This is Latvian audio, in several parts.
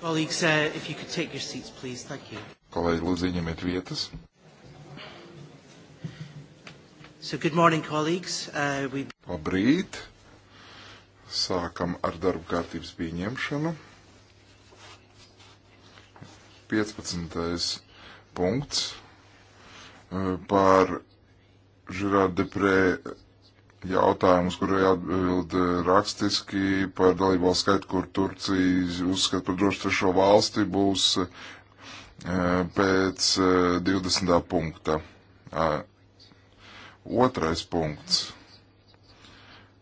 Colleagues, uh, if you could take your seats, please. Thank you. Kolēģi, lūdzu, ieņemiet vietas. So, good morning, colleagues. Uh, we... Labrīt. Sākam ar darbu kārtības pieņemšanu. 15. punkts uh, par Žirāda Deprē jautājumus, kur jāatbild eh, rakstiski par dalībvalstu skaitu, kur Turcija uzskata par drošu trešo valsti, būs eh, pēc 20. Eh, punkta. Otrais punkts.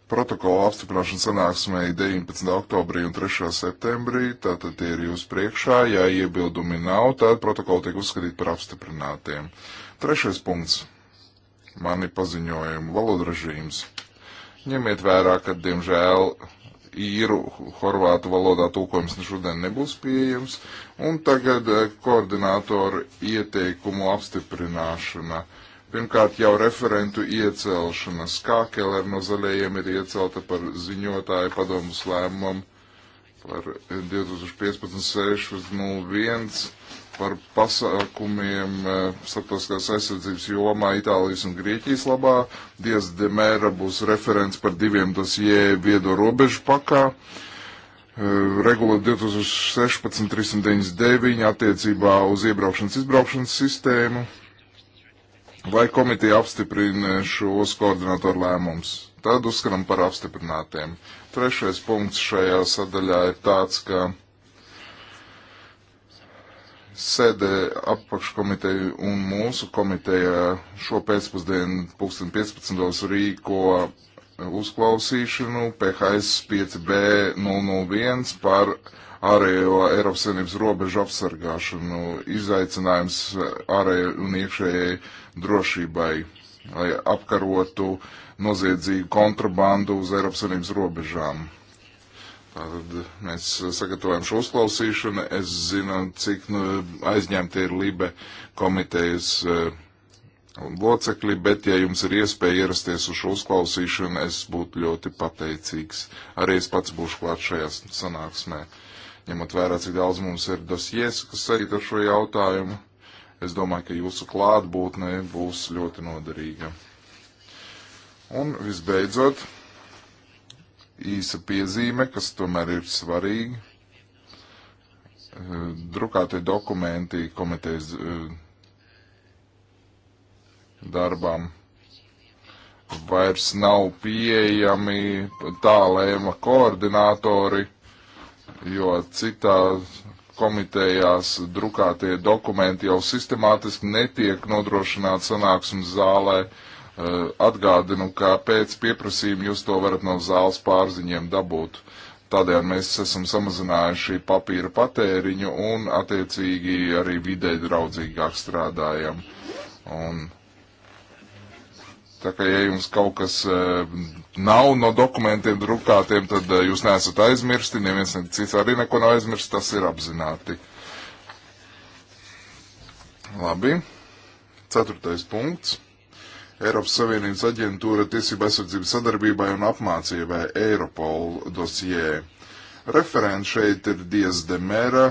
Protokola apstiprināšana sanāksmē 19. oktobrī un 3. septembrī, tātad tie ir jūs priekšā, ja iebildumi nav, tad protokoli tiek uzskatīti par apstiprinātiem. Trešais punkts mani paziņojumu valodražījums. Ņemiet vērā, ka, diemžēl, īru, horvātu valodā tulkojums šodien nebūs pieejams, un tagad eh, koordinātoru ieteikumu apstiprināšana. Pirmkārt, jau referentu iecelšana. Skākeler no zaļajiem ir iecelta par ziņotāju padomus lēmumam par 2015.6.01 eh, par pasākumiem eh, starptautiskās aizsardzības jomā Itālijas un Grieķijas labā. Diez de Mēra būs referents par diviem dosjē viedo robežu pakā. Eh, regula 2016-399 attiecībā uz iebraukšanas izbraukšanas sistēmu. Vai komiteja apstiprina šos koordinatoru lēmumus? Tad uzskatām par apstiprinātiem. Trešais punkts šajā sadaļā ir tāds, ka sēdē apakškomiteju un mūsu komiteja šo pēcpusdienu 2015. rīko uzklausīšanu PHS 5B001 par ārējo Eiropas Savienības robežu apsargāšanu, izaicinājums ārējai un iekšējai drošībai, lai apkarotu noziedzīgu kontrabandu uz Eiropas Savienības robežām. Tātad mēs sagatavojam šo uzklausīšanu. Es zinu, cik nu, aizņemti ir Libe komitejas eh, locekļi, bet ja jums ir iespēja ierasties uz šo uzklausīšanu, es būtu ļoti pateicīgs. Arī es pats būšu klāt šajā sanāksmē. Ņemot vērā, cik daudz mums ir dosies, kas saistīta ar šo jautājumu, es domāju, ka jūsu klātbūtne būs ļoti noderīga. Un visbeidzot īsa piezīme, kas tomēr ir svarīga. Eh, drukātie dokumenti komitejas eh, darbām vairs nav pieejami tā lēma koordinātori, jo citā komitejās drukātie dokumenti jau sistemātiski netiek nodrošināti sanāksmes zālē. Uh, Eh, atgādinu, ka pēc pieprasījuma jūs to varat no zāles pārziņiem dabūt. Tādēļ mēs esam samazinājuši papīra patēriņu un attiecīgi arī vidē draudzīgāk strādājam. Un tā kā ja jums kaut kas eh, nav no dokumentiem drukātiem, tad eh, jūs neesat aizmirsti, neviens cits arī neko nav aizmirsts, tas ir apzināti. Labi. Ceturtais punkts. Eiropas Savienības aģentūra tiesība aizsardzības sadarbībai un apmācībai Eiropol dosijē. Referents šeit ir Dies de Mera.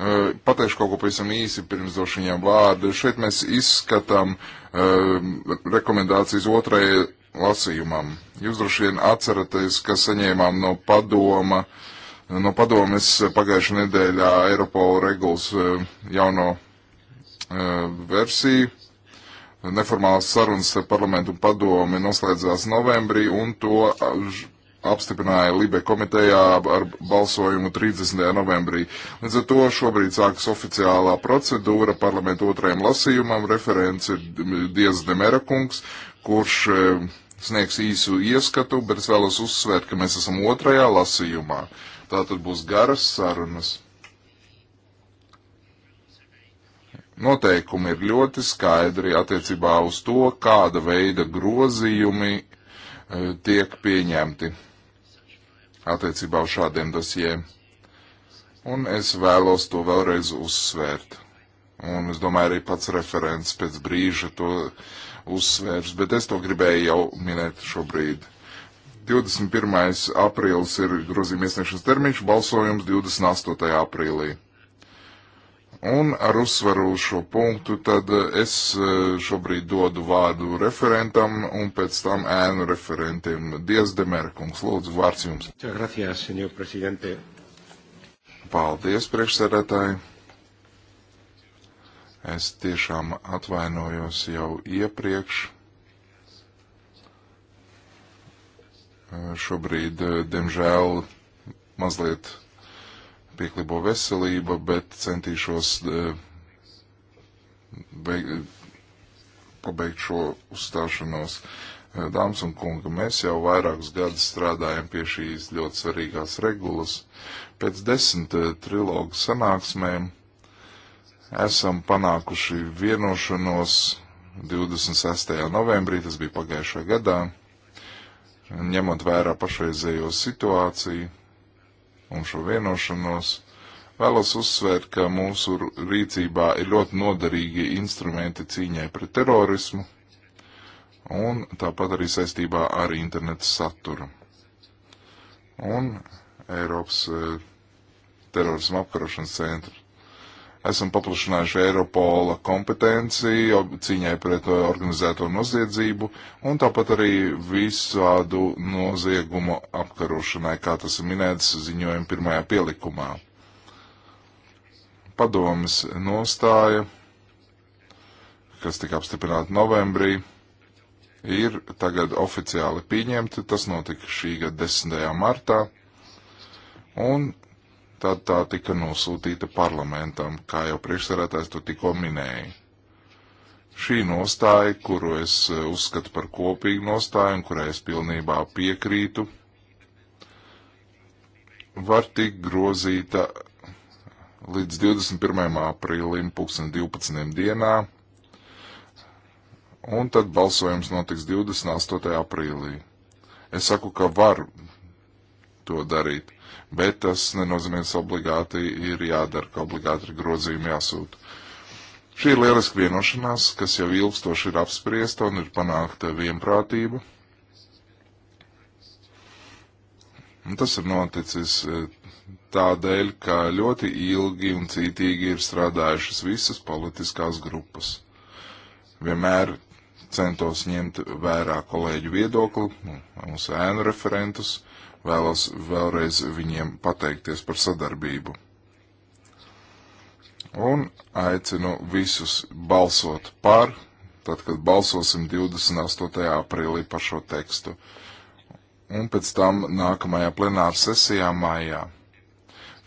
Eh, pateikšu kaut ko pavisam īsi pirms došu viņam vārdu. Šeit mēs izskatām uh, rekomendācijas otrajai lasījumam. Jūs droši vien atceraties, ka saņēmām no padoma, no padomes pagājušajā nedēļā Eiropola regulas uh, jauno uh, versiju Neformālās sarunas ar parlamentu un padomi noslēdzās novembrī, un to apstiprināja Libe komitejā ar balsojumu 30. novembrī. Līdz ar to šobrīd sākas oficiālā procedūra parlamentu otrajam lasījumam. Referents ir Dievs Demera kungs, kurš e, sniegs īsu ieskatu, bet es vēlos uzsvērt, ka mēs esam otrajā lasījumā. Tā tad būs garas sarunas. Noteikumi ir ļoti skaidri attiecībā uz to, kāda veida grozījumi e, tiek pieņemti attiecībā uz šādiem dosiem. Un es vēlos to vēlreiz uzsvērt. Un es domāju, arī pats referents pēc brīža to uzsvērs, bet es to gribēju jau minēt šobrīd. 21. aprīlis ir grozījuma iesniegšanas termiņš, balsojums 28. aprīlī. Un ar uzsvaru šo punktu tad es e, šobrīd dodu vārdu referentam un pēc tam ēnu referentiem. Dievs Demerkungs, lūdzu, vārds jums. Gracias, senor presidente. Paldies, priekšsēdētāji. Es tiešām atvainojos jau iepriekš. E, šobrīd, e, diemžēl, mazliet pieklibo veselība, bet centīšos e, beig, e, pabeigt šo uzstāšanos. E, dāmas un kungi, mēs jau vairākus gadus strādājam pie šīs ļoti svarīgās regulas. Pēc desmit trilogu sanāksmēm esam panākuši vienošanos 26. novembrī, tas bija pagājušajā gadā, ņemot vērā pašreizējo situāciju un šo vienošanos, vēlos uzsvērt, ka mūsu rīcībā ir ļoti noderīgi instrumenti cīņai pret terorismu un tāpat arī saistībā ar internetu saturu. Un Eiropas eh, terorismu apkarošanas centru esam paplašinājuši Eiropola kompetenci cīņai pret organizēto noziedzību un tāpat arī visādu noziegumu apkarošanai, kā tas ir minēts ziņojuma pirmajā pielikumā. Padomas nostāja, kas tika apstiprināta novembrī, ir tagad oficiāli pieņemta. Tas notika šī gada 10. martā. Un Tad tā tika nosūtīta parlamentam, kā jau priekšsarētājs to tikko minēja. Šī nostāja, kuru es e, uzskatu par kopīgu nostāju un kurai es pilnībā piekrītu, var tikt grozīta līdz 21. aprīlim 2012. dienā, un tad balsojums notiks 28. aprīlī. Es saku, ka var to darīt bet tas nenozīmē, ka obligāti ir jādara, ka obligāti ir grozījumi jāsūta. Šī ir lieliska vienošanās, kas jau ilgstoši ir apspriesta un ir panākta vienprātība. Un tas ir noticis eh, tādēļ, ka ļoti ilgi un cītīgi ir strādājušas visas politiskās grupas. Vienmēr centos ņemt vērā kolēģu viedokli, mūsu ēnu referentus, Vēlos vēlreiz viņiem pateikties par sadarbību. Un aicinu visus balsot par, tad, kad balsosim 28. aprīlī par šo tekstu. Un pēc tam nākamajā plenāra sesijā mājā.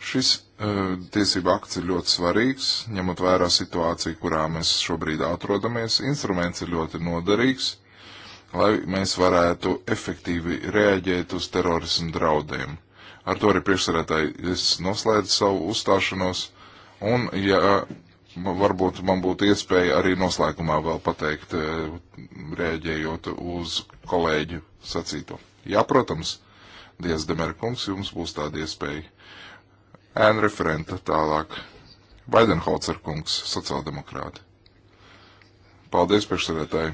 Šis e, tiesība akts ir ļoti svarīgs, ņemot vērā situāciju, kurā mēs šobrīd atrodamies. Instruments ir ļoti noderīgs lai mēs varētu efektīvi reaģēt uz terorismu draudiem. Ar to arī priekšsarētāji es noslēdzu savu uzstāšanos, un, ja varbūt man būtu iespēja arī noslēgumā vēl pateikt, e, reaģējot uz kolēģu sacīto. Jā, protams, Dievs Demerkungs, jums būs tāda iespēja. Ēn referenta tālāk. Vaidenholcer kungs, sociāldemokrāti. Paldies, priekšsarētāji!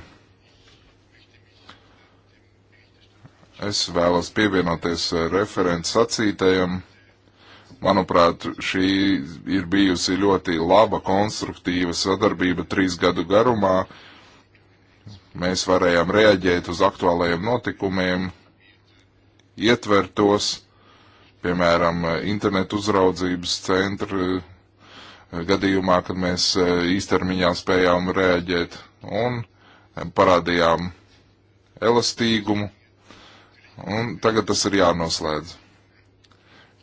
Es vēlos pievienoties eh, referents sacītajam. Manuprāt, šī ir bijusi ļoti laba, konstruktīva sadarbība trīs gadu garumā. Mēs varējām reaģēt uz aktuālajiem notikumiem, ietvert tos, piemēram, internetu uzraudzības centru eh, gadījumā, kad mēs eh, īstermiņā spējām reaģēt un parādījām elastīgumu un tagad tas ir jānoslēdz.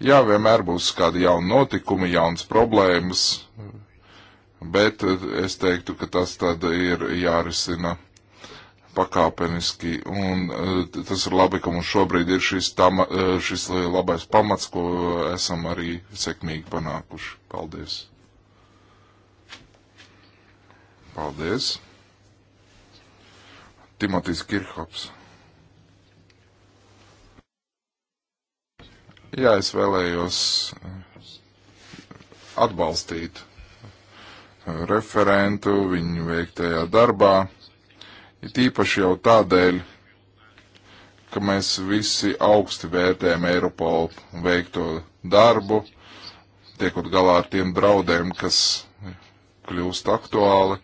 Jā, vienmēr būs kādi jauni notikumi, jauns problēmas, bet es teiktu, ka tas tad ir jārisina pakāpeniski, un eh, tas ir labi, ka mums šobrīd ir šis, tama, eh, šis labais pamats, ko esam arī sekmīgi panākuši. Paldies! Paldies! Timotīs Kirhops. Jā, es vēlējos eh, atbalstīt eh, referentu viņu veiktajā darbā. It īpaši jau tādēļ, ka mēs visi augsti vērtējam Eiropolu veikto darbu, tiekot galā ar tiem draudiem, kas kļūst aktuāli.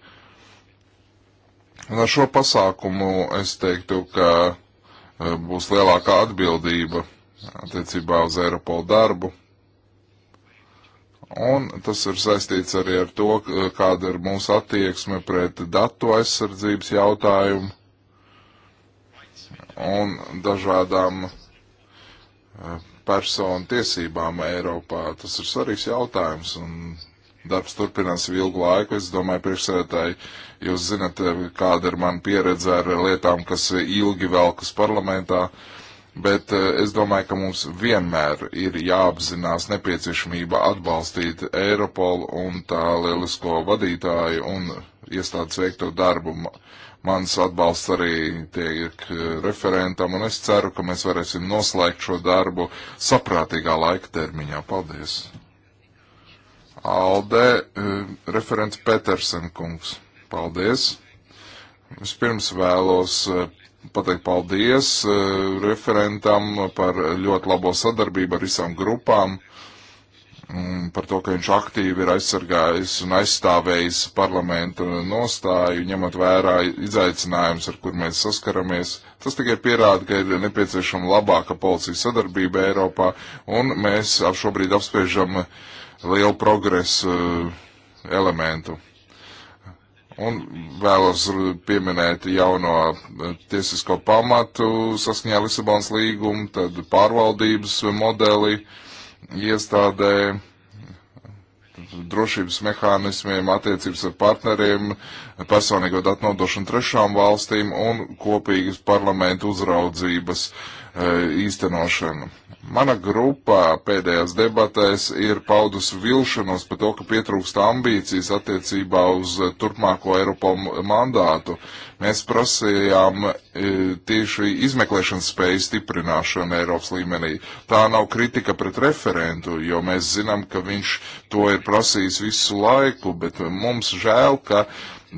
Un ar šo pasākumu es teiktu, ka eh, būs lielākā atbildība attiecībā uz Eiropolu darbu. Un tas ir saistīts arī ar to, kāda ir mūsu attieksme pret datu aizsardzības jautājumu un dažādām eh, personu tiesībām Eiropā. Tas ir svarīgs jautājums un darbs turpinās ilgu laiku. Es domāju, priekšsēdētāji, jūs zinat, eh, kāda ir mana pieredze ar lietām, kas ilgi velkas parlamentā. Uh, bet eh, es domāju, ka mums vienmēr ir jāapzinās nepieciešamība atbalstīt Eiropolu un tā lielisko vadītāju un iestādes veikto darbu. Mans atbalsts arī tiek eh, referentam, un es ceru, ka mēs varēsim noslēgt šo darbu saprātīgā laika termiņā. Paldies! Alde, eh, referents Petersen kungs. Paldies! Vispirms vēlos pateikt paldies eh, referentam par ļoti labo sadarbību ar visām grupām, mm, par to, ka viņš aktīvi ir aizsargājis un aizstāvējis parlamentu nostāju, ņemot vērā izaicinājumus, ar kur mēs saskaramies. Tas tikai pierāda, ka ir nepieciešama labāka policijas sadarbība Eiropā, un mēs ap šobrīd apspiežam lielu progresu eh, elementu. Un vēlos pieminēt jauno eh, tiesisko pamatu saskaņā Lisabonas līgumu, tad pārvaldības modeli iestādē, drošības mehānismiem, attiecības ar partneriem, personīgo datu nodošanu trešām valstīm un kopīgas parlamentu uzraudzības eh, īstenošanu. Mana grupā pēdējās debatēs ir paudus vilšanos par to, ka pietrūkst ambīcijas attiecībā uz turpmāko Eiropola mandātu. Mēs prasījām e, tieši izmeklēšanas spēju stiprināšanu Eiropas līmenī. Tā nav kritika pret referentu, jo mēs zinām, ka viņš to ir prasījis visu laiku, bet mums žēl, ka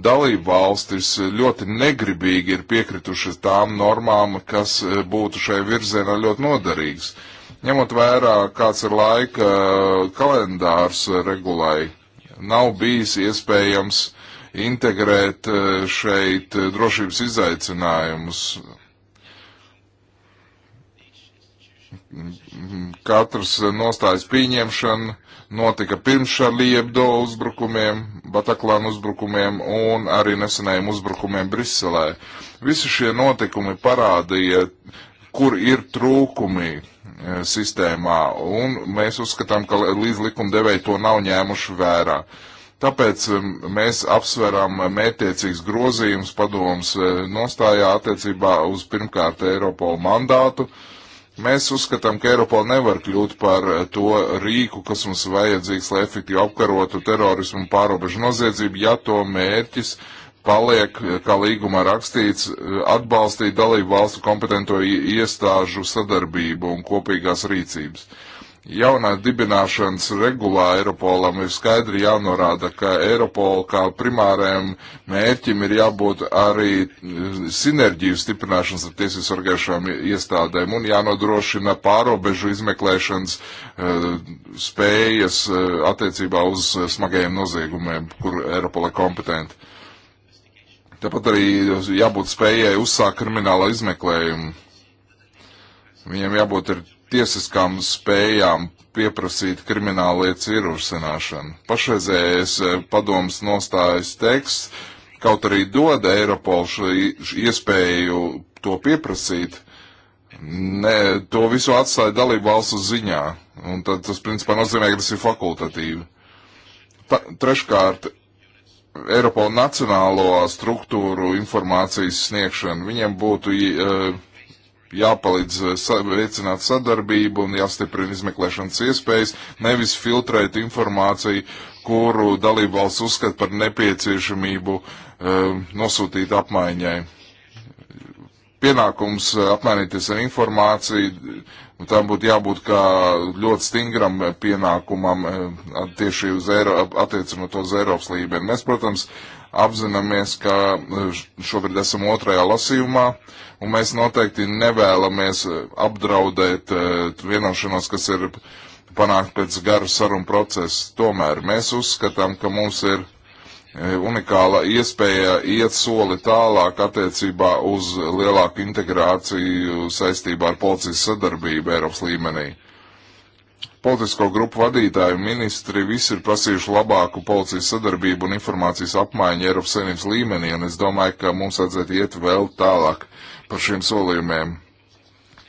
dalību valstis ļoti negribīgi ir piekritušas tām normām, kas e, būtu šai virzienā ļoti noderīgas. Uh, Ņemot vērā, kāds ir laika kalendārs regulai, nav bijis iespējams integrēt e, šeit e, drošības izaicinājumus. Katrs nostājas pieņemšana notika pirms Šarlija Ebdo uzbrukumiem, Bataklāna uzbrukumiem un arī nesenajiem uzbrukumiem Briselē. Visi šie notikumi parādīja, kur ir trūkumi E, sistēmā, un mēs uzskatām, ka līdz likumdevēji to nav ņēmuši vērā. Tāpēc e, mēs apsveram mētiecīgs grozījums padomus e, nostājā attiecībā uz pirmkārt Eiropolu mandātu. Mēs uzskatām, ka Eiropola nevar kļūt par to rīku, kas mums vajadzīgs, lai efektīvi apkarotu terorismu un pārobežu noziedzību, ja to mērķis ir paliek, kā līgumā rakstīts, atbalstīt dalību valstu kompetento iestāžu sadarbību un kopīgās rīcības. Jaunā dibināšanas regulā Eiropolam ir skaidri jānorāda, ka Eiropola kā primārajam mērķim ir jābūt arī e, sinerģiju stiprināšanas ar tiesības sargājušām iestādēm un jānodrošina pārobežu izmeklēšanas uh, spējas uh, attiecībā uz smagajiem noziegumiem, kur Eiropola kompetenti. Tāpat arī jābūt spējai uzsākt kriminālu izmeklējumu. Viņiem jābūt ir tiesiskām spējām pieprasīt kriminālu lietas ierosināšanu. Pašreizējais eh, padomas nostājas teksts, kaut arī dod Eiropolu šo iespēju to pieprasīt, ne, to visu atstāja dalību valstu ziņā. Un tad tas principā nozīmē, ka tas ir fakultatīvi. Pa, treškārt, Eiropola nacionālo struktūru informācijas sniegšanu. Viņiem būtu e, jāpalīdz e, veicināt sadarbību un jāstiprina izmeklēšanas iespējas, nevis filtrēt informāciju, kuru dalībvalsts uzskata par nepieciešamību e, nosūtīt apmaiņai. Pienākums apmainīties ar informāciju Un nu, tam būtu jābūt kā ļoti stingram pienākumam eh, tieši uz Eiropu, attiecinot uz Eiropas līmeni. Mēs, protams, apzināmies, ka eh, šobrīd esam otrajā lasījumā, un mēs noteikti nevēlamies eh, apdraudēt vienošanos, kas ir panākt pēc garu sarunu procesu. Tomēr mēs uzskatām, ka mums ir E, unikāla iespēja iet soli tālāk attiecībā uz lielāku integrāciju saistībā ar policijas sadarbību Eiropas līmenī. Politisko grupu vadītāji ministri visi ir prasījuši labāku policijas sadarbību un informācijas apmaiņu Eiropas savinības līmenī, un es domāju, ka mums vajadzētu iet vēl tālāk par šiem solījumiem.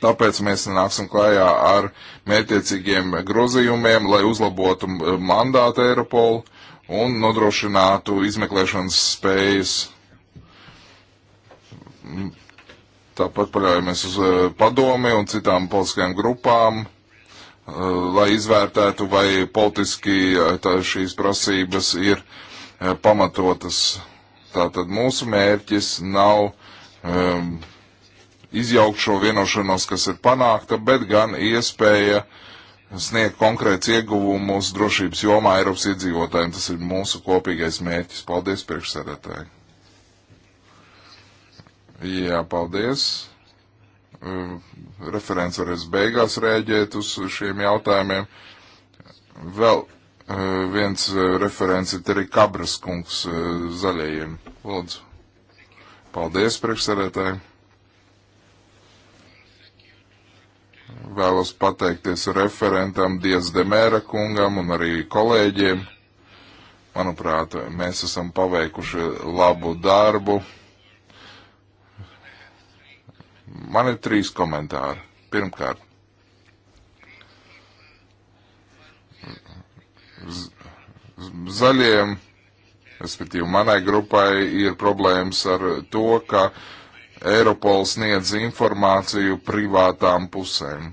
Tāpēc mēs nāksim klājā ar mērķiecīgiem grozījumiem, lai uzlabotu mandātu Eiropolu un nodrošinātu izmeklēšanas spējas. Tāpat paļaujamies uz eh, padomi un citām politiskajām grupām, eh, lai izvērtētu, vai politiski eh, šīs prasības ir pamatotas. Tātad mūsu mērķis nav um, izjaukt šo vienošanos, kas ir panākta, bet gan iespēja uh, sniegt konkrēts ieguvumus drošības jomā Eiropas iedzīvotājiem. Tas ir mūsu kopīgais mērķis. Paldies, priekšsēdētāji. Jā, paldies. Ehm, referents varēs beigās rēģēt uz šiem jautājumiem. Vēl ehm, viens ehm, referents ir arī Kabras kungs zaļajiem. Lūdzu. Paldies, priekšsēdētāji. Vēlos pateikties referentam Dievs Demēra kungam un arī kolēģiem. Manuprāt, mēs esam paveikuši labu darbu. Man ir trīs komentāri. Pirmkārt, zaļiem, respektīvi manai grupai, ir problēmas ar to, ka uh, Eiropols sniedz informāciju privātām pusēm.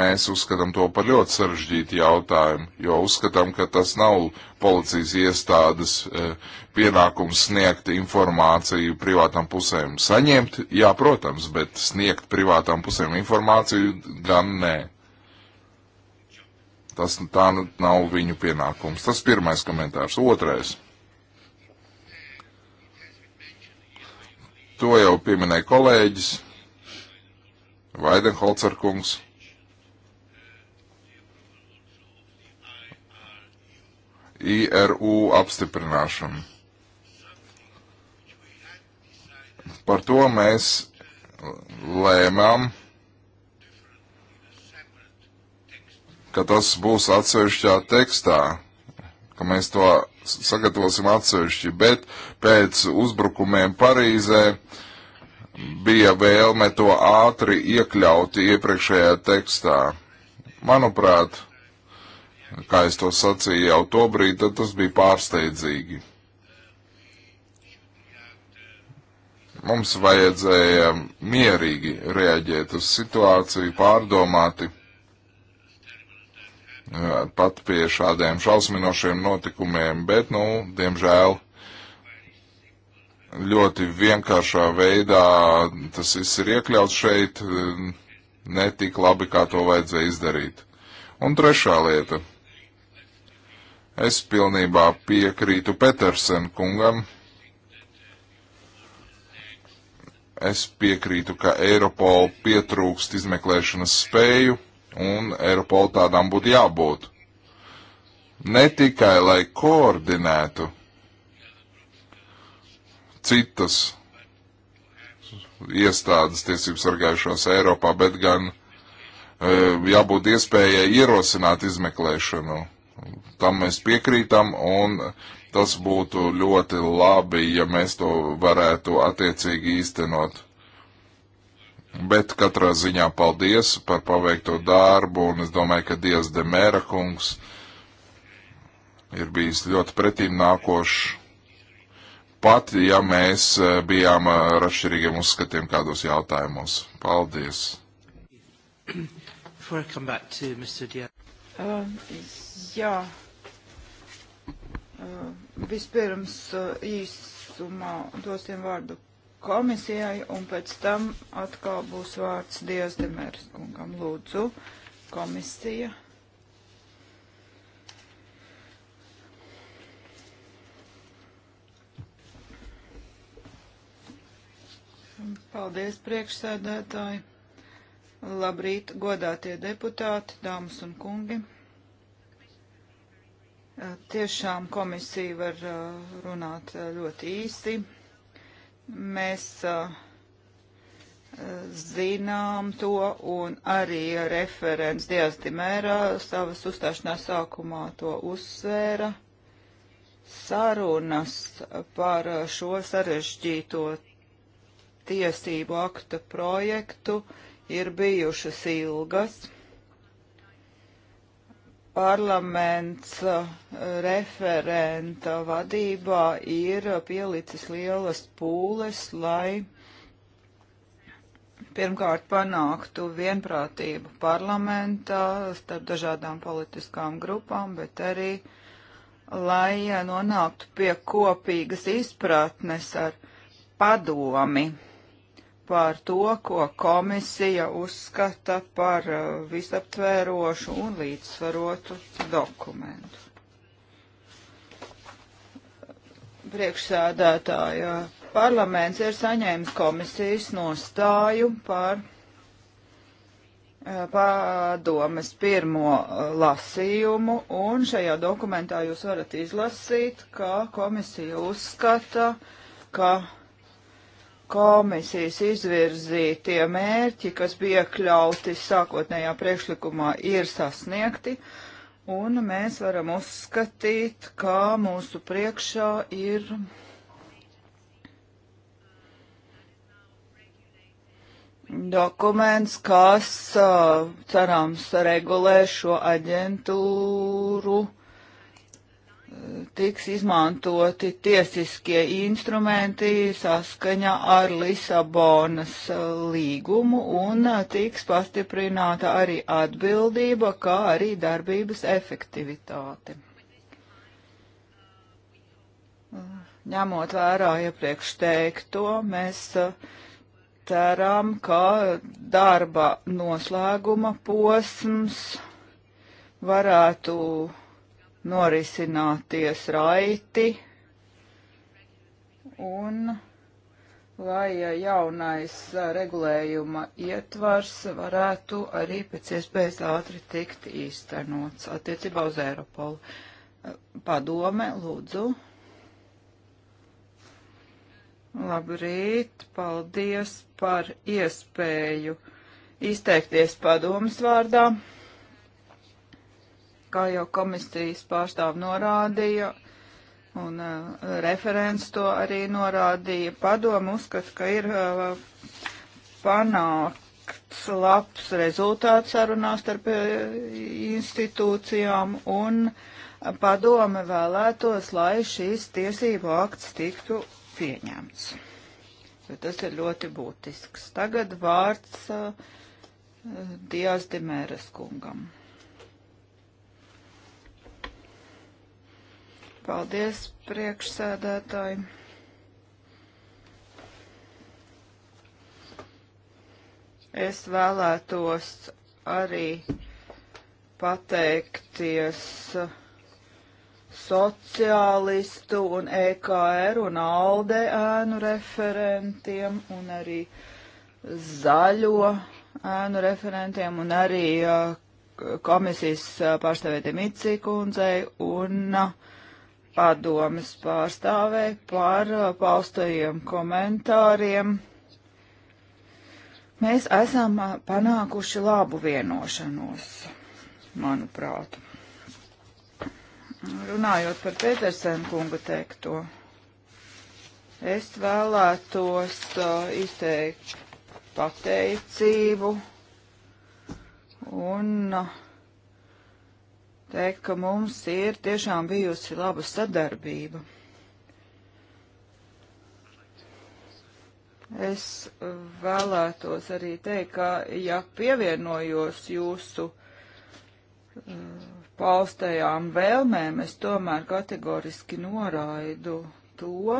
Mēs uzskatām to par ļoti sarežģītu jautājumu, jo uzskatām, ka tas nav policijas iestādes e, pienākums sniegt informāciju privātām pusēm. Saņemt, jā, protams, bet sniegt privātām pusēm informāciju gan nē. Tas tā nav viņu pienākums. Tas pirmais komentārs. Otrais. To jau pieminēja kolēģis Vaidenholcerkungs. IRU apstiprināšanu. Par to mēs lēmām, ka tas būs atsevišķā tekstā, ka mēs to sagatavosim atsevišķi, bet pēc uzbrukumiem Parīzē bija vēlme to ātri iekļaut iepriekšējā tekstā. Manuprāt, kā es to sacīju jau to brīdi, tad tas bija pārsteidzīgi. Mums vajadzēja mierīgi reaģēt uz situāciju, pārdomāti. Eh, pat pie šādiem šausminošiem notikumiem, bet, nu, diemžēl ļoti vienkāršā veidā tas viss ir iekļauts šeit, eh, ne tik labi, kā to vajadzēja izdarīt. Un trešā lieta. Es pilnībā piekrītu Petersen kungam. Es piekrītu, ka Eiropola pietrūkst izmeklēšanas spēju un Eiropol tādām būtu jābūt. Ne tikai, lai koordinētu citas iestādes tiesību sargājušos Eiropā, bet gan e, jābūt iespējai ierosināt izmeklēšanu. Tam mēs piekrītam, un tas būtu ļoti labi, ja mēs to varētu attiecīgi īstenot. Bet katrā ziņā paldies par paveikto darbu, un es domāju, ka Dievs Demēra kungs ir bijis ļoti pretīm nākošs. Pat, ja mēs eh, bijām eh, ar atšķirīgiem uzskatiem kādos jautājumos. Paldies! Uh, jā, uh, vispirms uh, īsumā dosim vārdu komisijai, un pēc tam atkal būs vārds Dievs Demers kungam. Lūdzu, komisija. Paldies, priekšsēdētāji. Labrīt, godātie deputāti, dāmas un kungi. Tiešām komisija var uh, runāt uh, ļoti īsti. Mēs uh, zinām to, un arī referents Dievs Dimērā savas uzstāšanās sākumā to uzsvēra. Sarunas par šo sarežģīto tiesību akta projektu ir bijušas ilgas parlaments eh, referenta vadībā ir pielicis lielas pūles, lai pirmkārt panāktu vienprātību parlamentā starp dažādām politiskām grupām, bet arī, lai eh, nonāktu pie kopīgas izpratnes ar padomi par to, ko komisija uzskata par uh, visaptvērošu un līdzsvarotu dokumentu. Priekšsēdētāja parlaments ir saņēmis komisijas nostāju par uh, pārdomas pirmo uh, lasījumu, un šajā dokumentā jūs varat izlasīt, ka komisija uzskata, ka komisijas izvirzītie mērķi, kas bija iekļauti sākotnējā priekšlikumā, ir sasniegti, un mēs varam uzskatīt, ka mūsu priekšā ir dokuments, kas, cerams, regulē šo aģentūru tiks izmantoti tiesiskie instrumenti saskaņā ar Lisabonas e, līgumu un e, tiks pastiprināta arī atbildība, kā arī darbības efektivitāte. E, ņemot vērā iepriekš teikto, mēs ceram, ka darba noslēguma posms varētu norisināties raiti un lai jaunais regulējuma ietvars varētu arī pēc iespējas ātri tikt īstenots attiecībā uz Eiropolu. Padome, lūdzu. Labrīt, paldies par iespēju izteikties padomas vārdā kā jau komisijas pārstāv norādīja, un uh, referents to arī norādīja, padomu uzskata, ka ir uh, panākts labs rezultāts sarunās starp uh, institūcijām, un padome vēlētos, lai šīs tiesību akts tiktu pieņemts. Jo tas ir ļoti būtisks. Tagad vārds uh, Dijas Demēras kungam. Paldies, priekšsēdētāji. Es vēlētos arī pateikties sociālistu un EKR un ALDE ēnu referentiem un arī zaļo ēnu referentiem un arī uh, komisijas uh, pārstāvētiem Itzikundzei un uh, padomes pārstāvē par uh, paustajiem komentāriem. Mēs esam uh, panākuši labu vienošanos, manuprāt. Runājot par Petersenu kunga teikto, es vēlētos uh, izteikt pateicību un uh, teikt, ka mums ir tiešām bijusi laba sadarbība. Es vēlētos arī teikt, ka ja pievienojos jūsu uh, paustajām vēlmēm, es tomēr kategoriski noraidu to,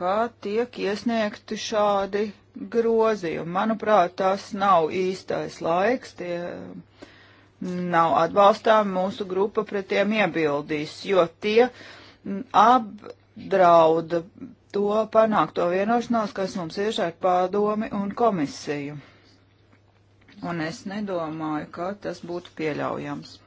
kā tiek iesniegti šādi grozījumi. Manuprāt, tas nav īstais laiks, tie nav atbalstām, mūsu grupa pret tiem iebildīs, jo tie apdrauda to panākto vienošanos, kas mums ir ar pārdomi un komisiju. Un es nedomāju, ka tas būtu pieļaujams.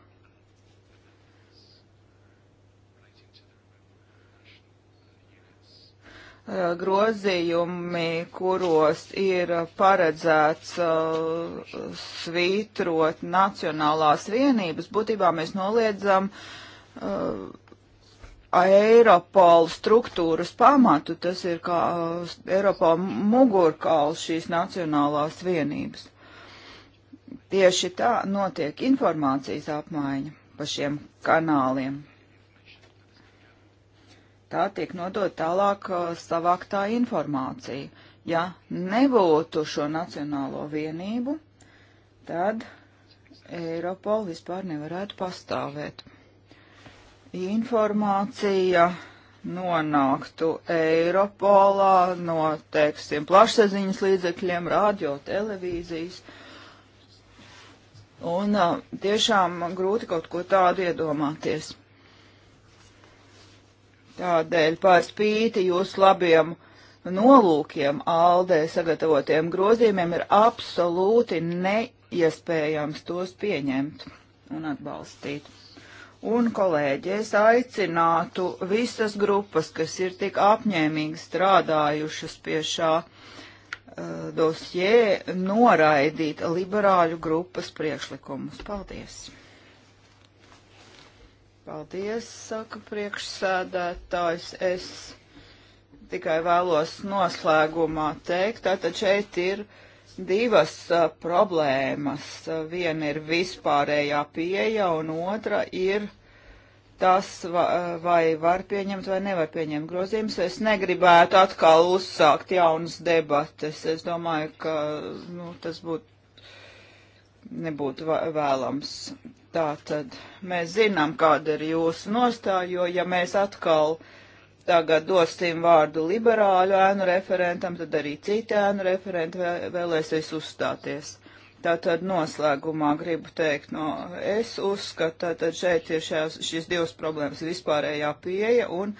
Eh, grozījumi, kuros ir paredzēts uh, svītrot nacionālās vienības, būtībā mēs noliedzam uh, eh, Eiropolu struktūras pamatu, tas ir kā uh, Eiropola mugurkauls šīs nacionālās vienības. Tieši tā notiek informācijas apmaiņa pa šiem kanāliem tā tiek nodot tālāk uh, savāktā informācija. Ja nebūtu šo nacionālo vienību, tad Eiropola vispār nevarētu pastāvēt. Informācija nonāktu Eiropolā no, teiksim, plašsaziņas līdzekļiem, radio, televīzijas. Un uh, tiešām grūti kaut ko tādu iedomāties. Tādēļ pār spīti jūsu labiem nolūkiem ALDE sagatavotiem grozījumiem ir absolūti neiespējams tos pieņemt un atbalstīt. Un, kolēģi, es aicinātu visas grupas, kas ir tik apņēmīgi strādājušas pie šā uh, dosjē, noraidīt liberāļu grupas priekšlikumus. Paldies! Paldies, saka priekšsēdētājs. Es tikai vēlos noslēgumā teikt, tātad šeit ir divas a, problēmas. Viena ir vispārējā pieeja, un otra ir tas, va, vai var pieņemt vai nevar pieņemt grozījumus. Es negribētu atkal uzsākt jaunas debates. Es domāju, ka nu, tas būtu nebūtu vēlams. Tātad mēs zinām, kāda ir jūsu nostāja, jo ja mēs atkal tagad dosim vārdu liberāļu ēnu referentam, tad arī citi ēnu referenti vēl, vēlēsies uzstāties. Tātad noslēgumā gribu teikt, no es uzskatu, tātad šeit ir šās, šīs divas problēmas vispārējā pieeja un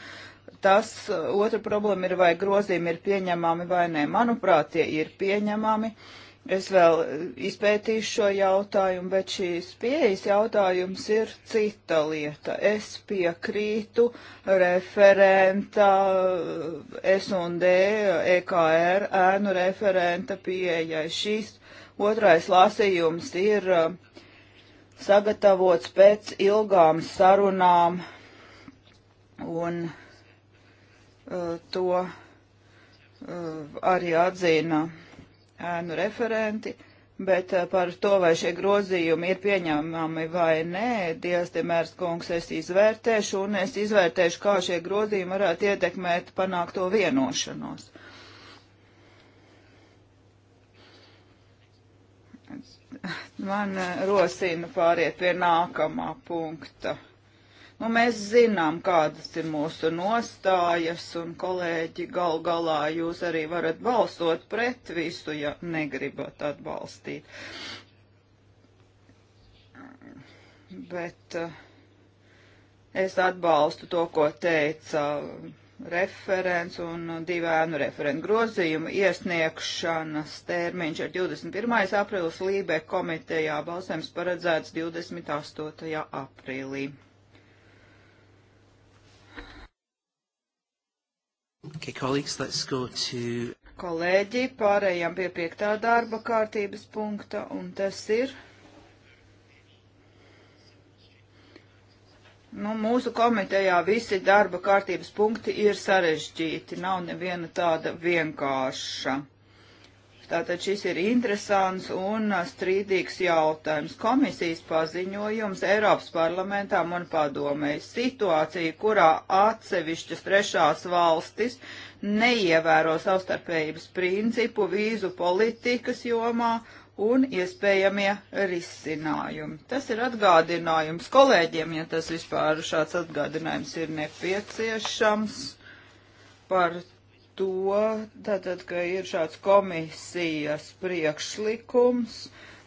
tas uh, otra problēma ir, vai grozījumi ir pieņemami vai nē. Manuprāt, tie ir pieņemami. Uh, Es vēl eh, izpētīšu šo jautājumu, bet šīs pieejas jautājums ir cita lieta. Es piekrītu referenta eh, S&D, EKR, ēnu referenta pieejai. Šīs otrais lasījums ir eh, sagatavots pēc ilgām sarunām un uh, to uh, arī atzina ēnu referenti, bet eh, par to, vai šie grozījumi ir pieņemami vai nē, Dievs, Demērs kungs, es izvērtēšu un es izvērtēšu, kā šie grozījumi varētu ietekmēt panākto vienošanos. Man eh, rosina pāriet pie nākamā punkta. Nu, mēs zinām, kādas ir mūsu nostājas, un kolēģi gal galā jūs arī varat balsot pret visu, ja negribat atbalstīt. Bet uh, es atbalstu to, ko teica referents un divēnu referentu grozījumu iesniegšanas termiņš ir 21. aprīlis Lībe komitejā balsēms paredzēts 28. aprīlī. Okay, colleagues, let's go to... Kolēģi, pārējām pie piektā darba kārtības punkta, un tas ir... Nu, mūsu komitejā visi darba kārtības punkti ir sarežģīti, nav neviena tāda vienkārša. Tātad šis ir interesants un strīdīgs jautājums. Komisijas paziņojums Eiropas parlamentām un padomēji situācija, kurā atsevišķas trešās valstis neievēro savstarpējības principu vīzu politikas jomā un iespējamie risinājumi. Tas ir atgādinājums kolēģiem, ja tas vispār šāds atgādinājums ir nepieciešams par to, tātad, ka ir šāds komisijas priekšlikums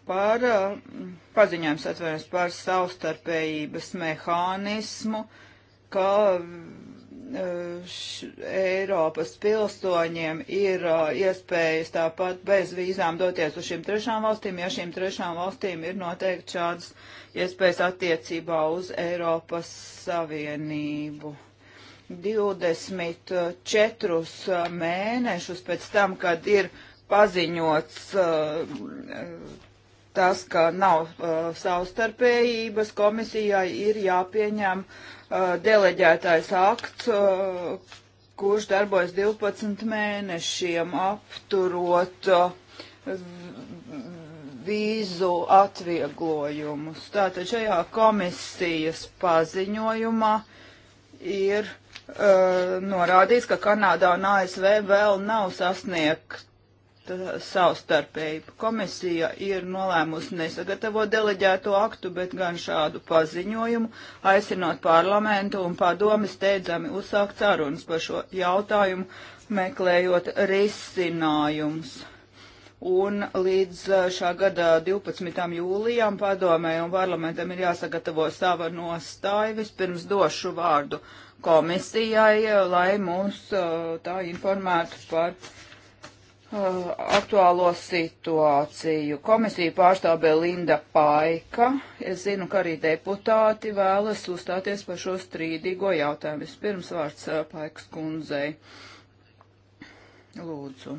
par mm, paziņojums atvainojas par savstarpējības mehānismu, ka mm, š, Eiropas pilsoņiem ir mm, iespējas tāpat bez vīzām doties uz šīm trešām valstīm, ja šīm trešām valstīm ir noteikti šādas iespējas attiecībā uz Eiropas Savienību. 24 mēnešus pēc tam, kad ir paziņots uh, tas, ka nav uh, savstarpējības, komisijai ir jāpieņem uh, deleģētais akts, kurš darbojas 12 mēnešiem apturot vīzu atvieglojumus. Tātad šajā komisijas paziņojumā ir uh, norādīts, ka Kanādā un ASV vēl nav sasniegt savstarpēju. Komisija ir nolēmusi nesagatavot deleģēto aktu, bet gan šādu paziņojumu, aicinot parlamentu un padomi steidzami uzsākt sarunas par šo jautājumu, meklējot risinājumus. Un līdz uh, šā gada 12. jūlijam padomē un parlamentam ir jāsagatavo sava nostāja. Vispirms došu vārdu uh, komisijai, lai mūs uh, tā informētu par uh, aktuālo situāciju. Komisiju pārstāvē Linda Paika. Es zinu, ka arī deputāti vēlas uzstāties par šo strīdīgo jautājumu. Vispirms vārds uh, Paikas kundzei. Lūdzu.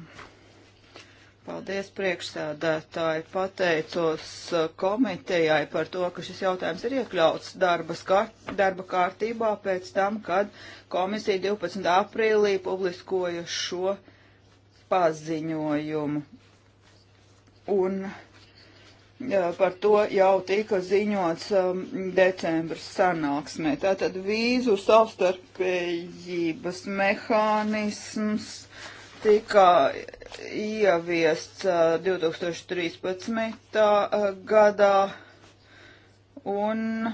Paldies priekšsēdētāji, pateicos uh, komitejai par to, ka šis jautājums ir iekļauts kārt, darba kārtībā pēc tam, kad komisija 12. aprīlī publiskoja šo paziņojumu. Un jā, uh, par to jau tika ziņots um, decembris sanāksmē. Tātad vīzu savstarpējības mehānisms tika ieviests 2013. gadā un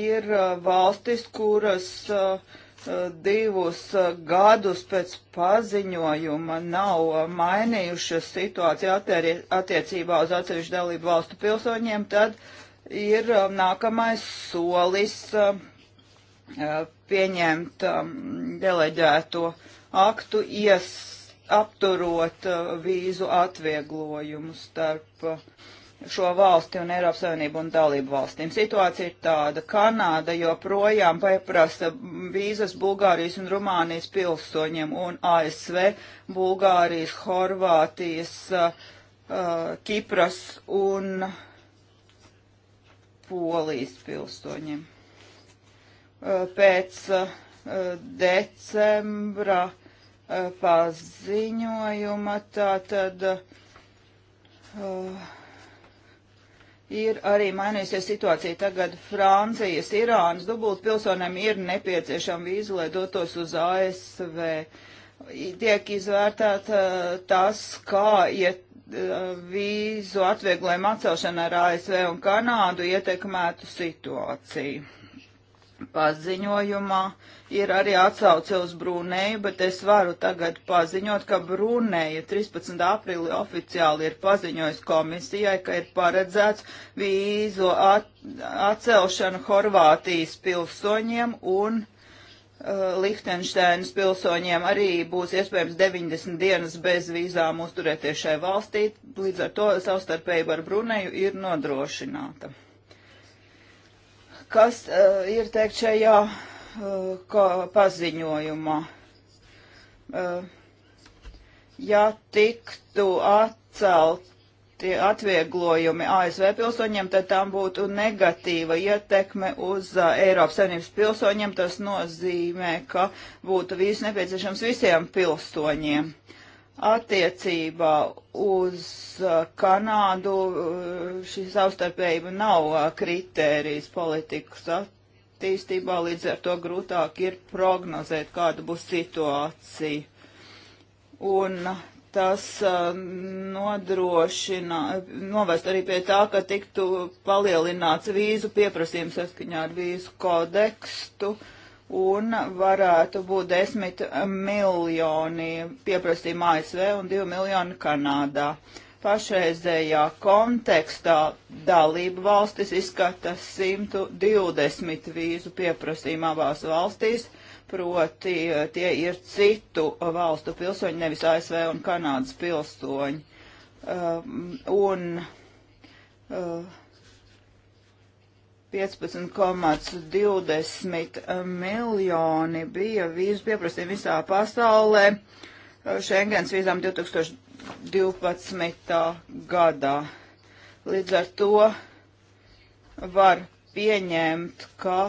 ir valstis, kuras divus gadus pēc paziņojuma nav mainījušas situāciju attiecībā uz atsevišķu dalību valstu pilsoņiem, tad ir nākamais solis pieņemt deleģēto uh, aktu ies, apturot uh, vīzu atvieglojumu starp uh, šo valsti un Eiropas Savienību un dalību valstīm. Situācija ir tāda. Kanāda joprojām pieprasa vīzas Bulgārijas un Rumānijas pilsoņiem un ASV, Bulgārijas, Horvātijas, uh, Kipras un Polijas pilsoņiem. Pēc decembra Eh, paziņojuma, tātad uh, ir arī mainījusies situācija. Tagad Francijas, Irānas dubultpilsoniem ir nepieciešama vīza, lai dotos uz ASV. Tiek izvērtēt uh, tas, kā iet uh, vīzu atvieglojumu atcelšana ar ASV un Kanādu ietekmētu situāciju paziņojumā ir arī atsauce uz Brūneju, bet es varu tagad paziņot, ka Brūneja 13. aprīlī oficiāli ir paziņojis komisijai, ka ir paredzēts vīzu at atcelšana Horvātijas pilsoņiem un uh, Lihtenšteinas pilsoņiem arī būs iespējams 90 dienas bez vīzām uzturēties šai valstī, līdz ar to savstarpēji ar Bruneju ir nodrošināta kas uh, ir teikt šajā uh, paziņojumā. Uh, ja tiktu atcelt tie atvieglojumi ASV pilsoņiem, tad tam būtu negatīva ietekme uz uh, Eiropas Savienības pilsoņiem. Tas nozīmē, ka būtu vīzis nepieciešams visiem pilsoņiem. Uh, Attiecībā uz uh, Kanādu uh, šī savstarpējība nav uh, kritērijas politikas attīstībā, līdz ar to grūtāk ir prognozēt, kāda būs situācija. Un tas nodrošina, novest arī pie tā, ka tiktu palielināts vīzu pieprasījums saskaņā ar vīzu kodekstu. Uh, un varētu būt 10 miljoni pieprasījuma ASV un 2 miljoni Kanādā. Pašreizējā kontekstā dalību valstis izskata 120 vīzu pieprasījumu abās valstīs, proti eh, tie ir citu valstu pilsoņi, nevis ASV un Kanādas pilsoņi. Um, un, uh, 15,20 eh, miljoni bija vīzu pieprasījumi visā pasaulē eh, Schengens vīzām 2012. gadā. Līdz ar to var pieņemt, ka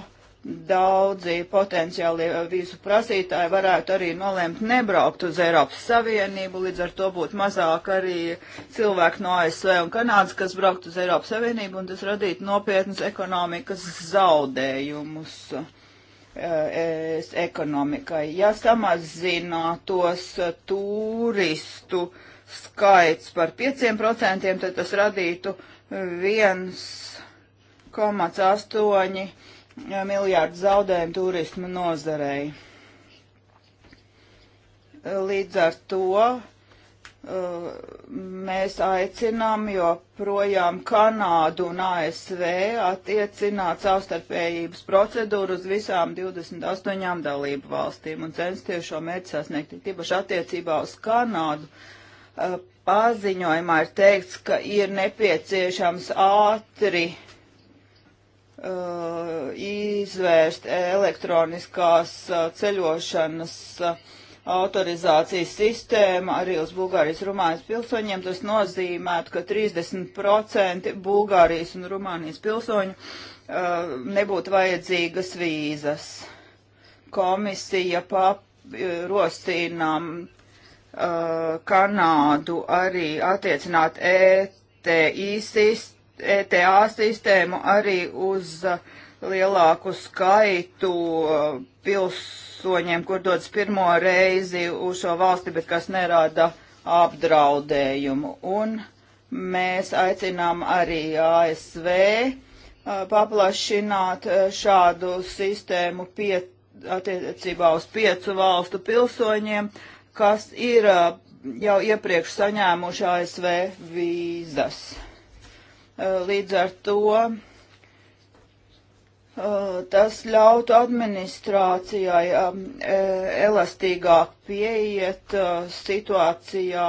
daudzi potenciāli vīzu prasītāji varētu arī nolēmt nebraukt uz Eiropas Savienību, līdz ar to būtu mazāk arī cilvēku no ASV un Kanādas, kas braukt uz Eiropas Savienību, un tas radītu nopietnus ekonomikas zaudējumus eh, es, ekonomikai. Ja samazinātos turistu skaits par 5%, tad tas radītu 1,8 miljārdu zaudējumu turismu nozarei. Līdz ar to uh, mēs aicinām joprojām Kanādu un ASV attiecināt savstarpējības procedūru uz visām 28 dalību valstīm un censties šo mērķi sasniegt. Tīpaši attiecībā uz Kanādu uh, paziņojumā ir teikts, ka ir nepieciešams ātri uh, Uh, izvērst elektroniskās uh, ceļošanas uh, autorizācijas sistēmu arī uz Bulgārijas Rumānijas pilsoņiem. Tas nozīmētu, ka 30% Bulgārijas un Rumānijas pilsoņu uh, nebūtu vajadzīgas vīzas. Komisija rosinām uh, Kanādu arī attiecināt ETI sistēmu ETA sistēmu arī uz lielāku skaitu uh, pilsoņiem, kur dodas pirmo reizi uz šo valsti, bet kas nerāda apdraudējumu. Un mēs aicinām arī ASV uh, paplašināt uh, šādu sistēmu pie, attiecībā uz piecu valstu pilsoņiem, kas ir jau iepriekš saņēmuši ASV vīzas. Eh, līdz ar to eh, tas ļautu administrācijai um, eh, elastīgāk pieiet situācijā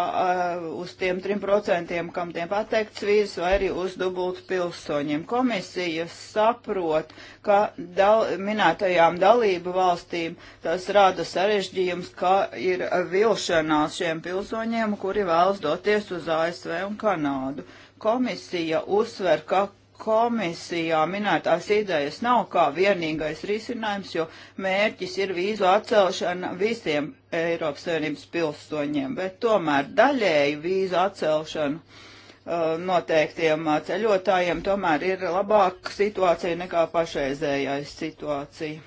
uz tiem 3%, kam tiem pateikts vīrs, vai arī uz dubultu pilsoņiem. Komisija saprot, ka dal, minētajām dalību valstīm tas rada sarežģījums, ka ir vilšanās šiem pilsoņiem, kuri vēlas doties uz ASV un Kanādu. Uh, Komisija uzsver, ka komisijā minētās idejas nav kā vienīgais risinājums, jo mērķis ir vīzu atcelšana visiem Eiropas Savienības pilsoņiem, bet tomēr daļēju vīzu atcelšanu uh, noteiktiem uh, ceļotājiem tomēr ir labāka situācija nekā pašreizējais situācija.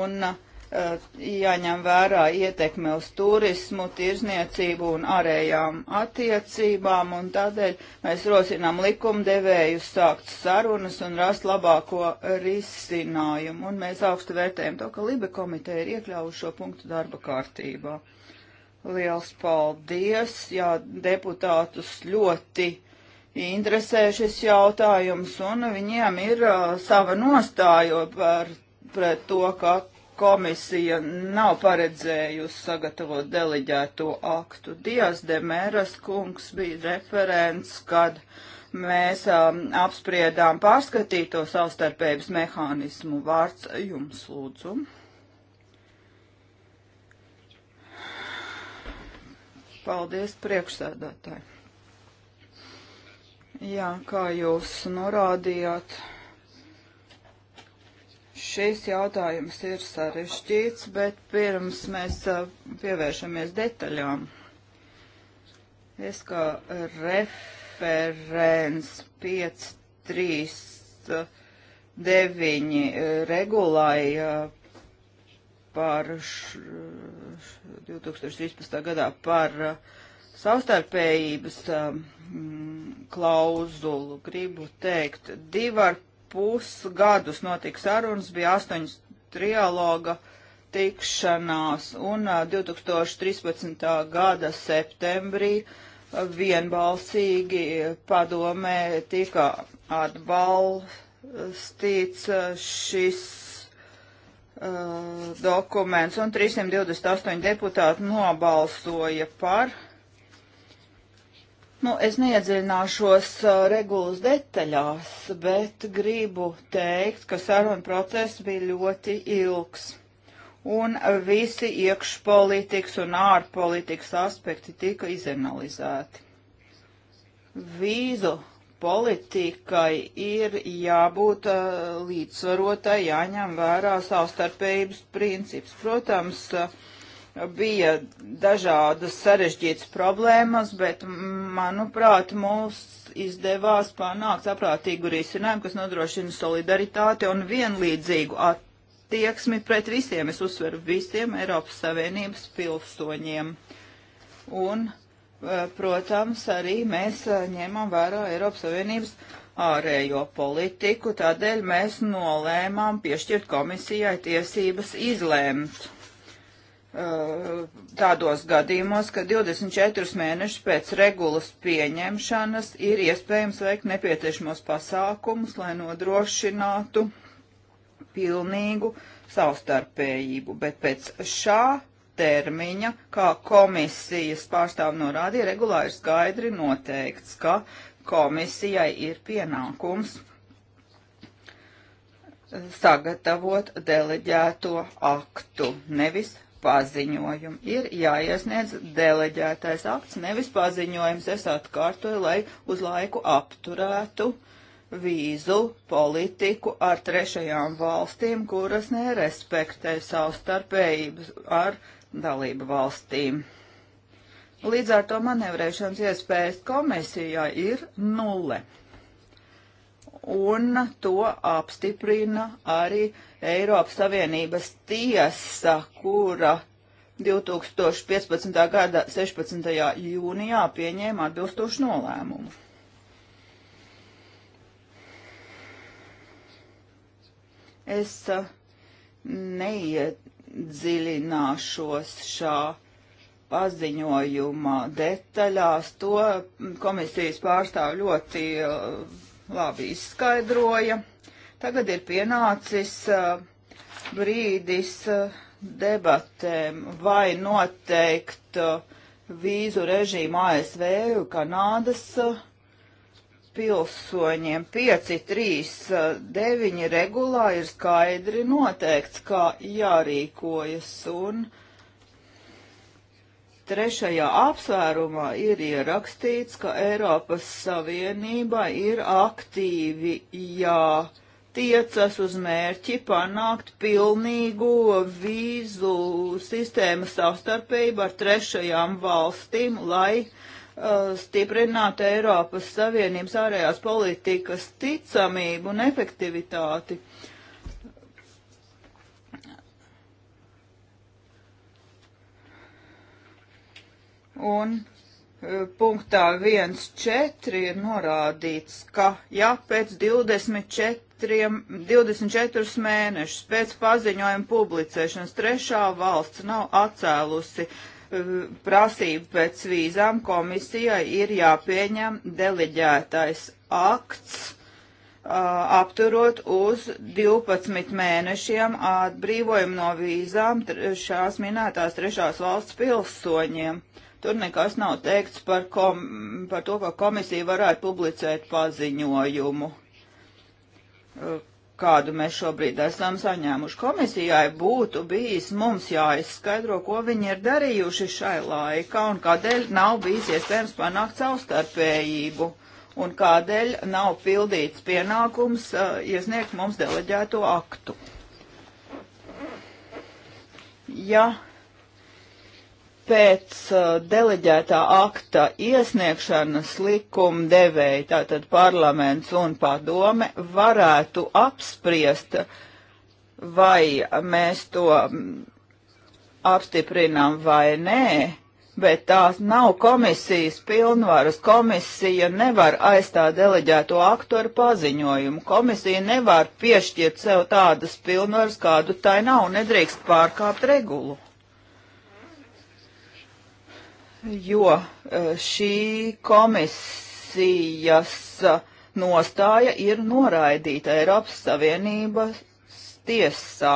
Un uh, Eh, jāņem vērā ietekme uz turismu, tirzniecību un ārējām attiecībām, un tādēļ mēs rosinām likumdevējus sākt sarunas un rast labāko risinājumu, un mēs augstu vērtējam to, ka Libe komiteja ir iekļaujuši šo punktu darba kārtībā. Liels paldies, jā, deputātus ļoti interesē šis jautājums, un viņiem ir uh, sava nostāja par pret to, ka komisija nav paredzējusi sagatavot deleģēto aktu. Dijas Demēras kungs bija referents, kad mēs um, apspriedām pārskatīto savstarpējības mehānismu. Vārds jums lūdzu. Paldies priekšsēdētāji. Jā, kā jūs norādījāt. Šis jautājums ir sarežģīts, bet pirms mēs pievēršamies detaļām. Es kā referents 539 regulāja par 2013. gadā par savstarpējības klauzulu. Gribu teikt, divi ar pusgadus notika sarunas, bija astoņas trialoga tikšanās, un 2013. gada septembrī vienbalsīgi padomē tika atbalstīts šis uh, dokuments, un 328 deputāti nobalsoja par Nu, es neiedziļināšos regulas detaļās, bet gribu teikt, ka saruna process bija ļoti ilgs. Un visi iekšpolitikas un ārpolitikas aspekti tika izanalizēti. Vīzu politikai ir jābūt līdzsvarotai, jāņem vērā savstarpējības princips. Protams, uh, bija dažādas sarežģītas problēmas, bet, manuprāt, mums izdevās panākt saprātīgu risinājumu, kas nodrošina solidaritāti un vienlīdzīgu attieksmi pret visiem, es uzsveru visiem Eiropas Savienības pilsoņiem. Un, e, protams, arī mēs e, ņēmām vērā Eiropas Savienības ārējo politiku, tādēļ mēs nolēmām piešķirt komisijai tiesības izlēmt Eh, tādos gadījumos, ka 24 mēnešus pēc regulas pieņemšanas ir iespējams veikt nepieciešamos pasākumus, lai nodrošinātu pilnīgu savstarpējību, bet pēc šā termiņa, kā komisijas pārstāv norādīja, regulā ir skaidri noteikts, ka komisijai ir pienākums sagatavot deleģēto aktu, nevis paziņojumu. Ir jāiesniedz deleģētais akts, nevis paziņojums. Es atkārtoju, lai uz laiku apturētu vīzu politiku ar trešajām valstīm, kuras nerespektē savstarpējības ar dalību valstīm. Līdz ar to manevrēšanas iespējas komisijā ir nulle un to apstiprina arī Eiropas Savienības tiesa, kura 2015. gada 16. jūnijā pieņēma atbilstošu nolēmumu. Es uh, neiedziļināšos šā paziņojuma detaļās. To komisijas pārstāv ļoti uh, labi izskaidroja. Tagad ir pienācis uh, brīdis uh, debatēm, vai noteikt uh, vīzu režīmu ASV un Kanādas uh, pilsoņiem 5, 3, 9 regulā ir skaidri noteikts, kā jārīkojas un jārīkojas Trešajā apsvērumā ir ierakstīts, ka Eiropas Savienība ir aktīvi jātiecas uz mērķi panākt pilnīgu vīzu sistēmas savstarpību ar trešajām valstīm, lai uh, stiprinātu Eiropas Savienības ārējās politikas ticamību un efektivitāti. Uh, un e, punktā 1.4 ir norādīts, ka ja pēc 24, 24 mēnešus pēc paziņojuma publicēšanas trešā valsts nav atcēlusi e, prasību pēc vīzām, komisijai ir jāpieņem deleģētais akts apturot uz 12 mēnešiem atbrīvojumu no vīzām šās minētās trešās valsts pilsoņiem. Uh, Tur nekas nav teikts par, kom, par to, ka komisija varētu publicēt paziņojumu, e, kādu mēs šobrīd esam saņēmuši. Komisijai būtu bijis mums jāizskaidro, ko viņi ir darījuši šai laikā un kādēļ nav bijis iespējams panākt savstarpējību un kādēļ nav pildīts pienākums uh, iesniegt mums deleģēto aktu. Ja pēc uh, deleģētā akta iesniegšanas likuma devēja, tātad parlaments un padome, varētu apspriest, vai mēs to mm, apstiprinām vai nē, bet tās nav komisijas pilnvaras. Komisija nevar aizstāt deleģēto aktu ar paziņojumu. Komisija nevar piešķirt sev tādas pilnvaras, kādu tai nav, nedrīkst pārkāpt regulu jo e, šī komisijas nostāja ir noraidīta Eiropas Savienības tiesā.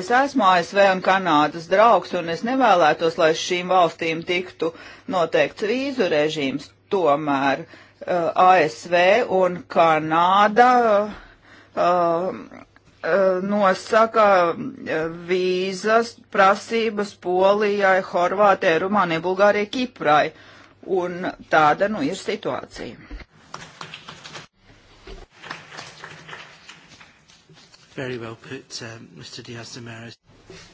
Es esmu ASV un Kanādas draugs, un es nevēlētos, lai šīm valstīm tiktu noteikts vīzu režīms. Tomēr uh, e, ASV un Kanāda uh, Eh, nosaka eh, vīzas prasības Polijai, Horvātijai, Rumānijai, Bulgārijai, Kiprai. Un tāda nu ir situācija. Very well put, um, Mr. Diaz de Mera.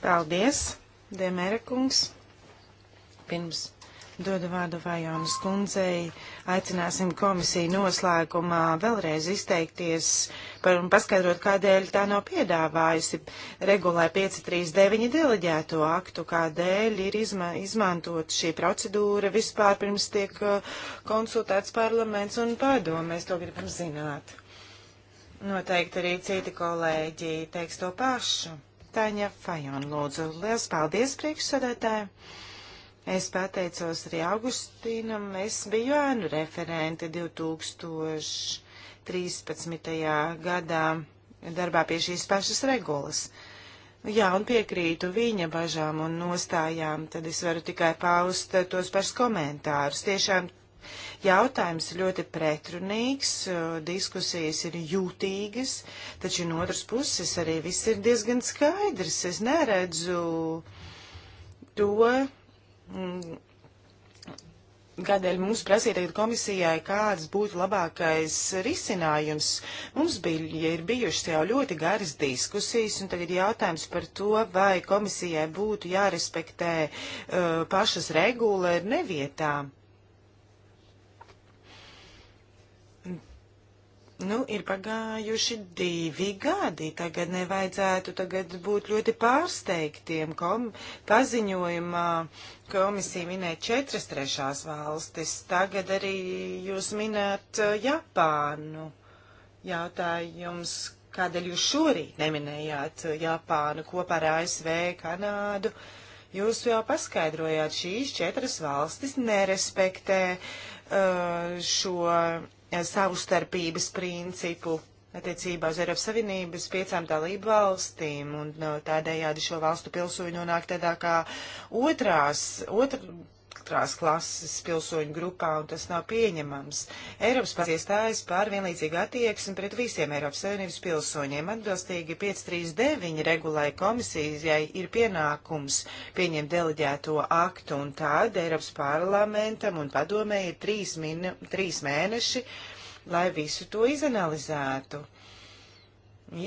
Paldies, Demera kungs. Pirms Dodu vārdu Vajonas kundzei. Aicināsim komisiju noslēgumā vēlreiz izteikties par un paskaidrot, kādēļ tā nav piedāvājusi regulē 539 deleģēto aktu, kādēļ ir izma izmantot šī procedūra vispār pirms tiek uh, konsultēts parlaments un padomu. Mēs to gribam zināt. Noteikti arī citi kolēģi teiks to pašu. Taņa Fajon, lūdzu. Liels paldies priekšsēdētāji! Es pateicos arī Augustīnam, es biju ēnu referente 2013. gadā darbā pie šīs pašas regulas. Jā, un piekrītu viņa bažām un nostājām, tad es varu tikai paust tos pašus komentārus. Tiešām jautājums ir ļoti pretrunīgs, diskusijas ir jūtīgas, taču no otras puses arī viss ir diezgan skaidrs. Es neredzu to Mm. Kādēļ mums prasīja tagad komisijai, kāds būtu labākais risinājums? Mums bija, ir bijušas jau ļoti garas diskusijas, un tagad jautājums par to, vai komisijai būtu jārespektē uh, pašas regula nevietām. Nu, ir pagājuši divi gadi. Tagad nevajadzētu tagad būt ļoti pārsteigtiem. Kom, paziņojumā komisija minēja četras trešās valstis. Tagad arī jūs minēt uh, Japānu. Jautājums, kādēļ jūs šorīt neminējāt uh, Japānu kopā ar ASV, Kanādu? Jūs jau paskaidrojāt, šīs četras valstis nerespektē uh, šo savstarpības principu attiecībā uz Eiropas Savienības piecām dalību valstīm, un uh, tādējādi šo valstu pilsoņi nonāk tādā kā otrās, otr, otrās klases pilsoņu grupā, un tas nav pieņemams. Eiropas pats iestājas pār vienlīdzīgu attieksmi pret visiem Eiropas Savienības pilsoņiem. Atbilstīgi 539 regulai komisijai ir pienākums pieņemt deleģēto aktu, un tāda Eiropas parlamentam un padomē ir trīs, min, trīs mēneši, lai visu to izanalizētu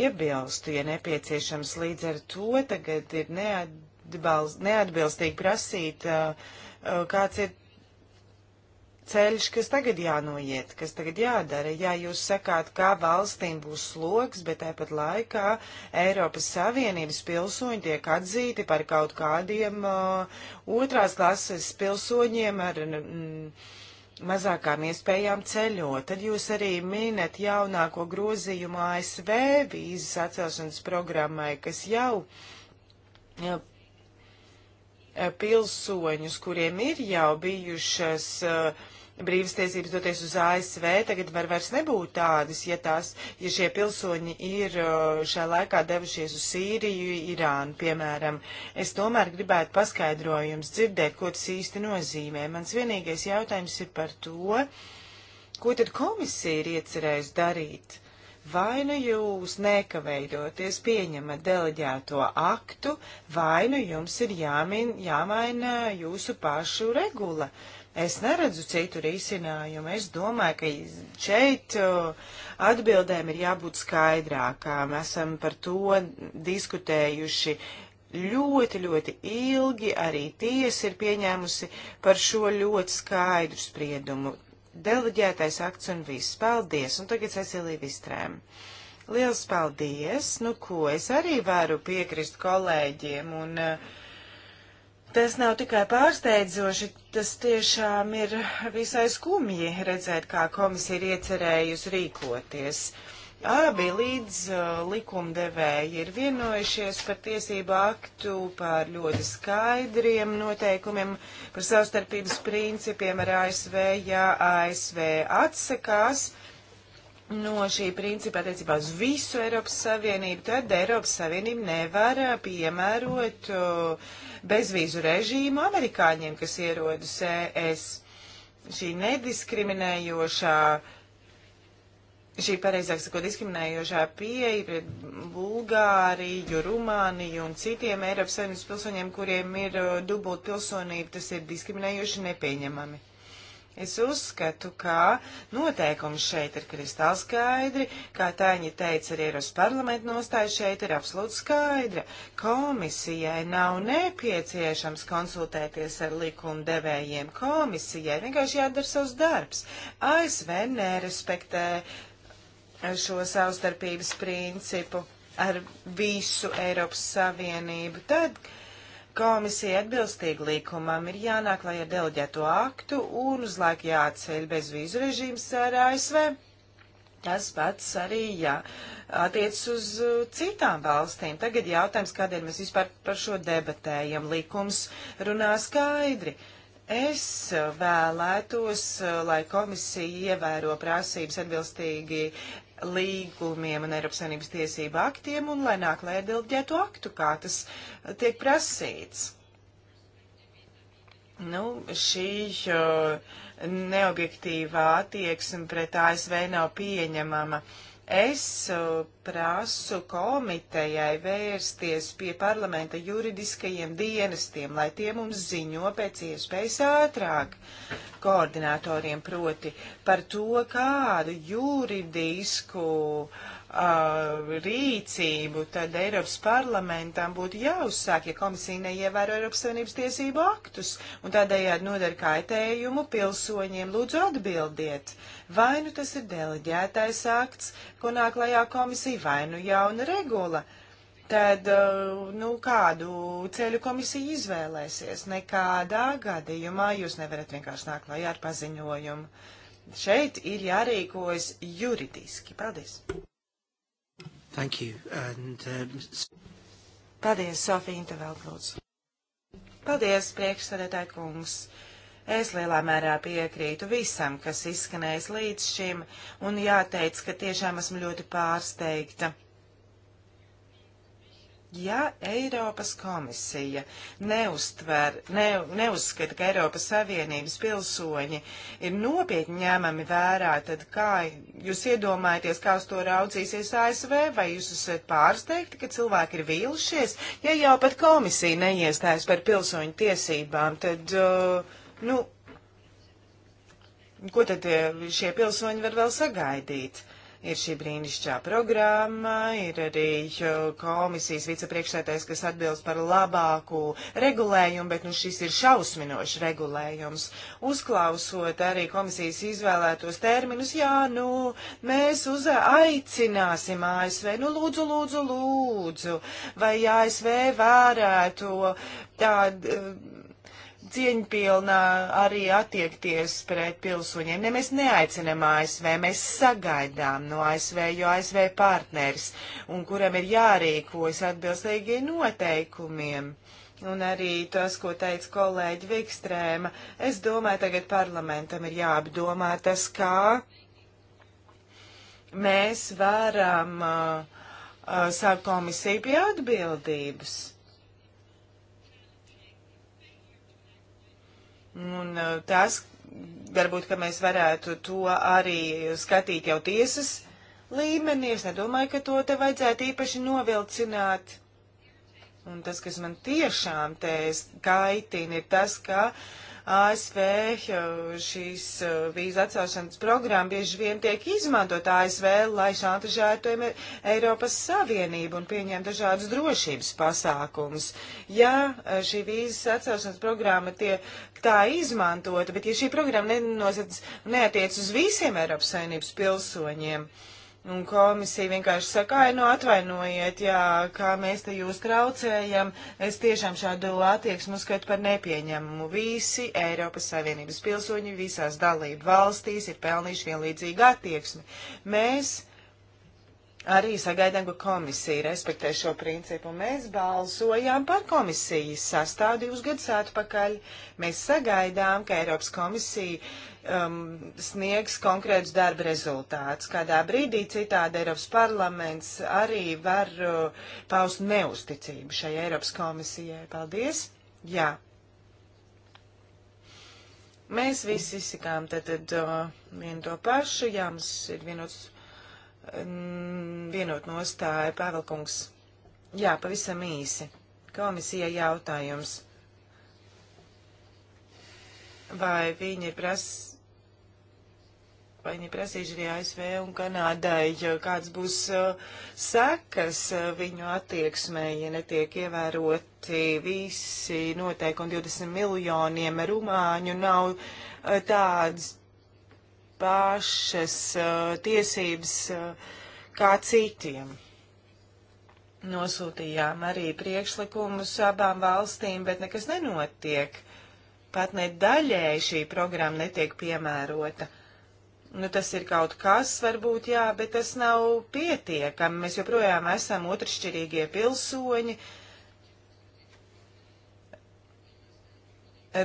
iebilstu, ja nepieciešams. Līdz ar to tagad ir neatbalst, neatbilstīgi prasīt uh, Eh, kāds ir ceļš, kas tagad jānoiet, kas tagad jādara. Jā, jūs sakāt, kā valstīm būs sloks, bet tāpat laikā Eiropas Savienības pilsoņi tiek atzīti par kaut kādiem uh, otrās klases pilsoņiem ar. Mm, mazākām iespējām ceļot. Tad jūs arī minat jaunāko grozījumu ASV vīzas atcelšanas programmai, kas jau, jau eh, Eh, pilsoņus, kuriem ir jau bijušas uh, eh, brīvas tiesības doties uz ASV, tagad var vairs nebūt tādas, ja, tās, ja šie pilsoņi ir uh, šajā laikā devušies uz Sīriju, Irānu, piemēram. Es tomēr gribētu paskaidrojums dzirdēt, ko tas īsti nozīmē. Mans vienīgais jautājums ir par to, ko tad komisija ir iecerējusi darīt vai nu jūs nekavējoties pieņemat deleģēto aktu, vai nu jums ir jāmin, jāmaina jūsu pašu regula. Es neredzu citu risinājumu. Es domāju, ka šeit atbildēm ir jābūt skaidrākām. Esam par to diskutējuši ļoti, ļoti ilgi. Arī tiesa ir pieņēmusi par šo ļoti skaidru spriedumu deleģētais akts un viss. Paldies! Un tagad Cecilija Vistrēm. Liels paldies! Nu, ko es arī varu piekrist kolēģiem un uh, Tas nav tikai pārsteidzoši, tas tiešām ir visai skumji redzēt, kā komisija ir iecerējusi rīkoties. Uh, Abi līdz uh, likumdevēji ir vienojušies par tiesību aktu, par ļoti skaidriem noteikumiem, par savstarpības principiem ar ASV, ja ASV atsakās no šī principa attiecībā uz visu Eiropas Savienību, tad Eiropas Savienība nevar uh, piemērot uh, bezvīzu režīmu amerikāņiem, kas ierodas ES. Šī nediskriminējošā uh, šī pareizāk sakot diskriminējošā pieeja pret Bulgāriju, Rumāniju un citiem Eiropas Savienības pilsoņiem, kuriem ir uh, dubult pilsonība, tas ir diskriminējoši nepieņemami. Es uzskatu, ka noteikumi šeit ir kristāli skaidri, kā Tāņa teica, arī Eiropas parlamenta nostāja šeit ir absolūti skaidra. Komisijai nav nepieciešams konsultēties ar likumdevējiem. Komisijai vienkārši jādara savs darbs. ASV nerespektē uh, šo savstarpības principu ar visu Eiropas Savienību, tad komisija atbilstīgi likumam ir jānāk lai ar deleģēto aktu un uz laiku jāatceļ bezvīzu režīms ar ASV. Tas pats arī jā, attiec uz uh, citām valstīm. Tagad jautājums, kādēļ mēs vispār par šo debatējam. Likums runā skaidri. Es uh, vēlētos, uh, lai komisija ievēro prasības atbilstīgi līgumiem un Eiropas Savienības tiesību aktiem un lai nāk lai delģētu aktu, kā tas eh, tiek prasīts. Nu, šī neobjektīvā attieksme pret ASV nav pieņemama. Uh, Es uh, prasu komitejai vērsties pie parlamenta juridiskajiem dienestiem, lai tie mums ziņo pēc iespējas ātrāk koordinatoriem proti par to, kādu juridisku uh, Uh, rīcību, tad Eiropas parlamentam būtu jāuzsāk, ja komisija neievēro Eiropas Savienības tiesību aktus un tādējādi nodara kaitējumu pilsoņiem. Lūdzu atbildiet, vai nu tas ir deleģētais akts, ko nāk lajā komisija, vai nu jauna regula. Tad, uh, nu, kādu ceļu komisija izvēlēsies? Nekādā gadījumā jūs nevarat vienkārši nākt lajā ar paziņojumu. Šeit ir jārīkojas juridiski. Paldies! Thank you. And, um... Paldies, Sofija Intervelt, lūdzu. Paldies, priekšsēdētāji kungs. Es lielā mērā piekrītu visam, kas izskanējis līdz šim, un jāteic, ka tiešām esmu ļoti pārsteigta Ja Eiropas komisija neuztver, ne, neuzskata, ka Eiropas Savienības pilsoņi ir nopietni ņēmami vērā, tad kā jūs iedomājaties, kā uz to raudzīsies ASV, vai jūs esat pārsteigti, ka cilvēki ir vīlušies, ja jau pat komisija neiestājas par pilsoņu tiesībām, tad, uh, nu, ko tad uh, šie pilsoņi var vēl sagaidīt? Ir šī brīnišķā programma, ir arī komisijas vicepriekšsētājs, kas atbilst par labāku regulējumu, bet nu šis ir šausminošs regulējums. Uzklausot arī komisijas izvēlētos terminus, jā, nu, mēs uz aicināsim ASV, nu, lūdzu, lūdzu, lūdzu, vai ASV varētu tādu cieņpilnā arī attiekties pret pilsoņiem. Ne, mēs neaicinām ASV, mēs sagaidām no ASV, jo ASV partneris, un kuram ir jārīkojas atbilstīgi noteikumiem. Un arī tas, ko teica kolēģi Vikstrēma, es domāju, tagad parlamentam ir jāapdomā tas, kā mēs varam uh, uh, savu komisiju pie atbildības Un uh, tas, varbūt, ka mēs varētu to arī skatīt jau tiesas līmenī, es nedomāju, ka to te vajadzētu īpaši novilcināt. Un tas, kas man tiešām te kaitina, ir tas, ka uh, ASV šīs uh, vīzu atcelšanas programma bieži vien tiek izmantot ASV, lai šantažētu e, Eiropas Savienību un pieņem dažādas drošības pasākums. Ja uh, šī vīzas atcelšanas programma tiek tā izmantota, bet ja šī programma nenosac, neatiec uz visiem Eiropas Savienības pilsoņiem, uh, Un komisija vienkārši saka, ai, nu atvainojiet, jā, kā mēs te jūs traucējam. Es tiešām šādu attieksmu uzskatu par nepieņemumu. Visi Eiropas Savienības pilsoņi visās dalību valstīs ir pelnījuši vienlīdzīgu attieksmi. Mēs arī sagaidām, ka komisija respektē šo principu. Mēs balsojām par komisijas sastāvu divus gadus atpakaļ. Mēs sagaidām, ka Eiropas komisija um, sniegs konkrēts darba rezultāts. Kādā brīdī citādi Eiropas parlaments arī var uh, paust neusticību šai Eiropas komisijai. Paldies! Jā. Mēs visi izsakām tad, tad uh, vienu to pašu, jā, mums ir vienots, mm, vienot nostāja Pāvelkungs. Jā, pavisam īsi. Komisija jautājums vai viņi ir prasījuši vai neprasīšu arī ASV un Kanādai, kāds būs uh, sekas uh, viņu attieksmē, ja netiek ievēroti visi noteikumi 20 miljoniem rumāņu nav uh, tādas pašas tiesības kā citiem. Nosūtījām arī priekšlikumus abām valstīm, bet nekas nenotiek. Pat ne daļēji šī programma netiek piemērota. Uh, Nu, tas ir kaut kas, varbūt, jā, bet tas nav pietiekami. Mēs joprojām esam otršķirīgie pilsoņi.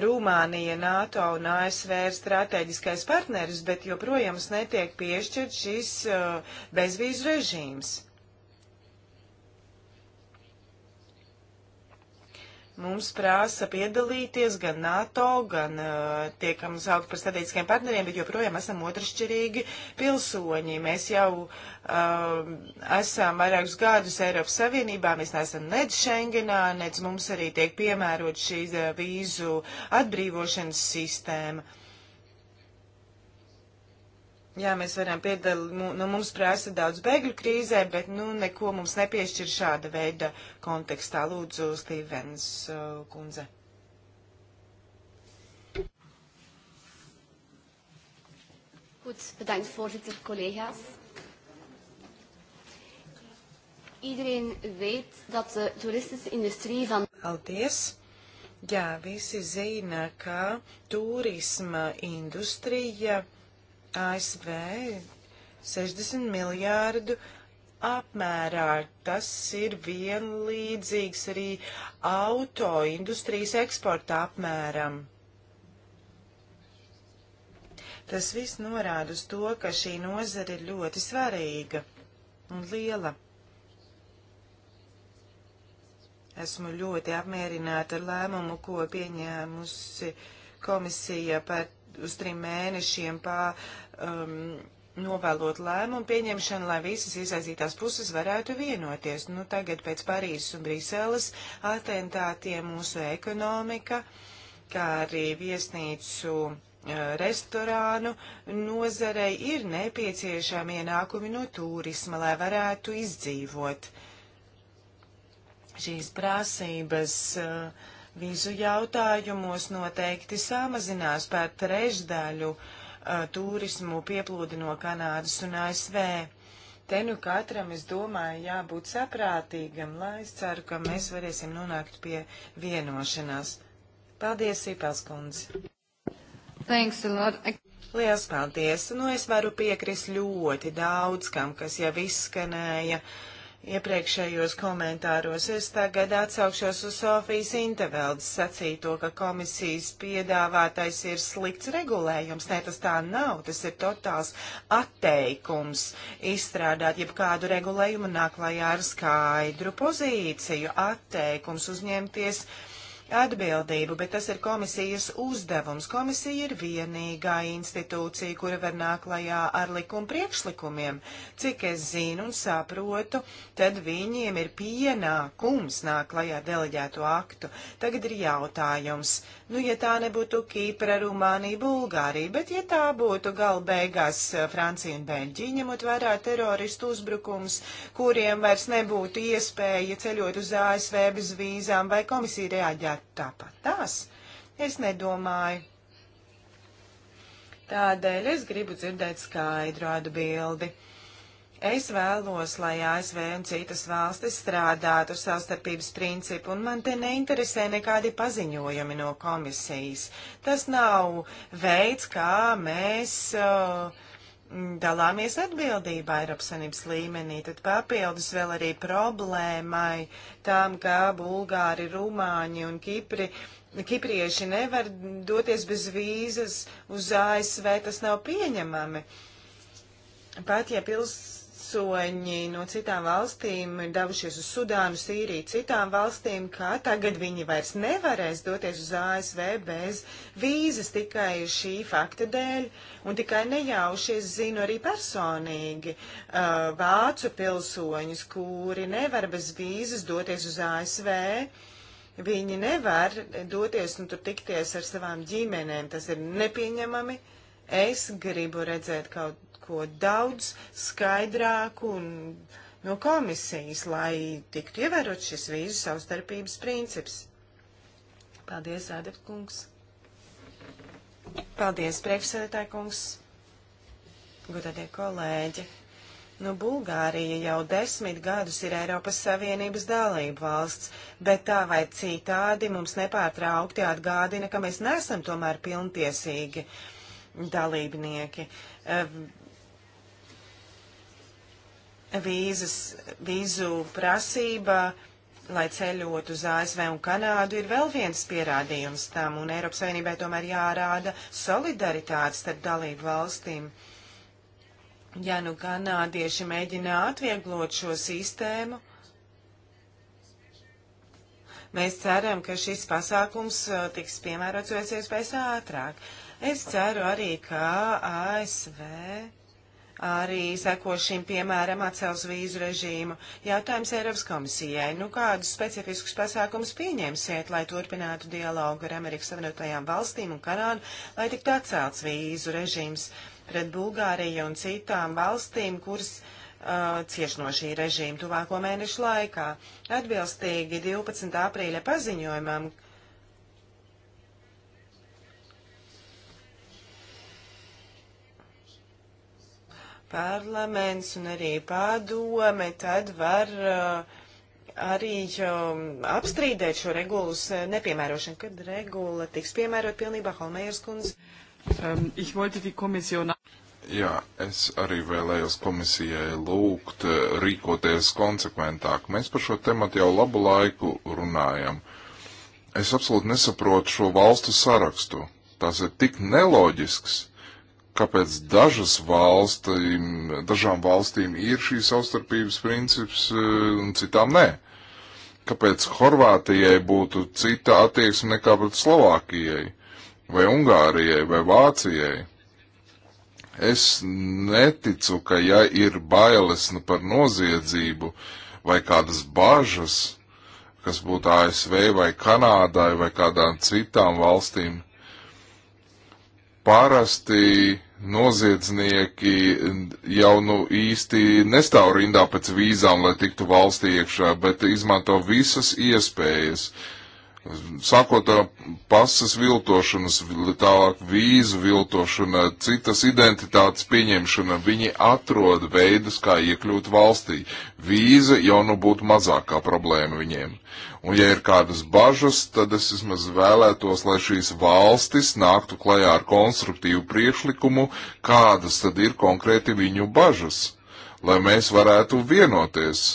Rumānija, NATO un ASV ir strateģiskais partneris, bet joprojām mums netiek piešķirt šis uh, bezvīzu režīms. mums prasa piedalīties gan NATO, gan uh, eh, tiekam saukt par strateģiskiem partneriem, bet joprojām esam otršķirīgi pilsoņi. Mēs jau uh, esam vairākus gadus Eiropas Savienībā, mēs neesam nec Schengenā, nec mums arī tiek piemērot šī uh, eh, vīzu atbrīvošanas sistēma. Jā, mēs varam piedalīties, nu, mums prasa daudz bēgļu krīzē, bet, nu, neko mums nepiešķir šāda veida kontekstā. Lūdzu, Stīvens uh, kundze. Goed, bedankt voorzitter, collega's. Iedereen weet dat de toeristische industrie van... Paldies. Jā, visi zina, ka turisma industrija ASV 60 miljārdu apmērā. Tas ir vienlīdzīgs arī auto industrijas eksporta apmēram. Tas viss norāda uz to, ka šī nozara ir ļoti svarīga un liela. Esmu ļoti apmierināta ar lēmumu, ko pieņēmusi komisija par uz trim mēnešiem pa, um, novēlot lēmumu pieņemšanu, lai visas iesaistītās puses varētu vienoties. Nu, tagad pēc Parīzes un Briseles atentātiem mūsu ekonomika, kā arī viesnīcu uh, restorānu nozarei ir nepieciešami ienākumi no turisma, lai varētu izdzīvot. Šīs prasības uh, Vīzu jautājumos noteikti samazinās pēc trešdaļu uh, turismu pieplūdi no Kanādas un ASV. Te nu katram, es domāju, jābūt saprātīgam, lai es ceru, ka mēs varēsim nonākt pie vienošanās. Paldies, Sīpelskundze! Thanks a lot. I... Liels paldies! Nu, es varu piekrist ļoti daudz kam, kas jau izskanēja. Uh, iepriekšējos komentāros. Es tagad atsaukšos uz Sofijas Inteveldes sacīto, ka komisijas piedāvātais ir slikts regulējums. Nē, tas tā nav. Tas ir totāls atteikums izstrādāt jebkādu regulējumu nāklājā ar skaidru pozīciju. Atteikums uzņemties uh, atbildību, bet tas ir komisijas uzdevums. Komisija ir vienīgā institūcija, kura var nākt klajā ar likuma priekšlikumiem. Cik es zinu un saprotu, tad viņiem ir pienākums nākt klajā deleģēto aktu. Tagad ir jautājums, nu, ja tā nebūtu Kīpra, Rumānija, Bulgārija, bet ja tā būtu gal beigās eh, Francija un Beļģija, ņemot vērā teroristu uzbrukums, kuriem vairs nebūtu iespēja ceļot uz ASV bez vīzām, vai komisija reaģētu? bet tāpat tās es nedomāju. Tādēļ es gribu dzirdēt skaidru atbildi. Es vēlos, lai ASV un citas valstis strādātu savstarpības principu, un man te neinteresē nekādi paziņojumi no komisijas. Tas nav veids, kā mēs uh, dalāmies atbildībā Eiropas Savienības līmenī, tad papildus vēl arī problēmai tām, kā bulgāri, rumāņi un kipri, kiprieši nevar doties bez vīzas uz ASV, tas nav pieņemami. Pat ja pils, pilsoņi no citām valstīm ir devušies uz Sudānu, Sīriju, citām valstīm, ka tagad viņi vairs nevarēs doties uz ASV bez vīzas tikai šī fakta dēļ. Un tikai nejauši es zinu arī personīgi uh, vācu pilsoņus, kuri nevar bez vīzas doties uz ASV. Viņi nevar doties un tur tikties ar savām ģimenēm. Tas ir nepieņemami. Es gribu redzēt kaut ko daudz skaidrāku un no komisijas, lai tiktu ievērot šis vīzu savstarpības princips. Paldies, Ādep kungs. Paldies, priekšsēdētāj kungs. Godādie kolēģi. Nu, Bulgārija jau desmit gadus ir Eiropas Savienības dalība valsts, bet tā vai citādi mums nepārtraukti atgādina, ka mēs nesam tomēr pilntiesīgi dalībnieki vīzas, vīzu prasība, lai ceļot uz ASV un Kanādu, ir vēl viens pierādījums tam, un Eiropas Savienībai tomēr jārāda solidaritāte starp dalību valstīm. Ja nu kanādieši mēģina atvieglot šo sistēmu, mēs ceram, ka šis pasākums uh, tiks piemērots pēc iespējas ātrāk. Es ceru arī, ka ASV arī seko šim, piemēram, atcels vīzu režīmu. Jautājums Eiropas komisijai. Nu, kādus specifiskus pasākumus pieņemsiet, lai turpinātu dialogu ar Amerikas Savienotajām valstīm un Kanādu, lai tiktu atcelts vīzu režīms pret Bulgāriju un citām valstīm, kuras uh, cieš no šī režīma tuvāko mēnešu laikā. Atbilstīgi 12. aprīļa paziņojumam, uh, parlaments un arī padome tad var uh, arī um, apstrīdēt šo regulas uh, nepiemērošanu, kad regula tiks piemērot pilnībā Holmējers kundze. Um, ich wollte die Kommission Jā, es arī vēlējos komisijai lūgt uh, rīkoties konsekventāk. Mēs par šo tematu jau labu laiku runājam. Es absolūti nesaprotu šo valstu sarakstu. Tas ir tik neloģisks, kāpēc dažas valstīm, dažām valstīm ir šī savstarpības princips e, un citām nē. Kāpēc Horvātijai būtu cita attieksme nekā pret Slovākijai, vai Ungārijai, vai Vācijai? Es neticu, ka ja ir bailes nu par noziedzību vai kādas bažas, kas būtu ASV vai Kanādai vai kādām citām valstīm, parasti noziedznieki jau nu īsti nestāv rindā pēc vīzām, lai tiktu valstī iekšā, bet izmanto visas iespējas. Uh, Sākot ar pasas viltošanas, tālāk vīzu viltošana, citas identitātes pieņemšana, viņi atrod veidus, kā iekļūt valstī. Vīza jau nu būtu mazākā problēma viņiem. Un ja ir kādas bažas, tad es vismaz vēlētos, lai šīs valstis nāktu klajā ar konstruktīvu priekšlikumu, kādas tad ir konkrēti viņu bažas, lai mēs varētu vienoties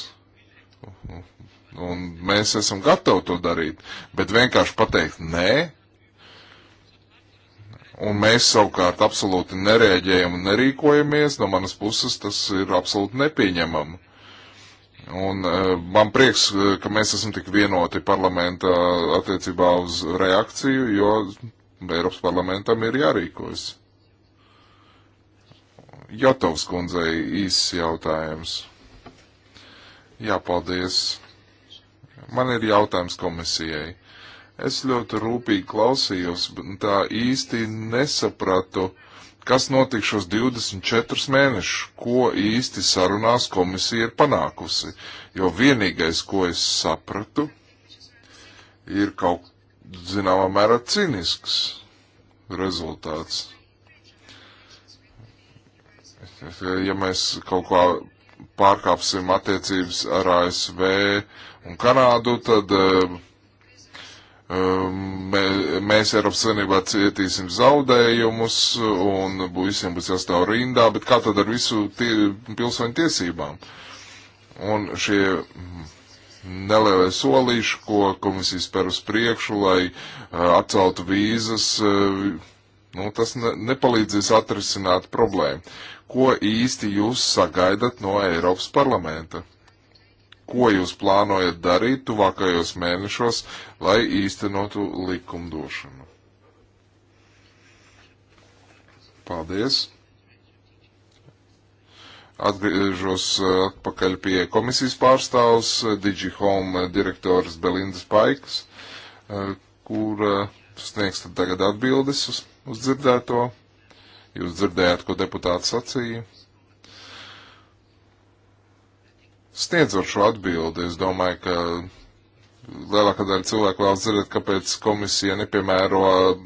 Un mēs esam gatavi to darīt, bet vienkārši pateikt nē, un mēs savukārt absolūti nereaģējam un nerīkojamies, no manas puses tas ir absolūti nepieņemami. Un e, man prieks, e, ka mēs esam tik vienoti parlamentā attiecībā uz reakciju, jo Eiropas parlamentam ir jārīkojas. Jotovs kundzei īsts jautājums. Jā, paldies. Man ir jautājums komisijai. Es ļoti rūpīgi klausījos, tā īsti nesapratu, kas notiek šos 24 mēnešus, ko īsti sarunās komisija ir panākusi. Jo vienīgais, ko es sapratu, ir kaut zināmā mērā cinisks rezultāts. Ja mēs kaut kā pārkāpsim attiecības ar ASV, uh, un Kanādu, tad eh, eh, mēs Eiropas Savienībā cietīsim zaudējumus un visiem būs jāstāv rindā, bet kā tad ar visu tie, pilsoņu tiesībām? Un šie mm, nelielie solīši, ko komisija spēr uz priekšu, lai eh, atceltu vīzas, nu, tas ne, nepalīdzēs atrisināt problēmu. Ko īsti jūs sagaidat no Eiropas parlamenta? ko jūs plānojat darīt tuvākajos mēnešos, lai īstenotu likumdošanu. Paldies! Atgriežos atpakaļ pie komisijas pārstāvs, DigiHome direktors Belindas Paikas, kur sniegs tagad atbildes uz, uz dzirdēto. Jūs dzirdējāt, ko deputāts sacīja. Sniedzot šo atbildi, es domāju, ka lielākā daļa cilvēku vēlas dzirdēt, kāpēc komisija nepiemēro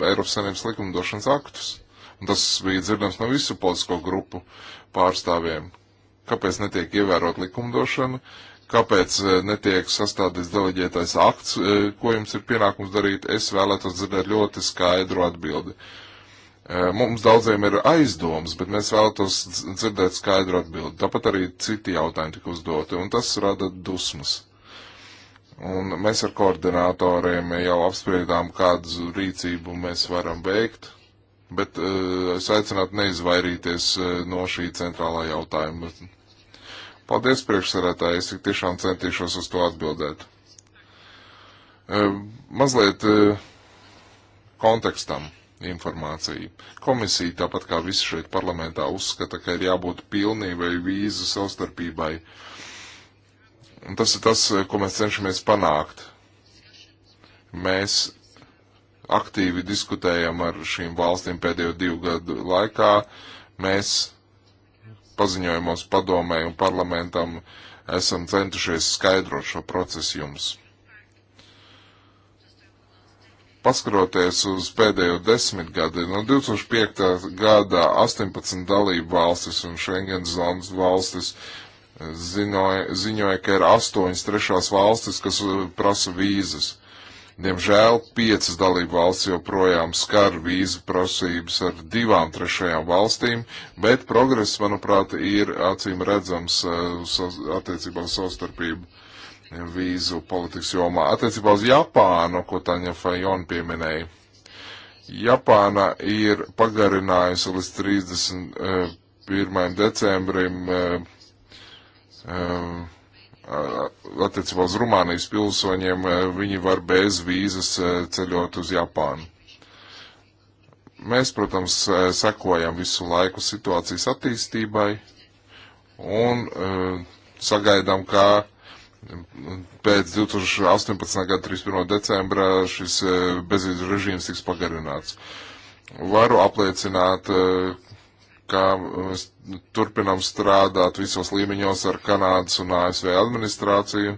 Eiropas Savienības likumdošanas aktus. Un tas bija dzirdams no visu politisko grupu pārstāvjiem. Kāpēc netiek ievērot likumdošana, kāpēc e, netiek sastādīts deleģētais akts, e, ko jums ir pienākums darīt, es vēlētos dzirdēt ļoti skaidru atbildi. Uh, Mums daudziem ir aizdomas, bet mēs vēlētos dzirdēt skaidru atbildi. Tāpat arī citi jautājumi tika uzdoti, un tas rada dusmas. Un mēs ar koordinatoriem jau apspriedām, kādu rīcību mēs varam veikt, bet uh, es aicinātu neizvairīties uh, no šī centrālā jautājuma. Paldies priekšsarētāji, es tik tiešām centīšos uz to atbildēt. Uh, mazliet kontekstam informāciju. Komisija, tāpat kā visi šeit parlamentā, uzskata, ka ir jābūt pilnībai vīzu savstarpībai. Un tas ir tas, ko mēs cenšamies panākt. Mēs aktīvi diskutējam ar šīm valstīm pēdējo divu gadu laikā. Mēs paziņojumos padomē un parlamentam esam centušies skaidrot šo procesu jums paskaroties uz pēdējo desmit gadu, no 2005. gadā 18 dalību valstis un Schengens zonas valstis eh, zinoja, ziņoja, ka ir astoņas trešās valstis, kas eh, prasa vīzas. Diemžēl piecas dalību valsts joprojām skar vīzu prasības ar divām trešajām valstīm, bet progress, manuprāt, ir acīm redzams eh, attiecībā uz savstarpību vīzu politikas jomā. Attiecībā uz Japānu, ko Taņa Fajona pieminēja, Japāna ir pagarinājusi līdz 31. Eh, decembrim eh, eh, attiecībā uz Rumānijas pilsoņiem, viņi var bez vīzas ceļot uz Japānu. Mēs, protams, sekojam visu laiku situācijas attīstībai un sagaidām, kā pēc 2018. gada 31. decembrā šis eh, bezvīzu režīms tiks pagarināts. Varu apliecināt, eh, ka mēs turpinām strādāt visos līmeņos ar Kanādas un ASV administrāciju.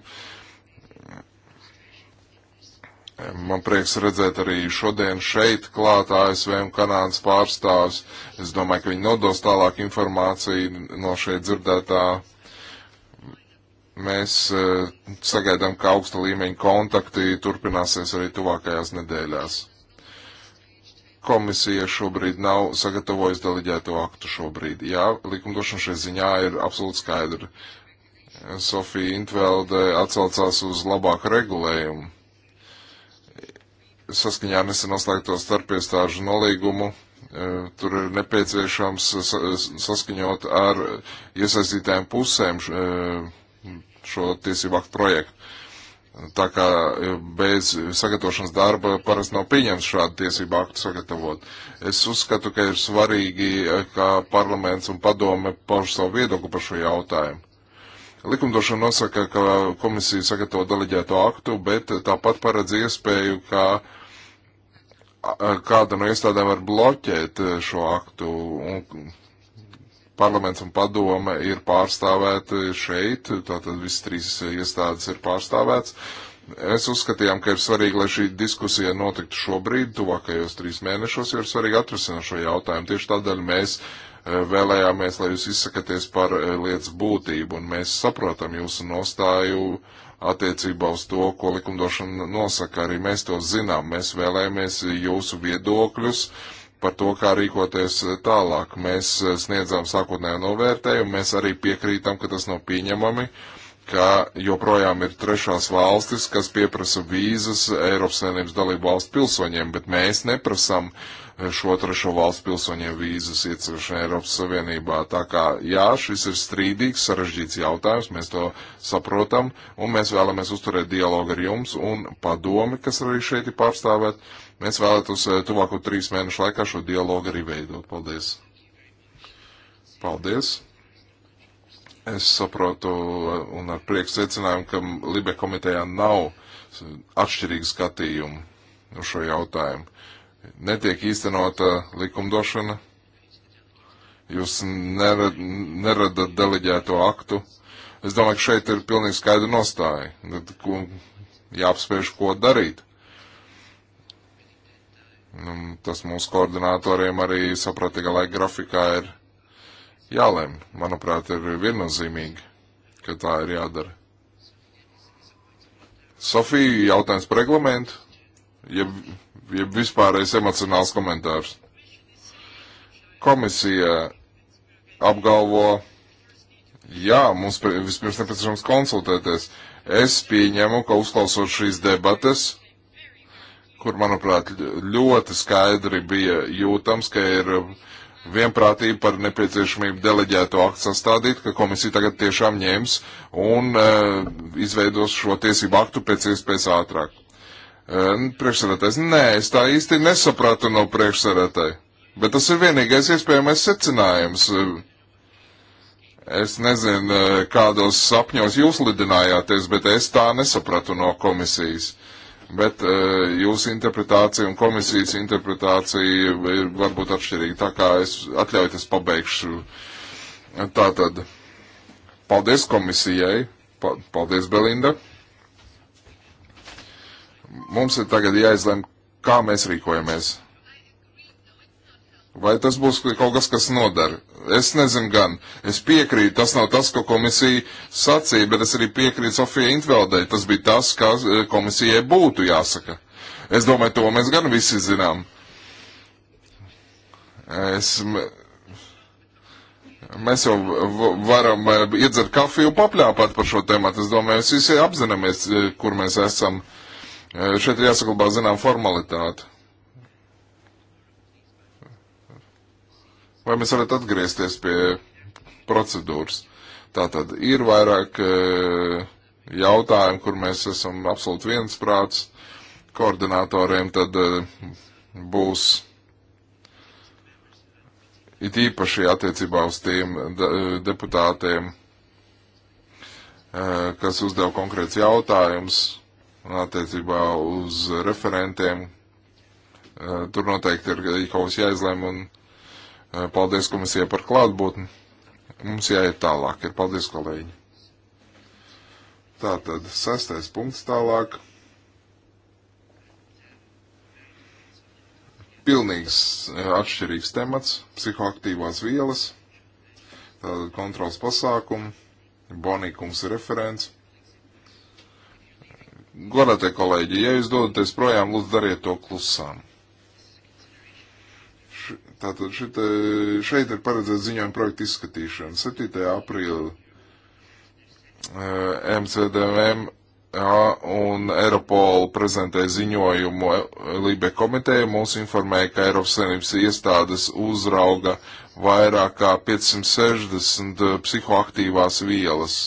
Man prieks redzēt arī šodien šeit klāt ASV un Kanādas pārstāvs. Es domāju, ka viņi nodos tālāk informāciju no šeit dzirdētā Mēs eh, sagaidām, ka augsta līmeņa kontakti turpināsies arī tuvākajās nedēļās. Komisija šobrīd nav sagatavojusi deleģēto aktu šobrīd. Jā, likumdošana šajā ziņā ir absolūti skaidra. Sofija Intvelde atsaucās uz labāku regulējumu. Saskaņā nesen noslēgto starpiestāžu nolīgumu eh, tur ir nepieciešams saskaņot ar iesaistītēm pusēm eh, šo tiesību aktu projektu. Tā kā eh, bez sagatavošanas darba parasti nav pieņemts šādu tiesību aktu sagatavot. Es uzskatu, ka ir svarīgi, eh, ka parlaments un padome pauž savu viedokli par šo jautājumu. Likumdošana nosaka, ka komisija sagatavo deleģēto aktu, bet tāpat paredz iespēju, ka kāda no iestādēm var bloķēt eh, šo aktu. Un parlaments un padome ir pārstāvēti šeit, tātad visas trīs iestādes ir pārstāvēts. Es uzskatījām, ka ir svarīgi, lai šī diskusija notiktu šobrīd, tuvākajos trīs mēnešos, jo ir svarīgi atrisināt šo jautājumu. Tieši tādēļ mēs e, vēlējāmies, lai jūs izsakaties par e, lietas būtību, un mēs saprotam jūsu nostāju attiecībā uz to, ko likumdošana nosaka. Arī mēs to zinām. Mēs vēlējāmies jūsu viedokļus uh, par to, kā rīkoties tālāk. Mēs eh, sniedzām sākotnējo novērtējumu, mēs arī piekrītam, ka tas nav pieņemami, ka joprojām ir trešās valstis, kas pieprasa vīzas Eiropas Savienības dalību valstu pilsoņiem, bet mēs neprasam uh, šo trešo valstu pilsoņiem vīzas ieceršana Eiropas Savienībā. Tā kā jā, šis ir strīdīgs, sarežģīts jautājums, mēs to saprotam, un mēs vēlamies uzturēt dialogu ar jums un padomi, kas arī šeit ir pārstāvēt. Mēs vēlētos eh, tuvāko trīs mēnešu laikā šo dialogu arī veidot. Paldies! Paldies! Es saprotu eh, un ar prieku secinājumu, ka Libe komitejā nav atšķirīgu skatījumu uz šo jautājumu netiek īstenota likumdošana, jūs nerad, neradat deleģēto aktu. Es domāju, ka šeit ir pilnīgi skaidra nostāja. Tad jāapspiež, ko darīt. Nu, tas mūsu koordinatoriem arī sapratīga laika grafikā ir jālem. Manuprāt, ir viennozīmīgi, ka tā ir jādara. Sofija, jautājums par reglamentu. Ja ja vispārējais emocionāls komentārs. Komisija apgalvo, jā, mums vispirms nepieciešams konsultēties. Es pieņemu, ka uzklausot šīs debates, kur, manuprāt, ļoti skaidri bija jūtams, ka ir vienprātība par nepieciešamību deleģēto aktu sastādīt, ka komisija tagad tiešām ņems un uh, izveidos šo tiesību aktu pēc iespējas ātrāk. Priekšsēdētājs, nē, es tā īsti nesapratu no priekšsēdētāja, bet tas ir vienīgais iespējamais secinājums. Es nezinu, kādos sapņos jūs lidinājāties, bet es tā nesapratu no komisijas. Bet uh, e, jūsu interpretācija un komisijas interpretācija ir varbūt atšķirīga. Tā kā es atļauju, es pabeigšu. Tā tad, paldies komisijai, paldies Belinda. Mums ir tagad jāizlem, kā mēs rīkojamies. Vai tas būs kaut kas, kas nodara? Es nezinu gan. Es piekrītu, tas nav tas, ko komisija sacīja, bet es arī piekrītu Sofijai Intveldei. Tas bija tas, kas eh, komisijai būtu jāsaka. Es domāju, to mēs gan visi zinām. Es, mēs jau varam eh, iedzert kafiju un papļāpāt par šo tēmu. Es domāju, mēs visi apzināmies, eh, kur mēs esam. Uh, Šeit ir jāsaglabā zinām formalitāte. Vai mēs varētu atgriezties pie procedūras? Tātad ir vairāk jautājumu, kur mēs esam absolūti viensprāts koordinatoriem, tad būs it īpaši attiecībā uz tiem deputātiem, kas uzdeva konkrēts jautājums, attiecībā uz referentiem. Eh, tur noteikti ir kaut kas jāizlem un eh, paldies komisijai par klātbūtni. Mums jāiet tālāk. Ir paldies, kolēģi. Tātad sastais punkts tālāk. Pilnīgs eh, atšķirīgs temats - psihoaktīvās vielas, tātad kontrols pasākumi, bonīkums referents. Godātie kolēģi, ja jūs dodaties projām, lūdzu dariet to klusām. Tātad šita, šeit ir paredzēts ziņojuma projekta izskatīšana. 7. aprīli eh, MCDM Jā, un Eiropola prezentē ziņojumu Lībe komiteja mūs informēja, ka Eiropas Savienības iestādes uzrauga vairāk kā 560 psihoaktīvās vielas.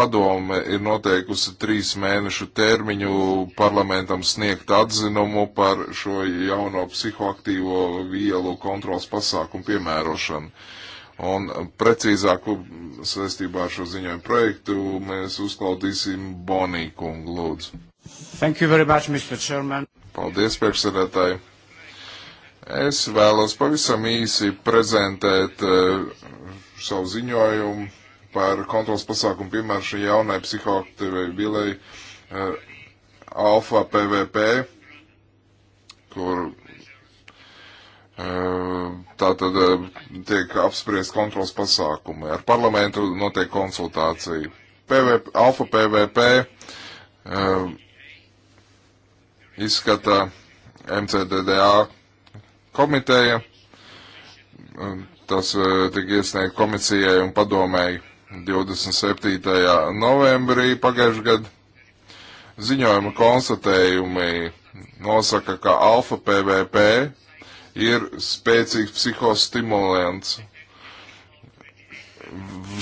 Padome ir noteikusi trīs mēnešu termiņu parlamentam sniegt atzinumu par šo jauno psihoaktīvo vielu kontrols pasākumu piemērošanu. Un precīzāk saistībā ar šo ziņojumu projektu mēs uzklausīsim Boniju kungu lūdzu. Thank you very much, Mr. Chairman. Paldies, priekšsēdētāji. Es vēlos pavisam īsi prezentēt uh, savu ziņojumu par kontrols pasākumu piemērošanu jaunai psihoaktīvai vielai uh, alfa PVP, kur uh, tā tad uh, tiek apspriest kontrols pasākumi. Ar parlamentu notiek konsultācija. PVP, alfa PVP uh, eh, izskata MCDDA komiteja. Uh, tas tika iesniegt komisijai un padomēji 27. novembrī pagājušajā gadā. Ziņojuma konstatējumi nosaka, ka alfa PVP ir spēcīgs psihostimulants.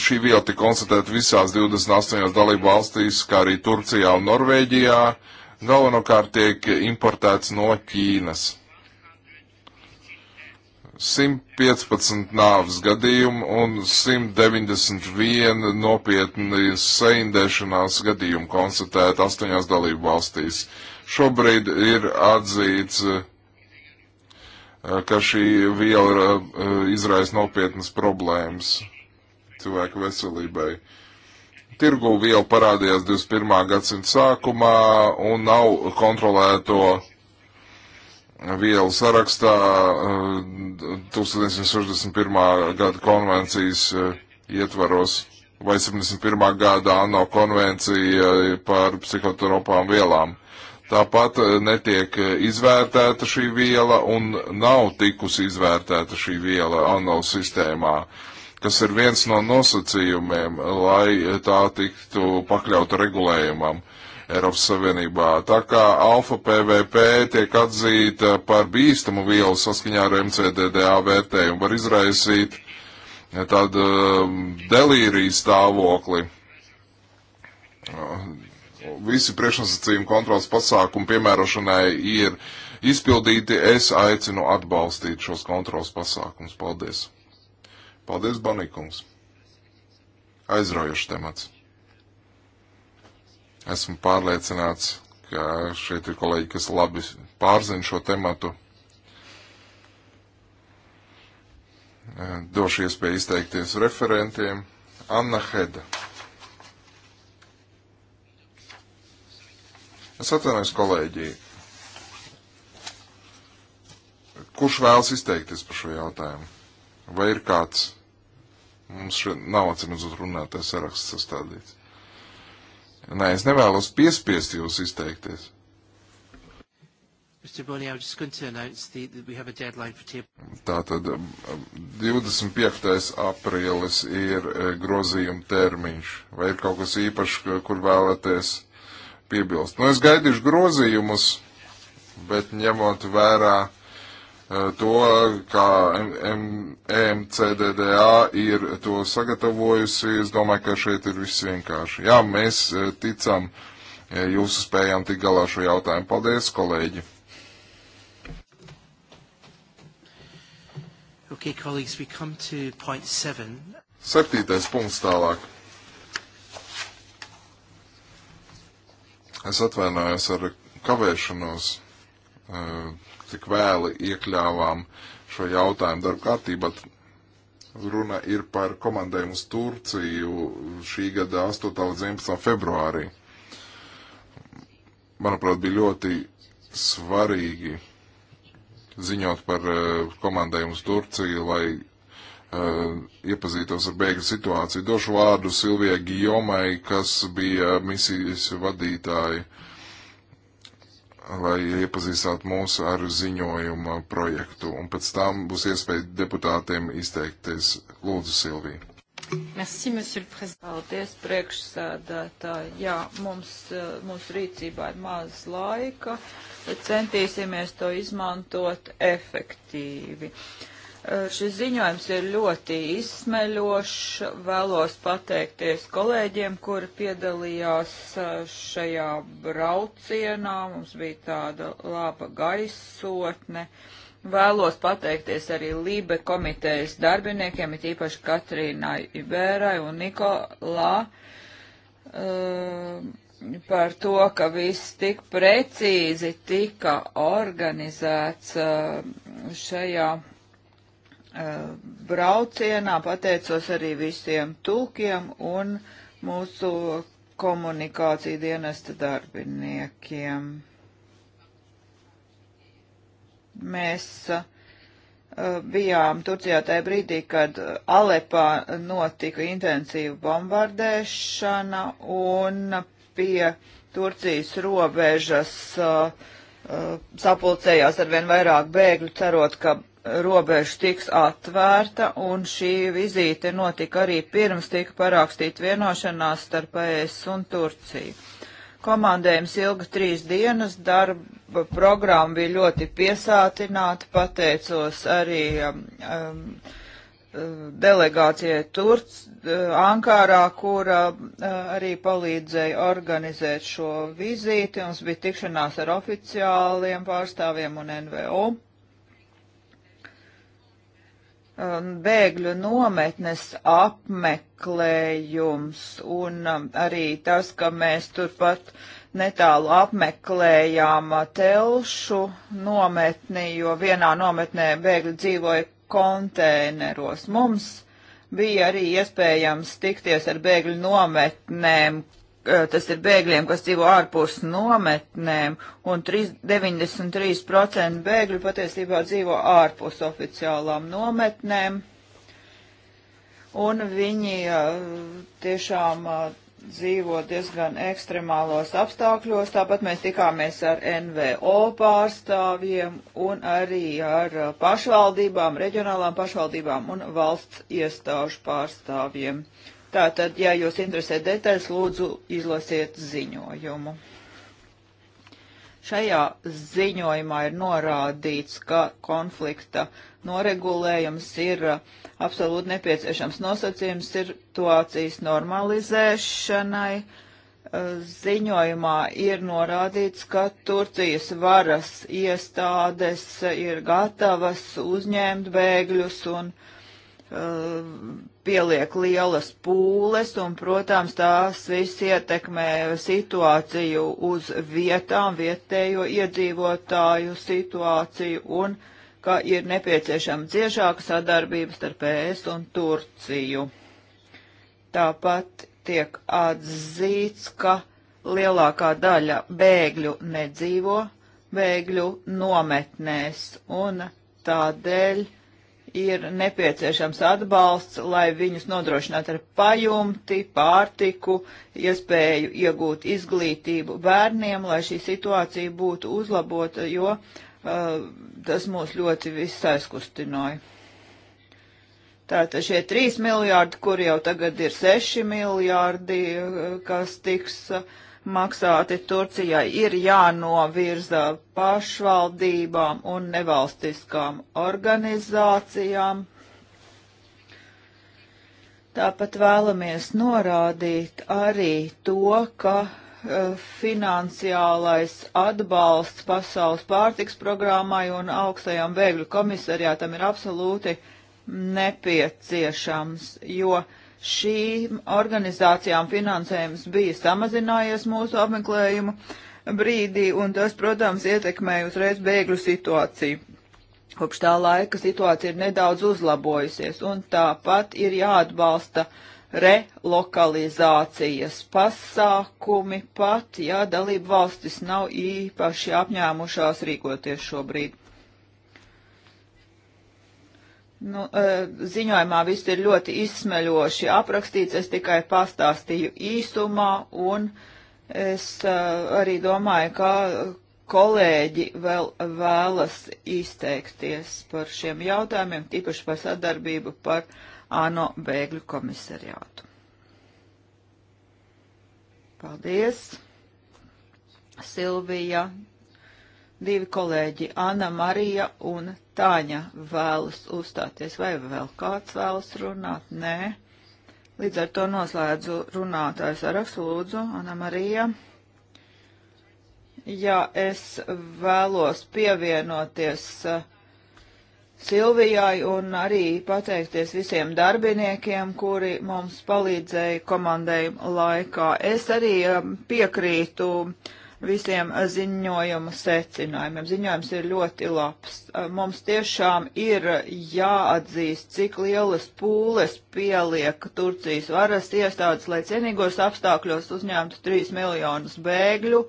Šī viela tika konstatēta visās 28 dalību valstīs, kā arī Turcijā un Norvēģijā. Galvenokārt tiek importēts no Ķīnas. 115 nāvas gadījumu un 191 nopietni seindēšanās gadījumu konstatēt astoņās dalību valstīs. Šobrīd ir atzīts, eh, ka šī viela eh, izraisa nopietnas problēmas cilvēku veselībai. Tirgu viela parādījās 21. gadsimta sākumā un nav kontrolēto vielu sarakstā 1961. Eh, gada konvencijas eh, ietvaros vai 71. gada ANO konvencija eh, par psihotropām vielām. Tāpat netiek izvērtēta šī viela un nav tikusi izvērtēta šī viela ANO sistēmā, kas ir viens no nosacījumiem, lai tā tiktu pakļauta regulējumam. Uh, Eiropas Savienībā. Tā kā alfa PVP tiek atzīta par bīstamu vielu saskaņā ar MCDDA vērtējumu, var izraisīt tādu um, delīriju stāvokli. Visi priekšnosacījumi kontrols pasākumu piemērošanai ir izpildīti. Es aicinu atbalstīt šos kontrols pasākumus. Paldies! Paldies, Banīkums! Aizraujošs temats! Esmu pārliecināts, ka šeit ir kolēģi, kas labi pārzina šo tematu. E, došu iespēju izteikties referentiem. Anna Heda. Es atvainojos kolēģi. Kurš vēlas izteikties par šo jautājumu? Vai ir kāds? Mums šeit nav acīm redzot runātais saraksts sastādīts. Nē, es nevēlos piespiest jūs izteikties. Tātad 25. Um, aprīlis ir e, grozījuma termiņš. Vai ir kaut kas īpašs, kur vēlaties piebilst? Nu, es gaidīšu grozījumus, bet ņemot vērā to, kā MCDDA e ir to sagatavojusi. Es domāju, ka šeit ir viss vienkārši. Jā, mēs e, ticam e, jūsu spējām tik galā šo jautājumu. Paldies, kolēģi! Okay, colleagues, we come to point seven. Septītais punkts tālāk. Es atvainojos ar kavēšanos. Uh, tik vēli iekļāvām šo jautājumu darba kārtībā. Runa ir par komandējumu uz Turciju šī gada 8. līdz 11. februārī. Manuprāt, bija ļoti svarīgi ziņot par uh, komandējumu uz Turciju, lai uh, iepazītos ar bēgļu situāciju. Došu vārdu Silvijai Gijomai, kas bija misijas vadītāja uh, lai iepazīstinātu mūs ar ziņojuma projektu, un pēc tam būs iespēja deputātiem izteikties. Lūdzu, Silvija. Merci, monsieur le président. Paldies, priekšsēdētāji. Jā, mums, eh, mums rīcībā ir maz laika, bet centīsimies to izmantot efektīvi. Uh, Šis ziņojums ir ļoti izsmeļošs. Vēlos pateikties kolēģiem, kuri piedalījās šajā braucienā. Mums bija tāda laba gaisotne. Vēlos pateikties arī Lībe komitejas darbiniekiem, it īpaši Katrīnai Ibērai un Nikolā. Uh, par to, ka viss tik precīzi tika organizēts šajā Uh, braucienā, pateicos arī visiem tūkiem un mūsu komunikāciju dienesta darbiniekiem. Mēs uh, bijām Turcijā tajā brīdī, kad Alepā notika intensīva bombardēšana un pie Turcijas robežas uh, uh sapulcējās arvien vairāk bēgļu, cerot, ka robeža tiks atvērta, un šī vizīte notika arī pirms tika parakstīt vienošanās starp ES un Turciju. Komandējums ilga trīs dienas, darba programma bija ļoti piesātināta, pateicos arī um, um delegācijai Turc, uh, Ankārā, kura uh, arī palīdzēja organizēt šo vizīti. Mums bija tikšanās ar oficiāliem pārstāvjiem un NVO. Um, bēgļu nometnes apmeklējums un um, arī tas, ka mēs turpat netālu apmeklējām uh, telšu nometni, jo vienā nometnē bēgļi dzīvoja konteineros. Mums bija arī iespējams tikties ar bēgļu nometnēm, tas ir bēgļiem, kas dzīvo ārpus nometnēm, un 3, 93% bēgļu patiesībā dzīvo ārpus oficiālām nometnēm, un viņi tiešām dzīvo diezgan ekstremālos apstākļos, tāpat mēs tikāmies ar NVO pārstāvjiem un arī ar pašvaldībām, reģionālām pašvaldībām un valsts iestāžu pārstāvjiem. Uh, Tātad, ja jūs interesē detaļas, lūdzu izlasiet ziņojumu. Šajā ziņojumā ir norādīts, ka konflikta noregulējums ir absolūti nepieciešams nosacījums situācijas normalizēšanai. Ziņojumā ir norādīts, ka Turcijas varas iestādes ir gatavas uzņemt bēgļus un bēgļus Uh, pieliek lielas pūles, un, protams, tās viss ietekmē situāciju uz vietām, vietējo iedzīvotāju situāciju, un ka ir nepieciešama ciešāka sadarbība starp ES un Turciju. Tāpat tiek atzīts, ka lielākā daļa bēgļu nedzīvo bēgļu nometnēs, un tādēļ ir nepieciešams atbalsts, lai viņus nodrošinātu ar pajumti, pārtiku, iespēju iegūt izglītību bērniem, lai šī situācija būtu uzlabota, jo uh, tas mūs ļoti viss aizkustināja. Tātad šie 3 miljārdi, kur jau tagad ir 6 miljārdi, uh, kas tiks uh, maksāti Turcijai, ir jānovirza pašvaldībām un nevalstiskām organizācijām. Tāpat vēlamies norādīt arī to, ka e, finansiālais atbalsts pasaules pārtiks programmai un augstajam bēgļu komisariātam ir absolūti nepieciešams, jo uh, šīm organizācijām finansējums bija samazinājies mūsu apmeklējumu brīdī, un tas, protams, ietekmēja uzreiz bēgļu situāciju. Kopš tā laika situācija ir nedaudz uzlabojusies, un tāpat ir jāatbalsta relokalizācijas pasākumi, pat ja dalību valstis nav īpaši apņēmušās rīkoties šobrīd. Nu, e, ziņojumā viss ir ļoti izsmeļoši aprakstīts, es tikai pastāstīju īsumā, un es e, arī domāju, ka kolēģi vēl vēlas izteikties par šiem jautājumiem, tīpaši par sadarbību par ANO bēgļu komisariātu. Paldies, Silvija, divi kolēģi, Anna Marija un Tāņa vēlas uzstāties, vai vēl kāds vēlas runāt? Nē. Līdz ar to noslēdzu runātājs ar aksu lūdzu, Ana Marija. Jā, es vēlos pievienoties uh, Silvijai un arī pateikties visiem darbiniekiem, kuri mums palīdzēja komandējuma laikā. Es arī um, piekrītu uh, visiem eh, ziņojumu secinājumiem. Ziņojums ir ļoti labs. Eh, mums tiešām ir jāatzīst, cik lielas pūles pieliek Turcijas varas iestādes, lai cienīgos apstākļos uzņemtu 3 miljonus bēgļu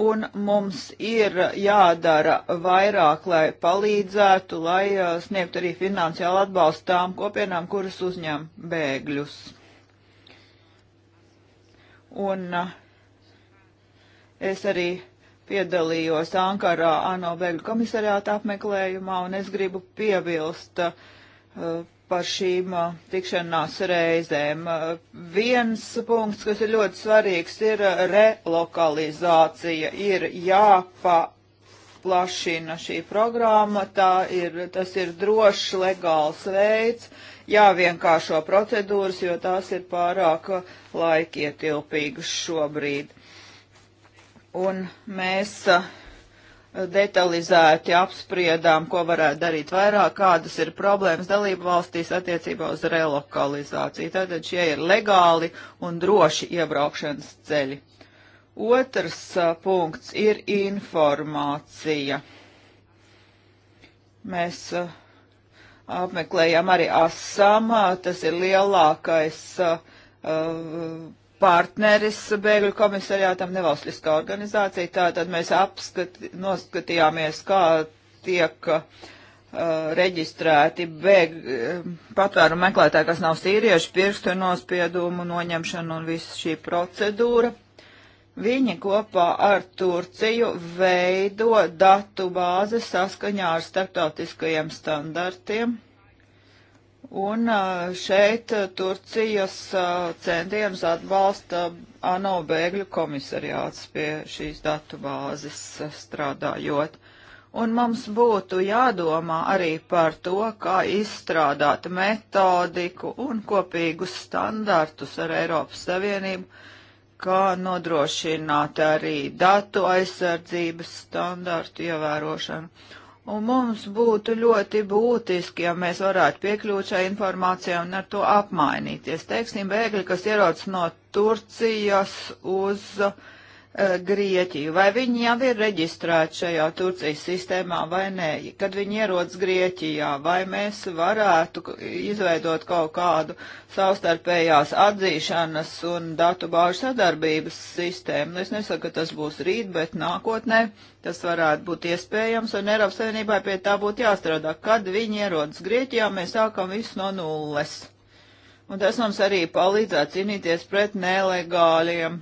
un mums ir jādara vairāk, lai palīdzētu, lai eh, sniegtu arī finansiālu atbalstu tām kopienām, kuras uzņem bēgļus. Un uh, Es arī piedalījos Ankarā ANO bēgļu komisariāta apmeklējumā, un es gribu piebilst uh, par šīm uh, tikšanās reizēm. Uh, viens punkts, kas ir ļoti svarīgs, ir relokalizācija. Ir jāpaplašina šī programma, tā ir, tas ir drošs, legāls veids, jāvienkāršo procedūras, jo tās ir pārāk laikietilpīgas šobrīd un mēs eh, detalizēti apspriedām, ko varētu darīt vairāk, kādas ir problēmas dalību valstīs attiecībā uz relokalizāciju. Tātad šie ir legāli un droši iebraukšanas ceļi. Otrs eh, punkts ir informācija. Mēs eh, apmeklējām arī ASAM, tas ir lielākais uh, partneris bēgļu komisariātam nevalstiskā organizācija. Tātad mēs apskat, noskatījāmies, kā tiek uh, reģistrēti bēg, uh, patvēru meklētāji, kas nav sīrieši, pirkstu nospiedumu noņemšana un visa šī procedūra. Viņi kopā ar Turciju veido datu bāzi saskaņā ar starptautiskajiem standartiem Un šeit Turcijas centienus atbalsta ANO bēgļu komisariāts pie šīs datu bāzes strādājot. Un mums būtu jādomā arī par to, kā izstrādāt metodiku un kopīgus standartus ar Eiropas Savienību, kā nodrošināt arī datu aizsardzības standartu ievērošanu Un mums būtu ļoti būtiski, ja mēs varētu piekļūt šai informācijai un ar to apmainīties. Teiksim, bēgļi, kas ierodas no Turcijas uz uh, Eh, Grieķiju, vai viņi jau ir reģistrēti šajā Turcijas sistēmā vai nē, kad viņi ierodas Grieķijā, vai mēs varētu izveidot kaut kādu savstarpējās atzīšanas un datu bāžu sadarbības sistēmu. Nu, es nesaku, ka tas būs rīt, bet nākotnē tas varētu būt iespējams, un Eiropas Savienībai pie tā būtu jāstrādā. Kad viņi ierodas Grieķijā, mēs sākam visu no nulles. Un tas mums arī palīdzētu cīnīties pret nelegāliem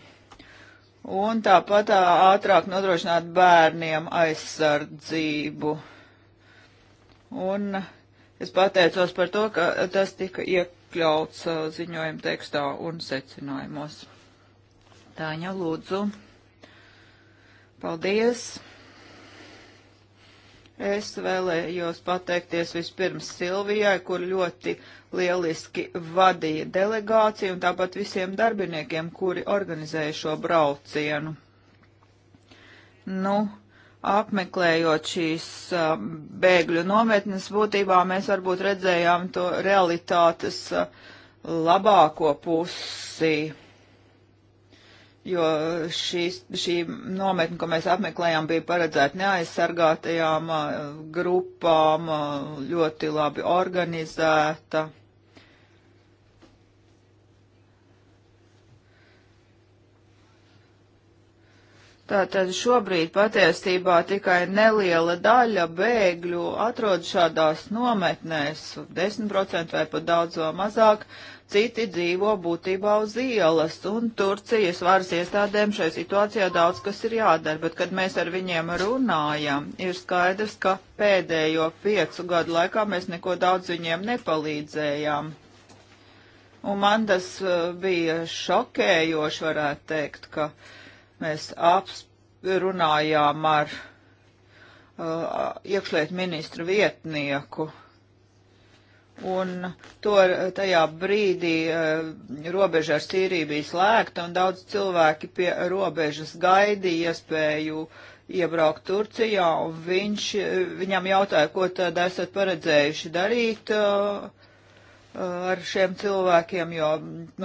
un tāpat ātrāk nodrošināt bērniem aizsardzību. Un es pateicos par to, ka tas tika iekļauts ziņojuma tekstā un secinājumos. Tāņa, lūdzu. Paldies! Es vēlējos pateikties vispirms Silvijai, kur ļoti lieliski vadīja delegāciju, un tāpat visiem darbiniekiem, kuri organizēja šo braucienu. Nu, apmeklējot šīs a, um, bēgļu nometnes, būtībā mēs varbūt redzējām to realitātes a, uh, labāko pusi jo šīs, šī nometne, ko mēs apmeklējām, bija paredzēta neaizsargātajām uh, grupām, uh, ļoti labi organizēta. Tātad šobrīd patiesībā tikai neliela daļa bēgļu atrodas šādās nometnēs, 10% vai pat daudz vēl mazāk, citi dzīvo būtībā uz ielas, un Turcijas varas iestādēm šajā situācijā daudz kas ir jādara, bet kad mēs ar viņiem runājam, ir skaidrs, ka pēdējo piecu gadu laikā mēs neko daudz viņiem nepalīdzējām. Un man tas eh, bija šokējoši, varētu teikt, ka mēs runājām ar uh, iekšliet ministru vietnieku Un to tajā brīdī eh, robeža ar Sīriju bija slēgta, un daudz cilvēki pie robežas gaidīja iespēju iebraukt Turcijā, un viņš, viņam jautāja, ko tad esat paredzējuši darīt eh, ar šiem cilvēkiem, jo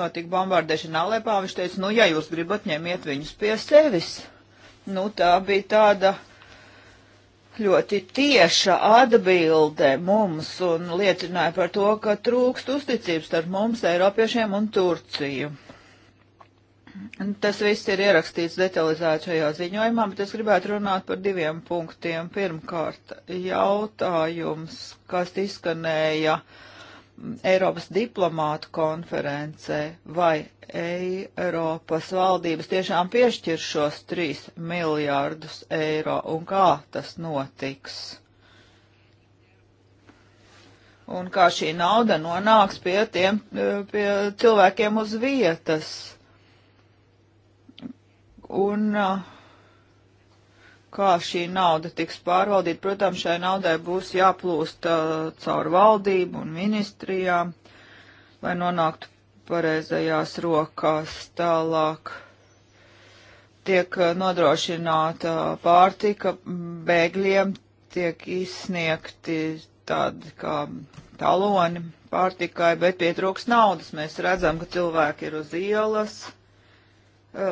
notika bombardēšana Alepā, viņš teica, nu, ja jūs gribat, ņemiet viņus pie sevis. Nu, tā bija tāda ļoti tieša atbilde mums un liecināja par to, ka trūkst uzticības starp mums, Eiropiešiem un Turciju. Tas viss ir ierakstīts detalizēti šajā ziņojumā, bet es gribētu runāt par diviem punktiem. Pirmkārt, jautājums, kas izskanēja uh, Eiropas diplomātu konferencē, vai Eiropas valdības tiešām piešķir šos 3 miljārdus eiro un kā tas notiks? Un kā šī nauda nonāks pie tiem pie cilvēkiem uz vietas? Un uh, kā šī nauda tiks pārvaldīta. Protams, šai naudai būs jāplūst uh, caur valdību un ministrijām, lai nonāktu pareizajās rokās tālāk. Tiek uh, nodrošināta pārtika bēgļiem, tiek izsniegti tādi kā taloni pārtikai, bet pietrūks naudas. Mēs redzam, ka cilvēki ir uz ielas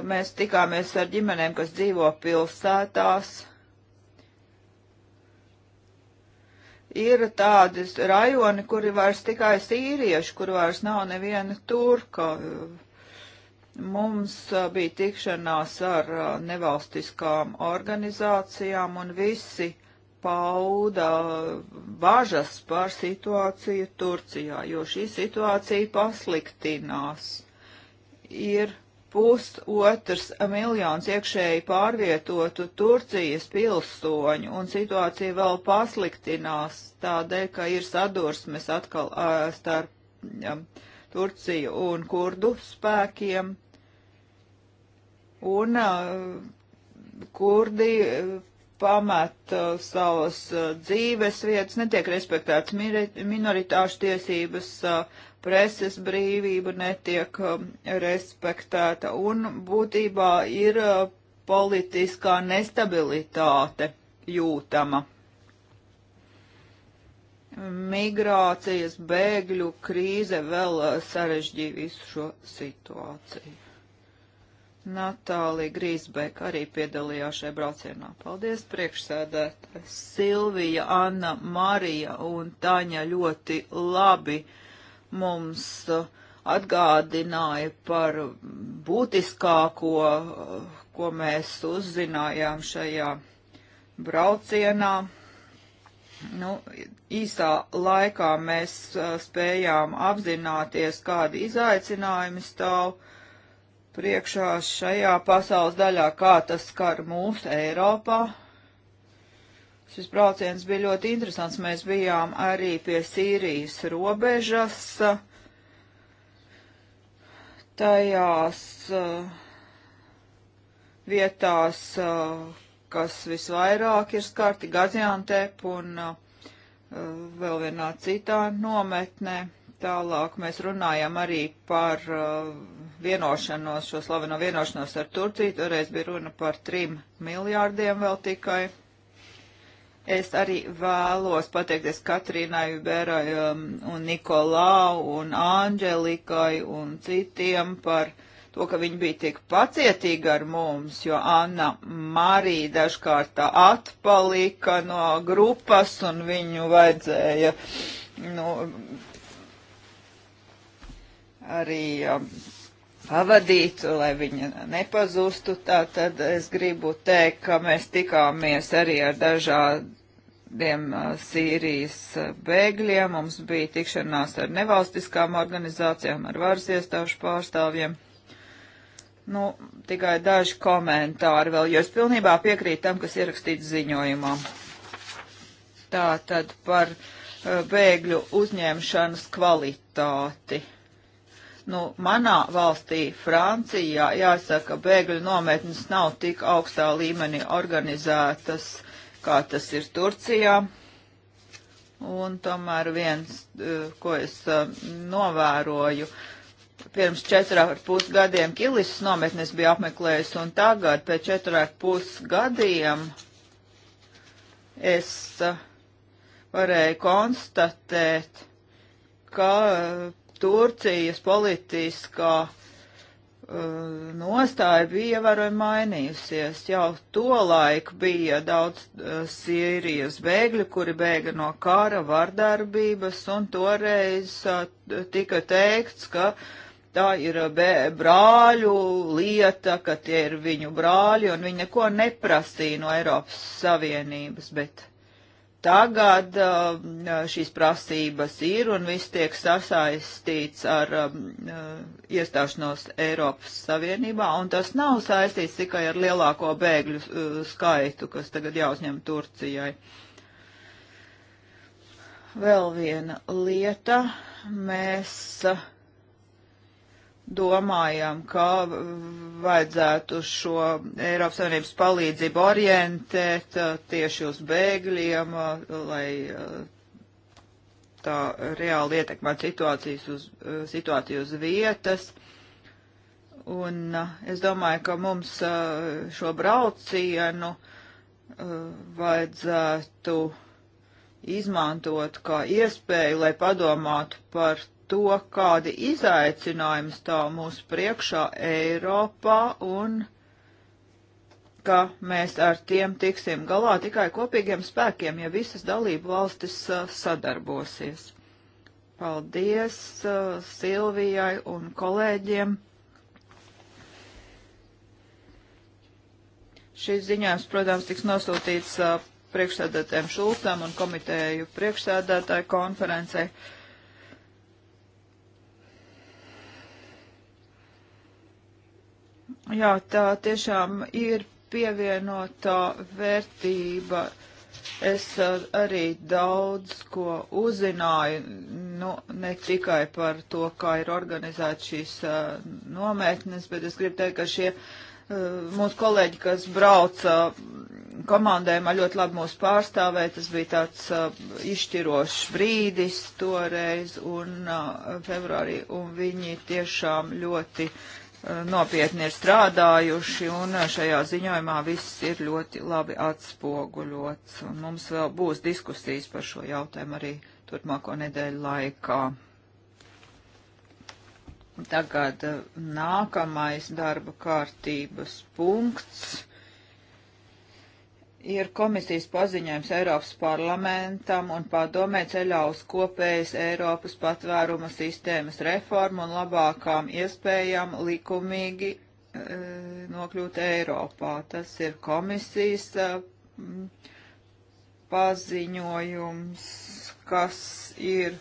Mēs tikāmies ar ģimenēm, kas dzīvo pilsētās. Ir tādi rajoni, kuri vairs tikai sīrieši, kur vairs nav neviena turka. Mums bija tikšanās ar nevalstiskām organizācijām un visi pauda bažas par situāciju Turcijā, jo šī situācija pasliktinās. Ir pusotrs miljons iekšēji pārvietotu Turcijas pilsoņu, un situācija vēl pasliktinās tādēļ, ka ir sadursmes atkal uh, starp ja, Turciju un kurdu spēkiem. Un uh, kurdi pamet uh, savas dzīves vietas, netiek respektēts minoritāšu tiesības, uh, preses brīvība netiek um, respektēta un būtībā ir uh, politiskā nestabilitāte jūtama. Migrācijas bēgļu krīze vēl uh, sarežģīja visu šo situāciju. Natālija Grīsbeka arī piedalījās šajā braucienā. Paldies priekšsēdētāji. Silvija, Anna, Marija un Taņa ļoti labi uh, mums uh, atgādināja par būtiskāko, uh, ko mēs uzzinājām šajā braucienā. Nu, īsā laikā mēs uh, spējām apzināties, kādi izaicinājumi stāv priekšā šajā pasaules daļā, kā tas skar mūs Eiropā, Šis brauciens bija ļoti interesants. Mēs bijām arī pie Sīrijas robežas. Tajās eh, vietās, eh, kas visvairāk ir skarti Gaziantep un eh, vēl vienā citā nometnē. Tālāk mēs runājam arī par vienošanos, šo slaveno vienošanos ar Turciju. Toreiz bija runa par trim miljārdiem vēl tikai Es arī vēlos pateikties Katrīnai Berai um, un Nikolau un Anģelikai un citiem par to, ka viņi bija tik pacietīgi ar mums, jo Anna Marija dažkārt tā atpalika no grupas un viņu vajadzēja nu, arī um, pavadīt, lai viņa nepazustu. Tā tad es gribu teikt, ka mēs tikāmies arī ar dažādiem kurdiem Sīrijas bēgļiem. Mums bija tikšanās ar nevalstiskām organizācijām, ar varas iestāžu pārstāvjiem. Nu, tikai daži komentāri vēl, jo es pilnībā piekrītu tam, kas ierakstīts ziņojumā. Tā tad par bēgļu uzņemšanas kvalitāti nu, manā valstī, Francijā, jāsaka, bēgļu nometnes nav tik augstā līmenī organizētas kā tas ir Turcijā. Un tomēr viens, eh, ko es eh, novēroju, pirms četrā ar pus gadiem Kilisas nometnes bija apmeklējis, un tagad pēc četrā ar pus gadiem es eh, varēju konstatēt, ka Turcijas politiskā uh, Eh, nostāja bija ievērojami mainījusies. Jau tolaik bija daudz uh, Sīrijas bēgļu, kuri bēga no kara vardarbības, un toreiz uh, tika teikts, ka tā ir brāļu lieta, ka tie ir viņu brāļi, un viņi neko neprasīja no Eiropas Savienības, bet tagad um, šīs prasības ir un viss tiek sasaistīts ar um, uh, iestāšanos Eiropas Savienībā, un tas nav saistīts tikai ar lielāko bēgļu uh, skaitu, kas tagad jāuzņem Turcijai. Vēl viena lieta. Mēs uh, domājam, ka vajadzētu šo Eiropas Savienības palīdzību orientēt uh, tieši uz bēgļiem, uh, lai uh, tā reāli ietekmētu situācijas uz, situāciju uz vietas. Un es domāju, ka mums šo braucienu vajadzētu izmantot kā iespēju, lai padomātu par to, kādi izaicinājumi stāv mūsu priekšā Eiropā un ka mēs ar tiem tiksim galā tikai kopīgiem spēkiem, ja visas dalību valstis sadarbosies. Paldies uh, Silvijai un kolēģiem. Šis ziņojums, protams, tiks nosūtīts uh, priekšsēdētājiem Šulcam un komiteju priekšsēdētāju konferencei. Jā, tā tiešām ir pievienotā vērtība. Es uh, arī daudz ko uzzināju, nu, ne tikai par to, kā ir organizēta šīs uh, nometnes, bet es gribu teikt, ka šie uh, mūsu kolēģi, kas brauca uh, komandējumā, ļoti labi mūs pārstāvēja. Tas bija tāds uh, izšķirošs brīdis toreiz un uh, februārī, un viņi tiešām ļoti Eh, nopietni ir strādājuši, un eh, šajā ziņojumā viss ir ļoti labi atspoguļots. Un mums vēl būs diskusijas par šo jautājumu arī turpmāko nedēļu laikā. Tagad eh, nākamais darba kārtības punkts ir komisijas paziņojums Eiropas parlamentam un padomē ceļā uz kopējas Eiropas patvēruma sistēmas reformu un labākām iespējām likumīgi e, nokļūt Eiropā. Tas ir komisijas e, paziņojums, kas ir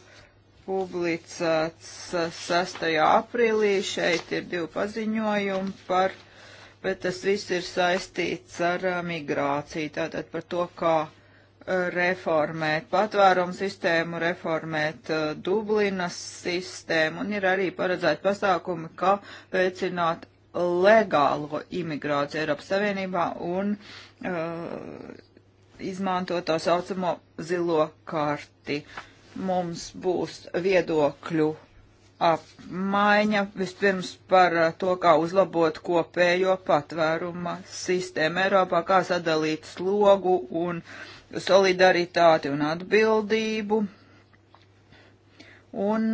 publicēts 6. E, aprīlī. Šeit ir divi paziņojumi par bet tas viss ir saistīts ar migrāciju, tātad par to, kā reformēt patvērumu sistēmu, reformēt uh, Dublinas sistēmu, un ir arī paredzēti pasākumi, kā veicināt legālo imigrāciju Eiropas Savienībā un uh, izmantot tā saucamo zilo karti. Mums būs viedokļu apmaiņa vispirms par eh, to, kā uzlabot kopējo patvēruma sistēmu Eiropā, kā sadalīt slogu un solidaritāti un atbildību. Un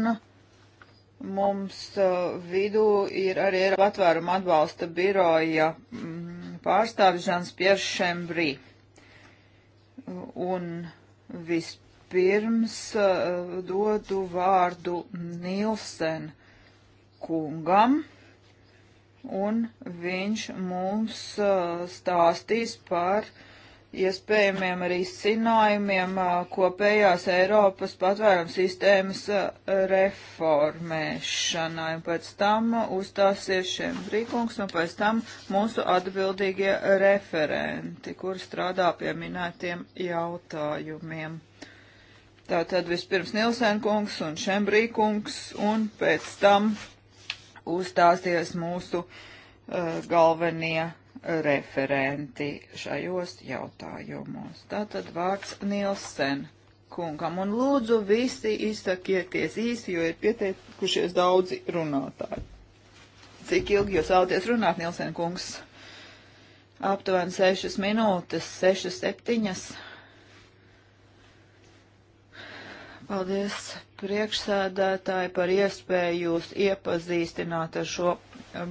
mums eh, vidū ir arī Eiropa patvēruma atbalsta biroja mm, pārstāvis Žans Pieršembrī. Un vispirms Vispirms eh, dodu vārdu Nilsen kungam, un viņš mums eh, stāstīs par iespējamiem risinājumiem eh, kopējās Eiropas patvērums sistēmas reformēšanai. Pēc tam uzstāsies šiem brīkungs un pēc tam mūsu atbildīgie referenti, kur strādā pie minētiem jautājumiem. Tātad vispirms Nilsen kungs un Šembrī kungs, un pēc tam uzstāsties mūsu uh, galvenie referenti šajos jautājumos. Tātad vārds Nilsen kungam, un lūdzu visi izsakieties īsi, jo ir pieteikušies daudzi runātāji. Cik ilgi jūs vēlaties runāt, Nilsen kungs? Aptuveni sešas minūtes, sešas septiņas. Paldies priekšsēdētāji par iespēju jūs iepazīstināt ar šo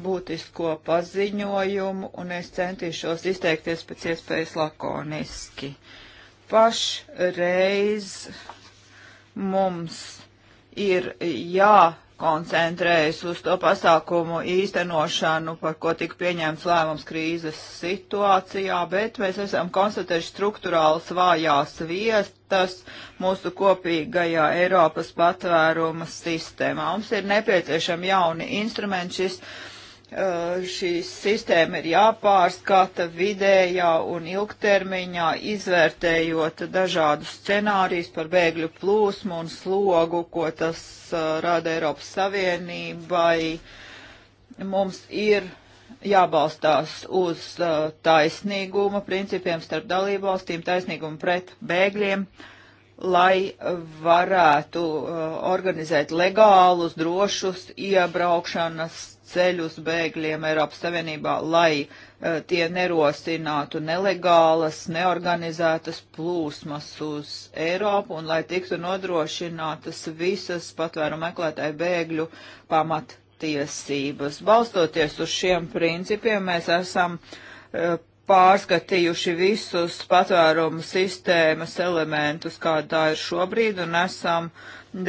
būtisko paziņojumu, un es centīšos izteikties pēc iespējas lakoniski. Pašreiz mums ir jā koncentrējas uz to pasākumu īstenošanu, par ko tika pieņemts lēmums krīzes situācijā, bet mēs esam konstatējuši struktūrāls vājās vietas mūsu kopīgajā Eiropas patvēruma sistēmā. Mums ir nepieciešami jauni instrumenti šis Eh, šī sistēma ir jāpārskata vidējā un ilgtermiņā, izvērtējot dažādus scenārijus par bēgļu plūsmu un slogu, ko tas eh, rada Eiropas Savienībai. Mums ir jābalstās uz eh, taisnīguma principiem starp dalībvalstīm, taisnīgumu pret bēgļiem lai varētu organizēt legālus, drošus iebraukšanas ceļus bēgļiem Eiropas Savienībā, lai uh, tie nerosinātu nelegālas, neorganizētas plūsmas uz Eiropu un lai tiktu nodrošinātas visas patvēru meklētāju bēgļu pamattiesības. Balstoties uz šiem principiem, mēs esam uh, pārskatījuši visus patvērumu sistēmas elementus, kādā ir šobrīd, un esam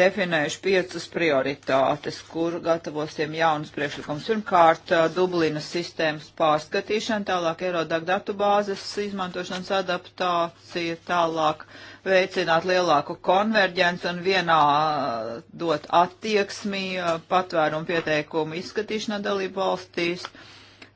definējuši piecas prioritātes, kur gatavosim jaunus priekšlikumus. Pirmkārt, Dublinas sistēmas pārskatīšana, tālāk Eirodak datubāzes izmantošanas adaptācija, tālāk veicināt lielāku konverģenci un vienā dot attieksmi patvērumu pieteikumu izskatīšanā dalību valstīs. Uh,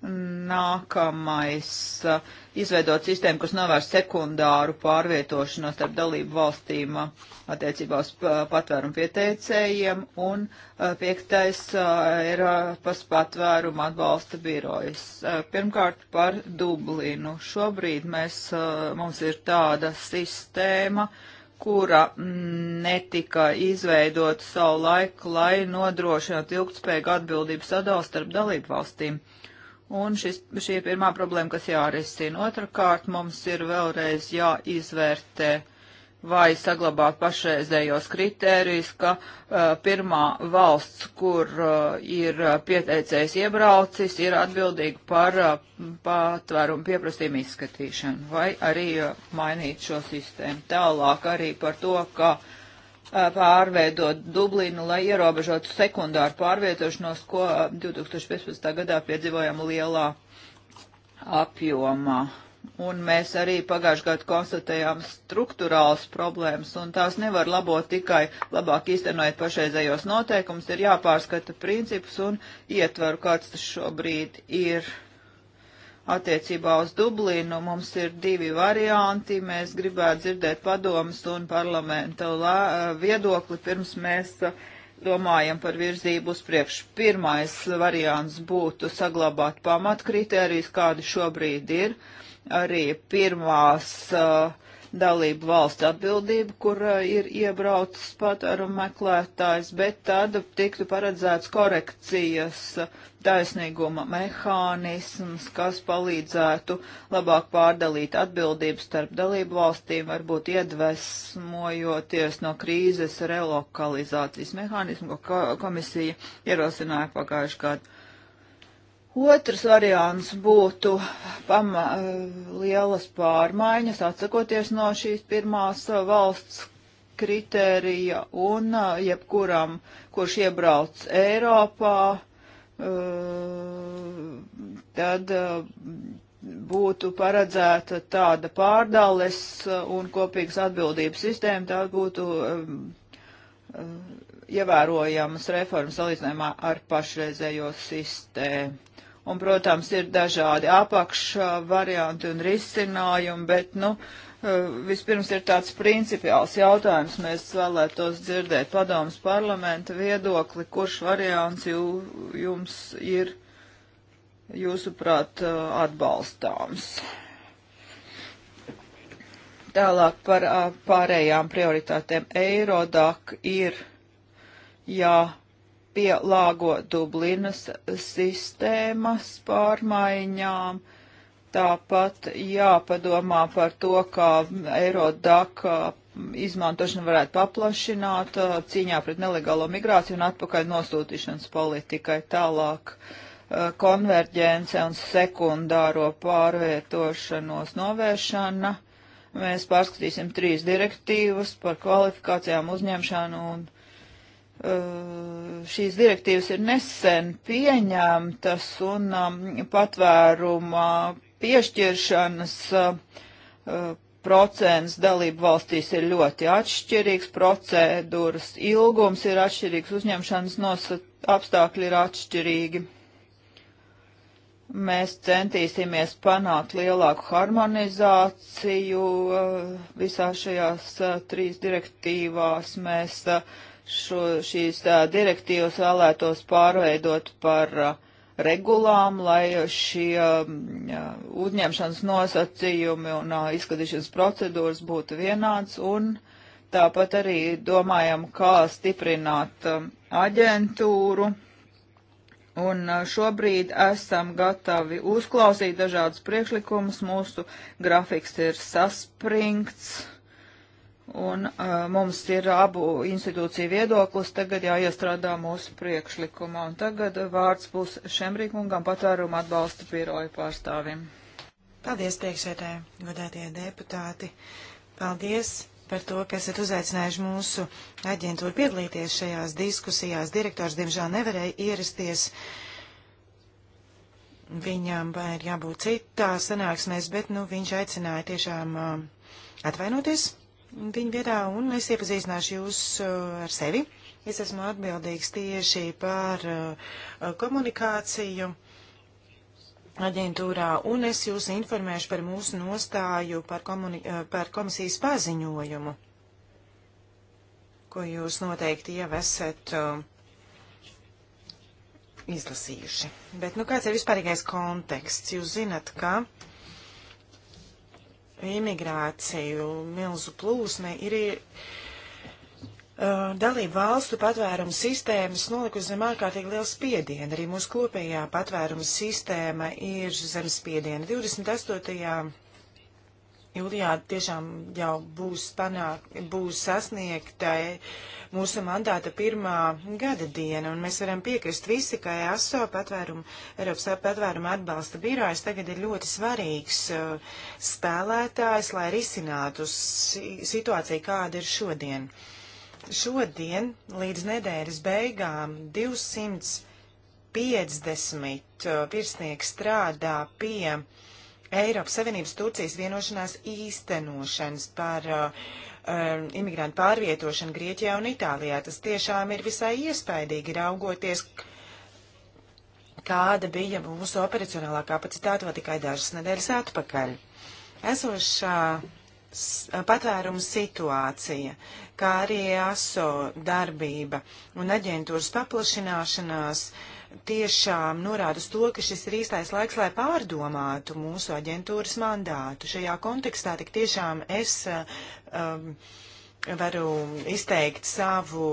Nākamais uh, - izveidot sistēmu, kas novērst sekundāru pārvietošanos starp dalību valstīm uh, attiecībā uz uh, patvērumu pieteicējiem, un piektais ir pas patvērumu atbalsta birojas. Pirmkārt par Dublinu. Šobrīd mēs, mums ir tāda sistēma, kura mm, netika izveidota savu laiku, lai nodrošinātu ilgtspējīgu atbildību sadalu starp dalību valstīm. Un šis, šī ir pirmā problēma, kas jārisina. Otrakārt, mums ir vēlreiz jāizvērtē, vai saglabāt pašreizējos kritērijus, ka uh, pirmā valsts, kur uh, ir pieteicējs iebraucis, ir atbildīga par uh, patvērumu pieprasījumu izskatīšanu, vai arī uh, mainīt šo sistēmu. Tālāk arī par to, ka uh, pārveidot Dublinu, lai ierobežotu sekundāru pārvietošanos, ko 2015. gadā piedzīvojam lielā apjomā. Un mēs arī pagājušajā gadā konstatējām struktūrāls problēmas, un tās nevar labot tikai labāk īstenojot pašreizējos noteikumus, ir jāpārskata principus un ietvaru, kāds tas šobrīd ir. Attiecībā uz Dublinu mums ir divi varianti. Mēs gribētu dzirdēt padomus un parlamenta eh, viedokli pirms mēs eh, domājam par virzību uz priekšu. Pirmais variants būtu saglabāt pamatkritērijas, kādi šobrīd ir. Arī pirmās uh, dalību valsts atbildība, kur ir iebraucis patvērumu meklētājs, bet tad tiktu paredzēts korekcijas taisnīguma mehānisms, kas palīdzētu labāk pārdalīt atbildības starp dalību valstīm, varbūt iedvesmojoties no krīzes relokalizācijas mehānismu, ko komisija ierosināja pagājušajā gadā. Otrs variants būtu pama, eh, lielas pārmaiņas, atsakoties no šīs pirmās eh, valsts kritērija un eh, jebkuram, kurš iebrauc Eiropā, tad būtu paredzēta tāda pārdales un kopīgas atbildības sistēma, tā būtu ievērojamas reformas salīdzinājumā ar pašreizējo sistēmu. Un, protams, ir dažādi apakš varianti un risinājumi, bet, nu, eh, vispirms ir tāds principiāls jautājums. Mēs vēlētos dzirdēt padomus parlamenta viedokli, kurš variants jū, jums ir, jūsuprāt, eh, atbalstāms. Tālāk par eh, pārējām prioritātēm. Eirodak ir jā. Ja jāpielāgo Dublinas sistēmas pārmaiņām. Tāpat jāpadomā par to, kā Eirodaka uh, izmantošanu varētu paplašināt uh, cīņā pret nelegālo migrāciju un atpakaļ nosūtīšanas politikai tālāk uh, konverģence un sekundāro pārvietošanos novēršana. Mēs pārskatīsim trīs direktīvas par kvalifikācijām uzņemšanu un uh, Eh, šīs direktīvas ir nesen pieņemtas un um, patvēruma piešķiršanas eh, procents dalību valstīs ir ļoti atšķirīgs, procedūras ilgums ir atšķirīgs, uzņemšanas nosat, apstākļi ir atšķirīgi. Mēs centīsimies panākt lielāku harmonizāciju eh, visā šajās trīs direktīvās. Mēs uh, šo, šīs tā, direktīvas vēlētos pārveidot par uh, regulām, lai šie uh, uzņemšanas nosacījumi un uh, izskatīšanas procedūras būtu vienāds, un tāpat arī domājam, kā stiprināt uh, aģentūru. Un šobrīd esam gatavi uzklausīt dažādus priekšlikumus. Mūsu grafiks ir saspringts Un uh, mums ir abu institūciju viedoklis tagad jāiestrādā mūsu priekšlikumā. Un tagad vārds būs Šemrīkungam patvērumu atbalsta pīroju pārstāvim. Paldies, priekšētāji, godātie deputāti. Paldies par to, ka esat uzaicinājuši mūsu aģentūru piedalīties šajās diskusijās. Direktors, diemžēl, nevarēja ierasties. Viņam ir jābūt citā sanāksmēs, bet nu, viņš aicināja tiešām uh, atvainoties viņu vietā, un es iepazīstināšu jūs uh, ar sevi. Es esmu atbildīgs tieši par uh, komunikāciju aģentūrā, un es jūs informēšu par mūsu nostāju par, komuni, uh, par komisijas paziņojumu, ko jūs noteikti jau esat izlasījuši. Bet, nu, kāds ir vispārīgais konteksts? Jūs zinat, ka imigrāciju, milzu plūsme ir uh, dalību valstu patvērumu sistēmas nolikusi zem ārkārtīgi liels spiediens. Arī mūsu kopējā patvērumu sistēma ir zem spiediena. 28 jūlijā tiešām jau būs, panāk, būs sasniegta mūsu mandāta pirmā gada diena, un mēs varam piekrist visi, ka ASO patvērumu, Eiropas patvērumu atbalsta birojas tagad ir ļoti svarīgs uh, spēlētājs, lai risinātu situāciju, kāda ir šodien. Šodien līdz nedēļas beigām 250 pirstnieki uh, strādā pie Eiropas Savienības Turcijas vienošanās īstenošanas par uh, um, imigrantu pārvietošanu Grieķijā un Itālijā. Tas tiešām ir visai iespaidīgi raugoties, kāda bija mūsu operacionālā kapacitāte vēl tikai dažas nedēļas atpakaļ. Esošā uh, patvērumu situācija, kā arī e ASO darbība un aģentūras paplašināšanās uh, tiešām norāda uz to, ka šis ir īstais laiks, lai pārdomātu mūsu aģentūras mandātu. Šajā kontekstā tik tiešām es eh, um, varu izteikt savu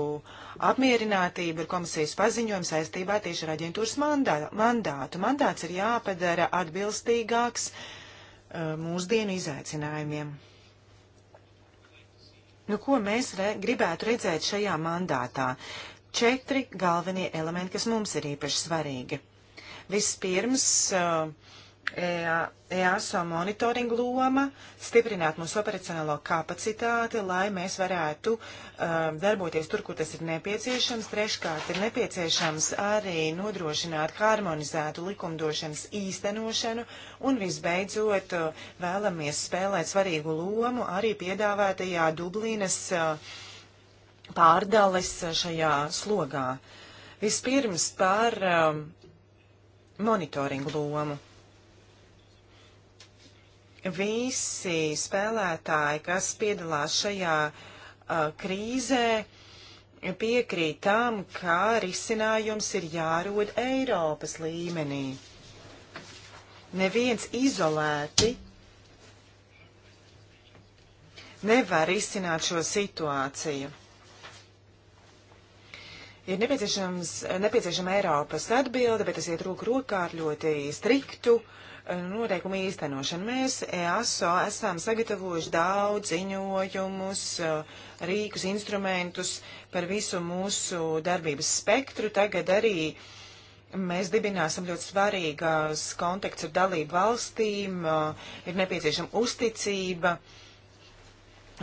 apmierinātību ar komisijas paziņojumu saistībā tieši ar aģentūras mandātu. Mandāts ir jāpadara atbilstīgāks um, mūsdienu izaicinājumiem. Nu, ko mēs re gribētu redzēt šajā mandātā? četri galvenie elementi, kas mums ir īpaši svarīgi. Vispirms, uh, EASO e monitoringa loma, stiprināt mūsu operacionālo kapacitāti, lai mēs varētu um, darboties tur, kur tas ir nepieciešams. Treškārt, ir nepieciešams arī nodrošināt harmonizētu likumdošanas īstenošanu un visbeidzot uh, vēlamies spēlēt svarīgu lomu arī piedāvātajā Dublīnas uh, pārdales eh, šajā slogā. Vispirms par um, monitoringu lomu. Visi spēlētāji, kas piedalās šajā uh, krīzē, piekrīt tam, ka risinājums ir jārod Eiropas līmenī. Neviens izolēti nevar izsināt šo situāciju. Ir nepieciešama Eiropas atbilde, bet tas iet roku rokā ar ļoti striktu eh, noteikumu īstenošanu. Mēs EASO esam sagatavojuši daudz ziņojumus, eh, rīkus, instrumentus par visu mūsu darbības spektru. Tagad arī Mēs dibināsim ļoti svarīgas kontakts ar dalību valstīm, eh, ir nepieciešama uzticība. Uh,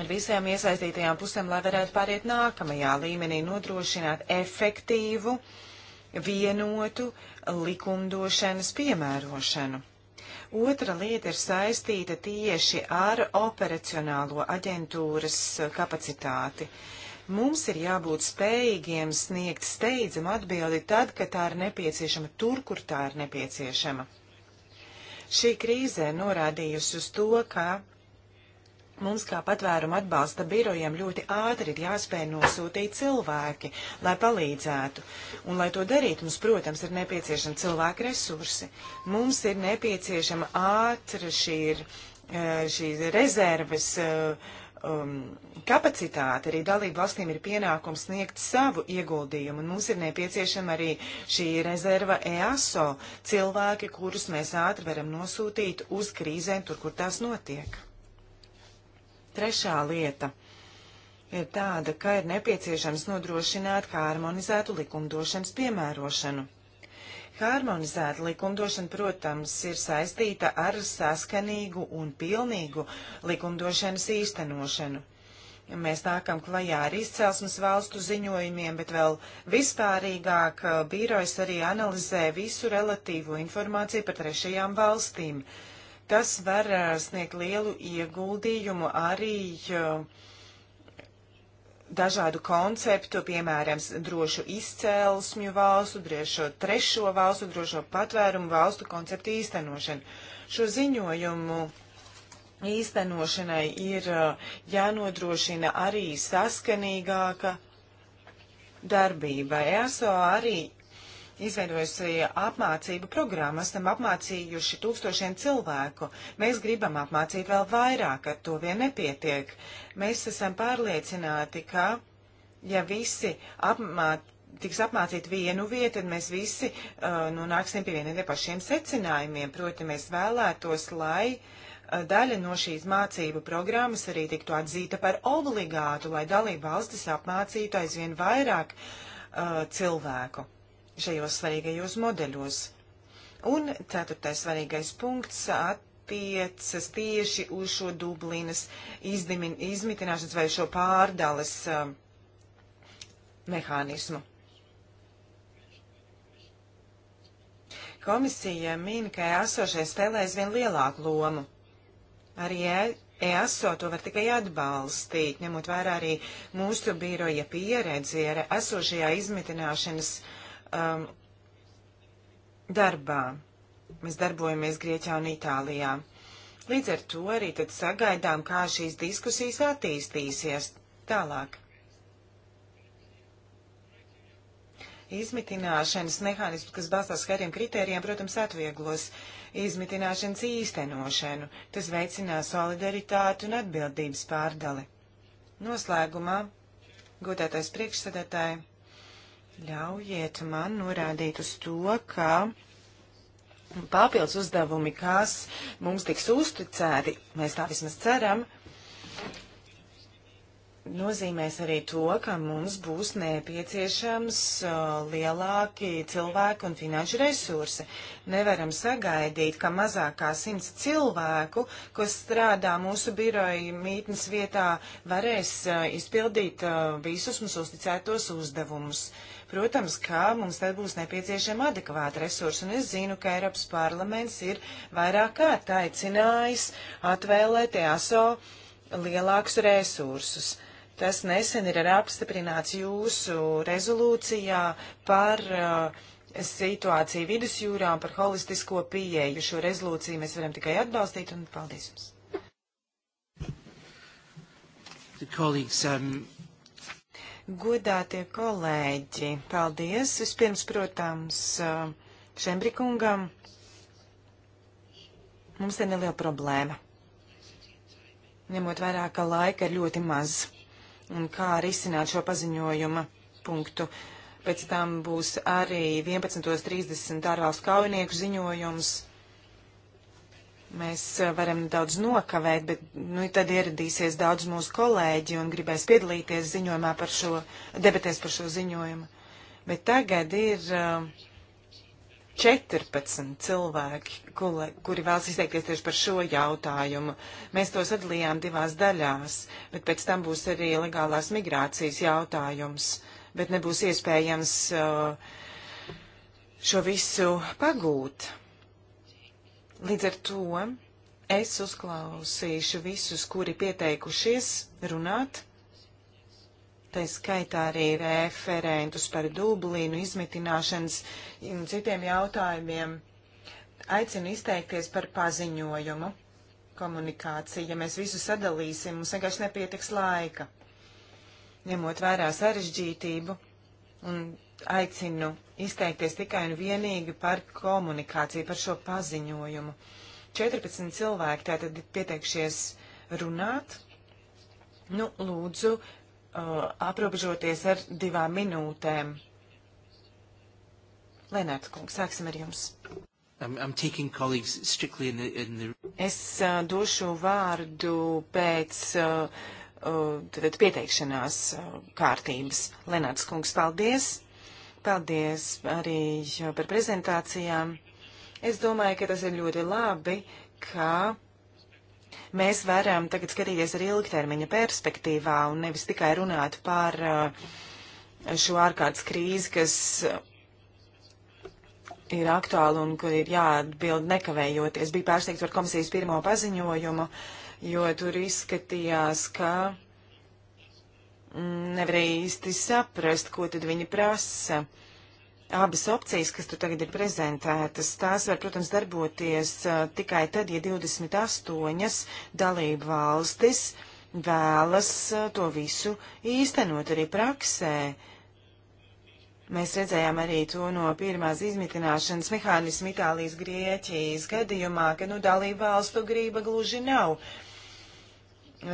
ar visām iesaistītajām pusēm, lai varētu pāriet nākamajā līmenī, nodrošināt efektīvu, vienotu likumdošanas piemērošanu. Otra lieta ir saistīta tieši ar operacionālo aģentūras kapacitāti. Mums ir jābūt spējīgiem sniegt steidzamu atbildi tad, kad tā ir nepieciešama, tur, kur tā ir nepieciešama. Šī krīzē norādījusi uz to, ka Mums kā patvērumu atbalsta birojiem ļoti ātri ir jāspēj nosūtīt cilvēki, lai palīdzētu. Un, lai to darītu, mums, protams, ir nepieciešama cilvēka resursi. Mums ir nepieciešama ātra šī, e, šī rezerves e, um, kapacitāte. Arī dalību valstīm ir pienākums sniegt savu ieguldījumu. Un mums ir nepieciešama arī šī rezerva EASO cilvēki, kurus mēs ātri varam nosūtīt uz krīzēm, tur, kur tās notiek. Trešā lieta ir tāda, ka ir nepieciešams nodrošināt harmonizētu likumdošanas piemērošanu. Harmonizēta likumdošana, protams, ir saistīta ar saskanīgu un pilnīgu likumdošanas īstenošanu. Mēs nākam klajā ar izcelsmes valstu ziņojumiem, bet vēl vispārīgāk eh, bīrojas arī analizē visu relatīvo informāciju par trešajām valstīm. Uh, Tas var sniegt lielu ieguldījumu arī dažādu konceptu, piemēram, drošu izcēlesmju valstu, drošo trešo valstu, drošo patvērumu valstu konceptu īstenošanu. Šo ziņojumu īstenošanai ir jānodrošina arī saskanīgāka darbība. ESO arī izveidojusi apmācību programmu. Esam apmācījuši tūkstošiem cilvēku. Mēs gribam apmācīt vēl vairāk, ar to vien nepietiek. Mēs esam pārliecināti, ka ja visi apmācību tiks apmācīti vienu vietu, tad mēs visi uh, nu, nāksim pie vieniem pašiem secinājumiem. Proti, mēs vēlētos, lai uh, daļa no šīs mācību programmas arī tiktu atzīta par obligātu, lai dalību valstis apmācītu aizvien vairāk uh, cilvēku šajos svarīgajos modeļos. Un ceturtais svarīgais punkts attiecas tieši uz šo Dublinas izdimin, izmitināšanas vai šo pārdales uh, mehānismu. Komisija min, ka esošais spēlē aizvien lielāku lomu. Arī EASO to var tikai atbalstīt, ņemot vērā arī mūsu biroja pieredzi ar esošajā izmitināšanas mehānismu um, darbā. Mēs darbojamies Grieķijā un Itālijā. Līdz ar to arī tad sagaidām, kā šīs diskusijas attīstīsies tālāk. Izmitināšanas mehānisms, kas balstās skaidriem kritērijiem, protams, atvieglos izmitināšanas īstenošanu. Tas veicinās solidaritāti un atbildības pārdali. Noslēgumā, godētais priekšsēdētāji, Ļaujiet man norādīt uz to, ka papildus uzdevumi, kas mums tiks uzticēti, mēs tā vismaz ceram, nozīmēs arī to, ka mums būs nepieciešams uh, lielāki cilvēku un finanšu resursi. Nevaram sagaidīt, ka mazākā simts cilvēku, kas strādā mūsu biroja mītnes vietā, varēs uh, izpildīt uh, visus mums uzticētos uzdevumus. Uh, Protams, kā mums tad būs nepieciešama adekvāta resursa, un es zinu, ka Eiropas parlaments ir vairāk kārt aicinājis atvēlēt ESO lielākus resursus. Tas nesen ir apstiprināts jūsu rezolūcijā par uh, situāciju vidusjūrā un par holistisko pieeju. Šo rezolūciju mēs varam tikai atbalstīt un paldies jums. Um, Godātie kolēģi, paldies. Vispirms, protams, Šembrikungam. Mums ir neliela problēma. Ņemot vairāk, ka laika ir ļoti maz. Un kā arī izsināt šo paziņojuma punktu. Pēc tam būs arī 11.30 ārvalstu kaujinieku ziņojums. Mēs eh, varam daudz nokavēt, bet nu, tad ieradīsies daudz mūsu kolēģi un gribēs piedalīties ziņojumā par šo, debatēs par šo ziņojumu. Bet tagad ir uh, eh, 14 cilvēki, kule, kuri vēlas izteikties tieši par šo jautājumu. Mēs to sadalījām divās daļās, bet pēc tam būs arī legālās migrācijas jautājums, bet nebūs iespējams uh, šo visu pagūt. Līdz ar to es uzklausīšu visus, kuri pieteikušies runāt. Tā skaitā arī referentus par Dublīnu, izmitināšanas un citiem jautājumiem. Aicinu izteikties par paziņojumu komunikāciju. Ja mēs visu sadalīsim, mums vienkārši nepietiks laika. Ņemot vērā sarežģītību un aicinu izteikties tikai un vienīgi par komunikāciju, par šo paziņojumu. 14 cilvēki tātad pieteikšies runāt. Nu, lūdzu, uh, aprobežoties ar divām minūtēm. Lenārds kungs, sāksim ar jums. I'm, I'm in the, in the... Es uh, došu vārdu pēc uh, uh, pieteikšanās uh, kārtības. Lenārds kungs, paldies! Paldies arī par prezentācijām. Es domāju, ka tas ir ļoti labi, ka mēs varam tagad skatīties arī ilgtermiņa perspektīvā un nevis tikai runāt par uh, šo ārkārtas krīzi, kas ir aktuāli un kur ir jāatbild nekavējoties. Bija pārsteigts par komisijas pirmo paziņojumu, jo tur izskatījās, ka nevarēja īsti saprast, ko tad viņi prasa. Abas opcijas, kas tu tagad ir prezentētas, tās var, protams, darboties uh, tikai tad, ja 28 dalību valstis vēlas uh, to visu īstenot arī praksē. Mēs redzējām arī to no pirmās izmitināšanas mehānismu Itālijas Grieķijas gadījumā, ka, nu, dalību valstu grība gluži nav. Uh,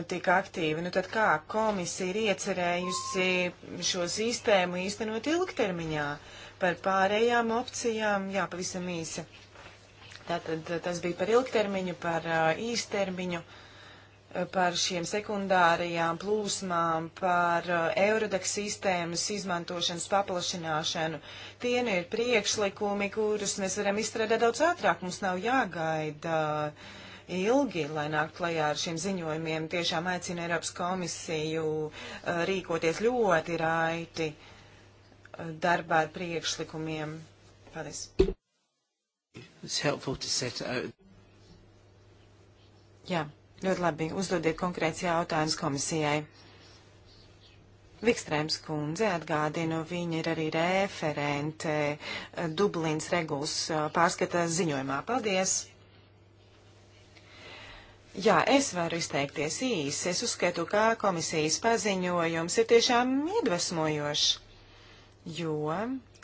tik aktīvi. Nu tad kā komisija ir iecerējusi šo sistēmu īstenot ilgtermiņā par pārējām opcijām? Jā, pavisam īsi. Tātad tas bija par ilgtermiņu, par īstermiņu, par šiem sekundārajām plūsmām, par Eurodex sistēmas izmantošanas paplašināšanu. Tie nu ir priekšlikumi, kurus mēs varam izstrādāt daudz ātrāk. Mums nav jāgaida. Uh, ilgi, lai nāk klajā ar šiem ziņojumiem. Tiešām aicina Eiropas komisiju uh, rīkoties ļoti raiti uh, darbā ar priekšlikumiem. Paldies. Jā, ļoti labi. Uzdodiet konkrēts jautājums komisijai. Vikstrēms kundze atgādinu, viņa ir arī referente uh, Dublīnas regulas pārskata ziņojumā. Paldies! Jā, es varu izteikties īsi. Es uzskatu, ka komisijas paziņojums ir tiešām iedvesmojošs, jo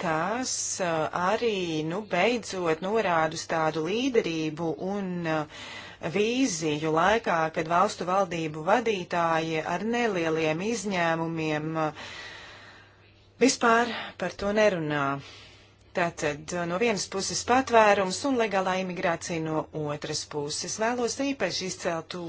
tas uh, arī, nu, beidzot norāda uz tādu līderību un uh, vīziju laikā, kad valstu valdību vadītāji ar nelieliem izņēmumiem uh, vispār par to nerunā. Tātad uh, no vienas puses patvērums un legālā imigrācija no otras puses. Vēlos īpaši izcelt to,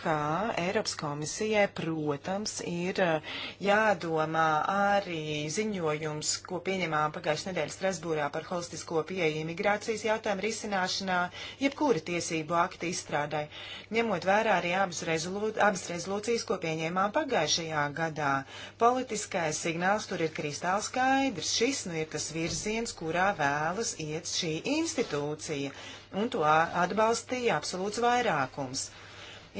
ka Eiropas komisijai, protams, ir uh, jādomā arī ziņojums, ko pieņemām pagājušajā nedēļā Strasbūrā par holistisko pieeju imigrācijas jautājumu risināšanā, jebkura tiesību akti izstrādai, ņemot vērā arī abas, rezolū, abas rezolūcijas, ko pieņēmām pagājušajā gadā. Politiskais signāls tur ir kristāli skaidrs. Šis nu ir tas virziens, kura kurā vēlas iet šī institūcija, un to atbalstīja absolūts vairākums.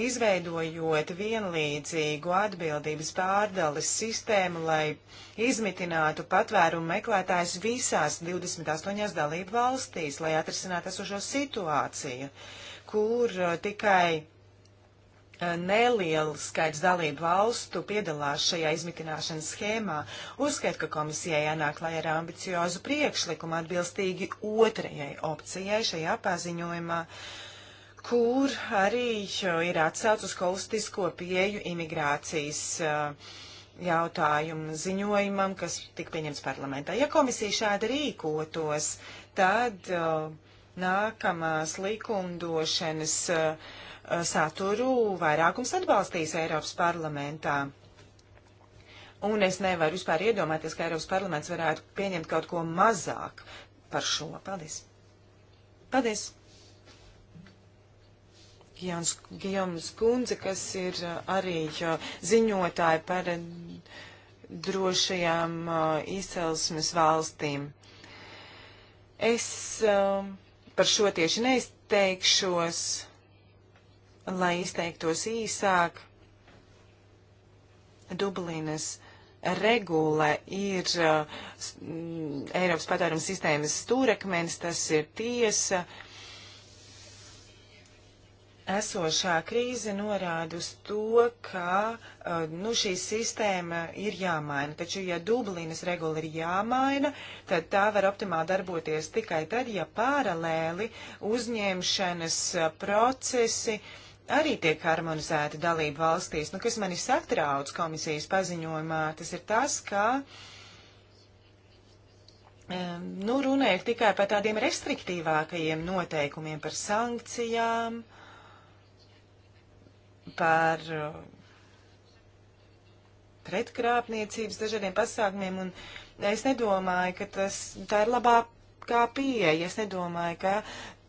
Izveidojot vienlīdzīgu atbildības pārdales sistēmu, lai izmitinātu patvērumu meklētājs visās 28 dalību valstīs, lai atrisinātu esošo situāciju, kur uh, tikai Eh, neliels skaits dalību valstu piedalās šajā izmitināšanas schēmā. Uzskat, ka komisijai jānāk lai ar ambiciozu priekšlikumu atbilstīgi otrajai opcijai šajā paziņojumā, kur arī eh, ir atsauc uz holistisko pieju imigrācijas uh, jautājumu ziņojumam, kas tika pieņemts parlamentā. Ja komisija šādi rīkotos, tad uh, nākamās likumdošanas uh, Uh, saturu vairākums atbalstīs Eiropas parlamentā. Un es nevaru vispār iedomāties, ka Eiropas parlaments varētu pieņemt kaut ko mazāk par šo. Paldies! Paldies! Jānis Gijoms Kundze, kas ir uh, arī uh, ziņotāja par drošajām izcelsmes valstīm. Es um, par šo tieši neizteikšos lai izteiktos īsāk, Dublinas regula ir uh, mm, Eiropas patvērums sistēmas stūrakmens, tas ir tiesa. Esošā krīze norāda uz to, ka uh, nu, šī sistēma ir jāmaina. Taču, ja Dublinas regula ir jāmaina, tad tā var optimāli darboties tikai tad, ja paralēli uzņemšanas uh, procesi uh, arī tiek harmonizēti dalību valstīs. Nu, kas mani satrauc komisijas paziņojumā, tas ir tas, ka. Nu, runa ir tikai par tādiem restriktīvākajiem noteikumiem, par sankcijām, par eh, pretkrāpniecības dažādiem pasākumiem, un es nedomāju, ka tas, tā ir labākā pieeja. Es nedomāju, ka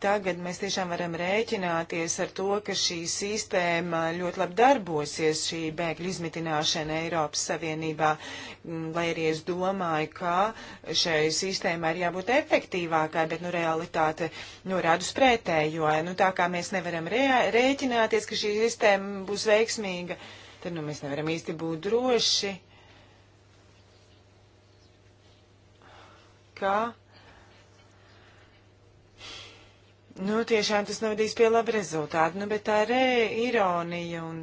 Tagad mēs tiešām varam rēķināties ar to, ka šī sistēma ļoti labi darbosies, šī bēgļu izmitināšana Eiropas Savienībā, mm, lai arī es domāju, ka šai sistēmai ir jābūt efektīvākai, bet nu realitāte norāda uz pretējo. Nu tā kā mēs nevaram rēķināties, ka šī sistēma būs veiksmīga, tad nu mēs nevaram īsti būt droši. ka Nu, tiešām tas novadīs pie laba rezultāta, nu, bet tā ir e, ironija un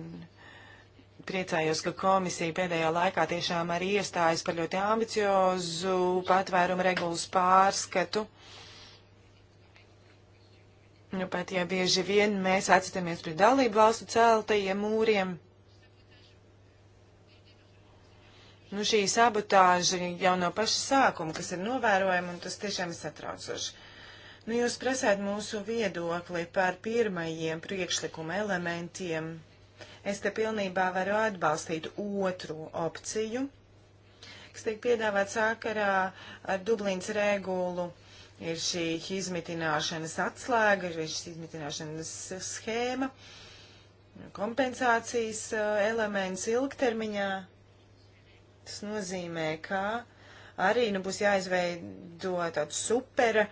priecājos, ka komisija pēdējā laikā tiešām arī iestājas par ļoti ambiciozu patvērumu regulas pārskatu. Nu, pat ja bieži vien mēs atstamies pret dalību valstu celtajiem mūriem. Nu, šī sabotāža jau no paša sākuma, kas ir novērojama, un tas tiešām ir satraucoši. Nu, jūs prasāt mūsu viedokli par pirmajiem priekšlikuma elementiem. Es te pilnībā varu atbalstīt otru opciju, kas tiek piedāvāt sākarā ar Dublīnas regulu ir šī izmitināšanas atslēga, ir šī izmitināšanas schēma, kompensācijas eh, elements ilgtermiņā. Tas nozīmē, ka arī nu, būs jāizveido tāds supera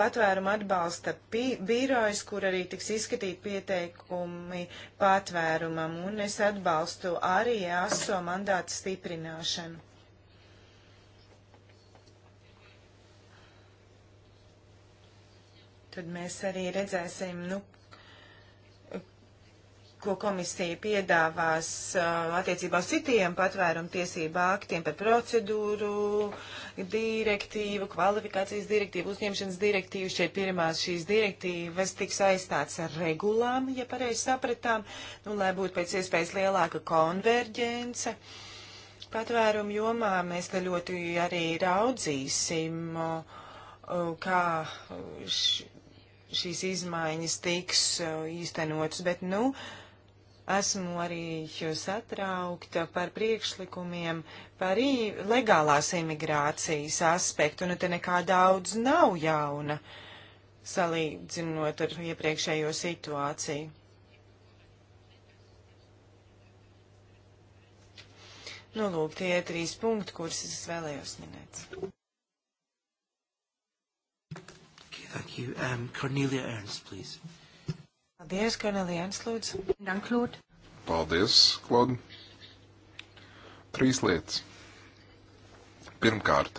patvēruma atbalsta birojs, kur arī tiks izskatīt pieteikumi patvērumam, un es atbalstu arī ASO mandātu stiprināšanu. Tad mēs arī redzēsim, nu, ko komisija piedāvās uh, attiecībā uz citiem patvērumu tiesību aktiem par procedūru, direktīvu, kvalifikācijas direktīvu, uzņemšanas direktīvu. Šeit pirmās šīs direktīvas tiks aizstāts ar regulām, ja pareizi sapratām, nu, lai būtu pēc iespējas lielāka konverģence. Patvērumu jomā mēs te ļoti arī raudzīsim, uh, kā š, šīs izmaiņas tiks uh, īstenotas, bet, nu, uh, Esmu arī satraukta par priekšlikumiem par legālās imigrācijas aspektu, nu te nekā daudz nav jauna, salīdzinot ar iepriekšējo situāciju. Nu, lūk, tie ir trīs punkti, kurus es vēlējos minēt. Okay, thank you. Um, Cornelia Ernst, please. Paldies, Kornelijāns, lūdzu. Danklūt. Paldies, Klod. Trīs lietas. Pirmkārt,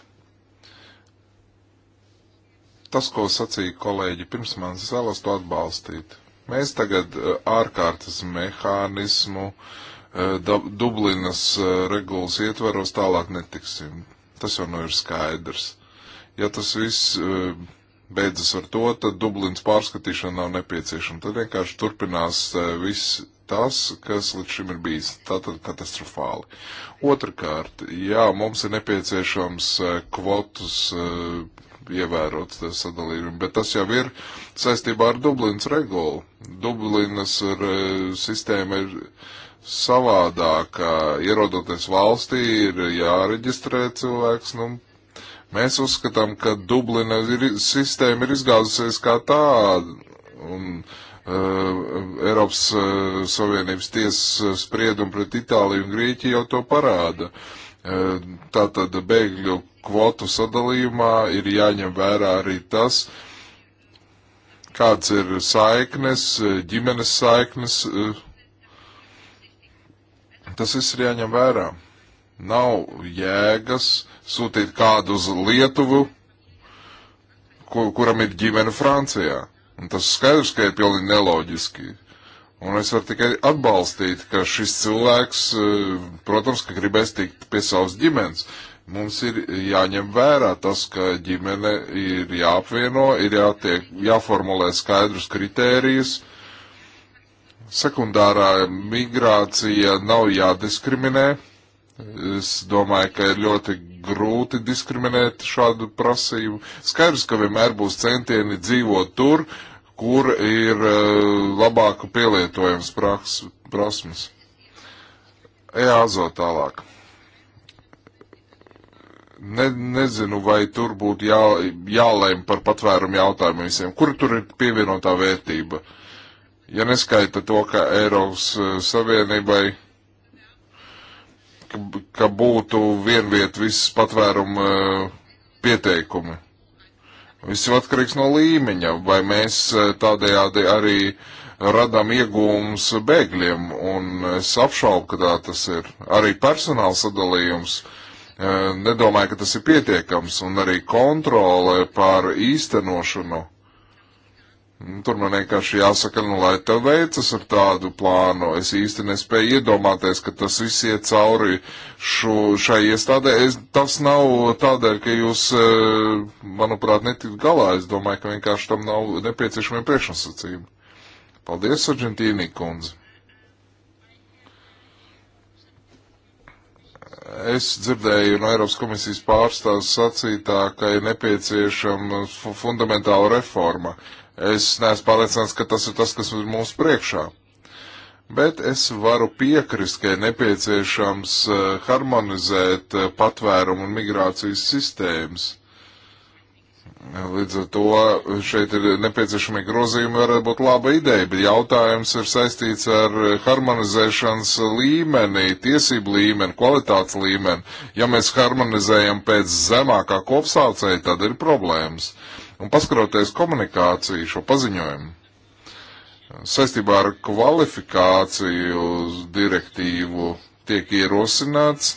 tas, ko sacīja kolēģi pirms manis, es vēlos to atbalstīt. Mēs tagad eh, ārkārtas mehānismu eh, Dublinas eh, regulas ietvaros tālāk netiksim. Tas jau nu ir skaidrs. Ja tas viss beidzas ar to, tad Dublins pārskatīšana nav nepieciešama. Tad vienkārši turpinās e, viss tas, kas līdz šim ir bijis. Tātad katastrofāli. Otrakārt, jā, mums ir nepieciešams e, kvotus e, ievērot sadalījumu, bet tas jau ir saistībā ar Dublinas regulu. Dublinas ir, sistēma ir savādāka. Ierodoties valstī, ir jāreģistrē cilvēks, nu, Mēs uzskatām, ka Dublina ir, sistēma ir izgāzusies kā tāda, un uh, Eiropas uh, Savienības tiesas spriedumi pret Itāliju un Grieķiju jau to parāda. Uh, tātad bēgļu kvotu sadalījumā ir jāņem vērā arī tas, kāds ir saiknes, ģimenes saiknes. Uh, tas viss ir jāņem vērā. Nav jēgas sūtīt kādu uz Lietuvu, kur, kuram ir ģimene Francijā. Un tas skaidrs, ka ir pilnīgi neloģiski. Un es varu tikai atbalstīt, ka šis cilvēks, e, protams, ka gribēs tikt pie savas ģimenes. Mums ir jāņem vērā tas, ka ģimene ir jāapvieno, ir jātiek, jāformulē skaidrus kritērijus. Sekundārā migrācija nav jādiskriminē Es domāju, ka ir ļoti grūti diskriminēt šādu prasību. Skaidrs, ka vienmēr būs centieni dzīvot tur, kur ir eh, labāka pielietojums praks, prasmes. Jāzo tālāk. Ne, nezinu, vai tur būtu jā, jālēm par patvērumu jautājumu visiem. Kur tur ir pievienotā vērtība? Ja neskaita to, ka Eiropas eh, Savienībai ka, ka būtu vienviet visas patvēruma eh, pieteikumi. Viss jau atkarīgs no līmeņa, vai mēs eh, tādējādi arī radām iegūmus bēgļiem, un es apšaubu, ka tā tas ir. Arī personāla sadalījums eh, nedomāju, ka tas ir pietiekams, un arī kontrole pār īstenošanu Tur man vienkārši jāsaka, nu, lai tev veicas ar tādu plānu. Es īsti nespēju iedomāties, ka tas viss iet cauri šo, šai iestādē. Es, tas nav tādēļ, ka jūs, e, manuprāt, netikt galā. Es domāju, ka vienkārši tam nav nepieciešamie priekšnosacījumi. Paldies, Argentīnī kundze. es dzirdēju no Eiropas komisijas pārstāvs sacītā, ka ir nepieciešama fundamentāla reforma. Uh, Es neesmu pārliecināts, ka tas ir tas, kas ir mūsu priekšā. Bet es varu piekrist, ka ir nepieciešams eh, harmonizēt eh, patvērumu un migrācijas sistēmas. Līdz ar to šeit ir nepieciešami grozījumi, varētu būt laba ideja, bet jautājums ir saistīts ar harmonizēšanas līmeni, tiesību līmeni, kvalitātes līmeni. Ja mēs harmonizējam pēc zemākā kopsaucēja, tad ir problēmas. Un paskaroties komunikāciju, šo paziņojumu, saistībā ar kvalifikāciju direktīvu tiek ierosināts,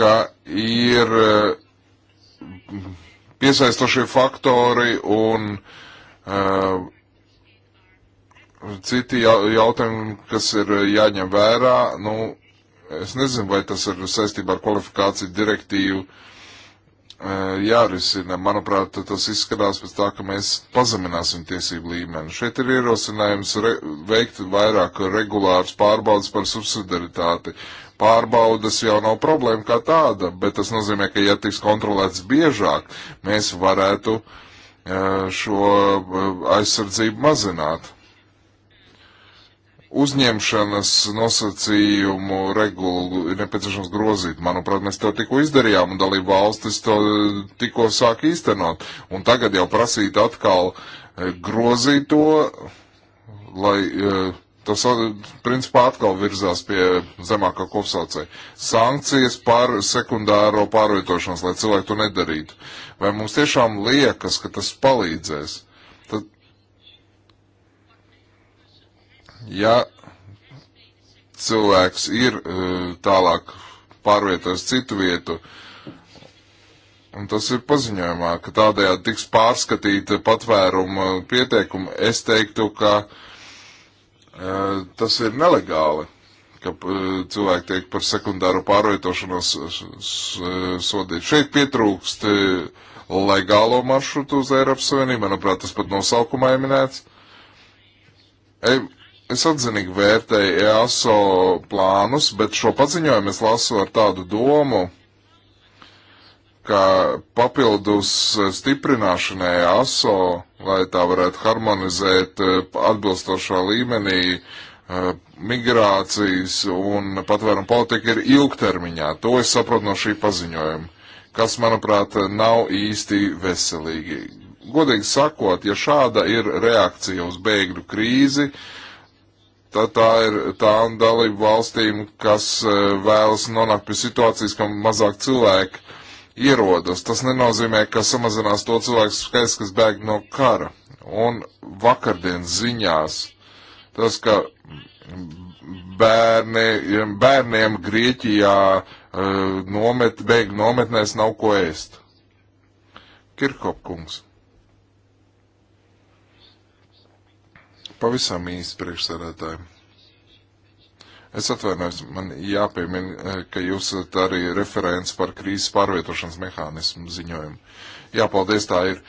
ka ir eh, piesaistošie faktori un uh, citi jautājumi, kas ir jāņem vērā. Nu, Es nezinu, vai tas ir saistībā ar kvalifikāciju direktīvu e, jārisina. Manuprāt, tas izskatās pēc tā, ka mēs pazemināsim tiesību līmeni. Šeit ir ierosinājums re, veikt vairāk regulārus pārbaudas par subsidaritāti. Pārbaudas jau nav problēma kā tāda, bet tas nozīmē, ka ja tiks kontrolēts biežāk, mēs varētu e, šo e, aizsardzību mazināt uzņemšanas nosacījumu regulu ir nepieciešams grozīt. Manuprāt, mēs to tikko izdarījām un dalību valstis to tikko sāk īstenot. Un tagad jau prasīt atkal eh, grozīt to, lai eh, tas principā atkal virzās pie zemākā kopsaucēja. Sankcijas par sekundāro pārvietošanos, lai cilvēki to nedarītu. Vai mums tiešām liekas, ka tas palīdzēs? Ja cilvēks ir e, tālāk pārvietojas citu vietu, un tas ir paziņojumā, ka tādējādi tiks pārskatīta patvēruma pieteikuma, es teiktu, ka e, tas ir nelegāli ka e, cilvēki tiek par sekundāru pārvietošanos sodīti. Šeit pietrūkst legālo maršrutu uz Eiropas Savienību, manuprāt, tas pat nosaukumā ir minēts. E Es atzinīgi vērtēju EASO plānus, bet šo paziņojumu es lasu ar tādu domu, ka papildus stiprināšanai EASO, lai tā varētu harmonizēt eh, atbilstošā līmenī eh, migrācijas un patvērumu politika ir ilgtermiņā. To es saprotu no šī paziņojuma, kas, manuprāt, nav īsti veselīgi. Godīgi sakot, ja šāda ir reakcija uz bēgļu krīzi, uh, tā, tā ir tām dalību valstīm, kas eh, vēlas nonākt pie situācijas, ka mazāk cilvēku ierodas. Tas nenozīmē, ka samazinās to cilvēku skaits, kas bēg no kara. Un vakardienas ziņās tas, ka bērni, bērniem Grieķijā eh, nomet, bēg nometnēs nav ko ēst. Kirkopkungs. Pavisam īsti priekšsēdētāji. Es atvainojos, man jāpiemina, eh, ka jūs esat arī referents par krīzes pārvietošanas mehānismu ziņojumu. Jā, paldies, tā ir.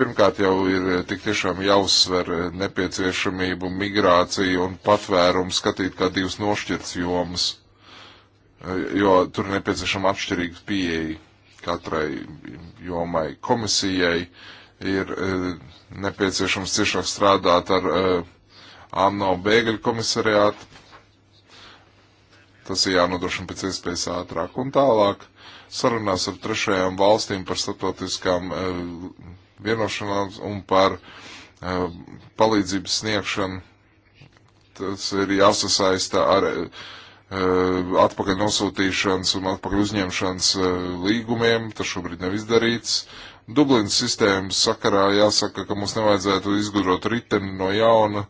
Pirmkārt jau ir eh, tik tiešām jāuzsver eh, nepieciešamību migrāciju un patvērumu skatīt kā divas nošķirts jomas, jo tur nepieciešama atšķirīga pieeja katrai jomai komisijai. Uh, ir e, nepieciešams ciešāk strādāt ar e, ANO bēgļu komisariātu. Tas ir jānodrošina pēc iespējas ātrāk un tālāk. Sarunās ar trešajām valstīm par statotiskām e, vienošanām un par palīdzības sniegšanu. Tas ir jāsasaista ar atpakaļ nosūtīšanas un atpakaļ uzņemšanas līgumiem. Tas šobrīd nav izdarīts. Dublinas sistēmas sakarā jāsaka, ka mums nevajadzētu izgudrot riteni no jauna,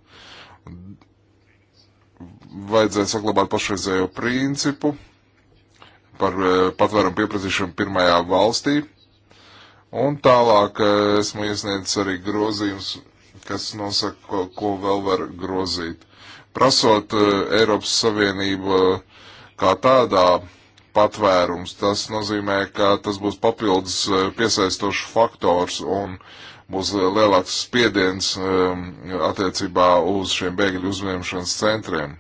vajadzētu saglabāt pašreizējo principu par eh, patvērumu pieprasīšanu pirmajā valstī. Un tālāk eh, esmu iesniedzis arī grozījums, kas nosaka, ko, ko vēl var grozīt. Prasot eh, Eiropas Savienību kā tādā patvērums. Tas nozīmē, ka tas būs papildus eh, piesaistošs faktors un būs eh, lielāks spiediens ehm, attiecībā uz šiem bēgļu uzņemšanas centriem.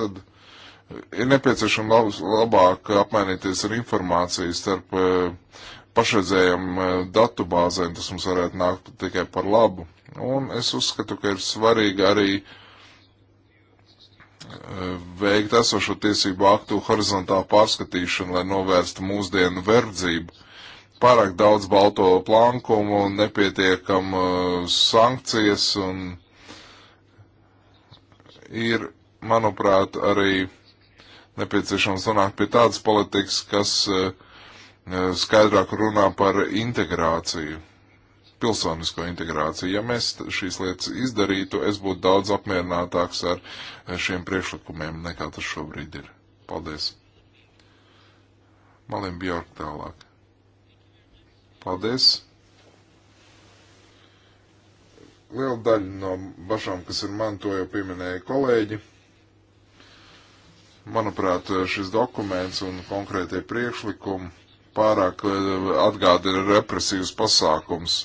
Tad eh, ir nepieciešama labāk apmainīties ar informāciju starp pašreizējām datu bāzēm, tas mums varētu nākt tikai par labu. Un es uzskatu, ka ir svarīgi arī uh, Eh, veikt esošo tiesību aktu horizontālu pārskatīšanu, lai novērstu mūsdienu verdzību. Pārāk daudz balto plankumu, nepietiekam eh, sankcijas un ir, manuprāt, arī nepieciešams nonākt pie tādas politikas, kas eh, skaidrāk runā par integrāciju pilsonisko integrāciju. Ja mēs šīs lietas izdarītu, es būtu daudz apmierinātāks ar šiem priekšlikumiem, nekā tas šobrīd ir. Paldies! Malim Bjork tālāk. Paldies! Liela daļa no bažām, kas ir man, to jau pieminēja kolēģi. Manuprāt, šis dokuments un konkrētie priekšlikumi pārāk eh, atgādina represīvus pasākums.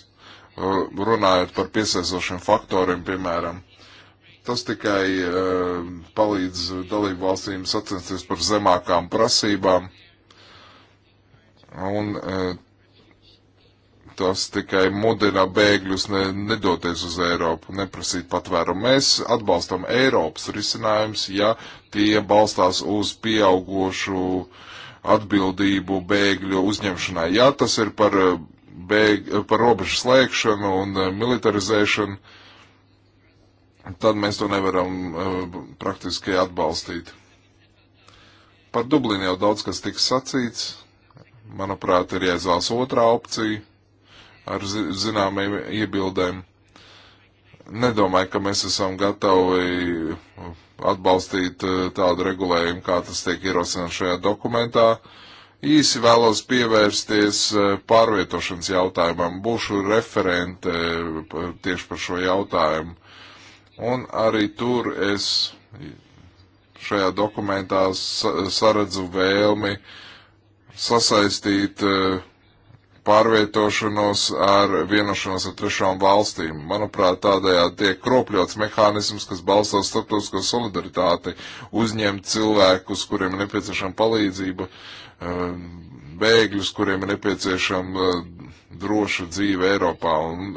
Uh, runājot par piesaistošiem faktoriem, piemēram. Tas tikai uh, palīdz dalību valstīm sacensties par zemākām prasībām, un uh, tas tikai mudina bēgļus ne, nedoties uz Eiropu, neprasīt patvērumu. Mēs atbalstam Eiropas risinājums, ja tie balstās uz pieaugošu atbildību bēgļu uzņemšanai. Ja tas ir par uh, beig, par robežu slēgšanu un eh, militarizēšanu, tad mēs to nevaram eh, praktiski atbalstīt. Par Dublinu jau daudz kas tiks sacīts. Manuprāt, ir jāizvēlas otrā opcija ar zināmiem iebildēm. Nedomāju, ka mēs esam gatavi eh, atbalstīt tādu regulējumu, kā tas tiek ierosināts šajā dokumentā. Uh, Īsi vēlos pievērsties eh, pārvietošanas jautājumam. Būšu referente eh, tieši par šo jautājumu. Un arī tur es šajā dokumentā saredzu vēlmi sasaistīt eh, pārvietošanos ar vienošanos ar trešām valstīm. Manuprāt, tādējādi tiek kropļots mehānisms, kas balstās starptautisko solidaritāti, uzņemt cilvēkus, kuriem ir nepieciešama palīdzība. Uh, Um, bēgļus, kuriem ir nepieciešama uh, droša dzīve Eiropā. Un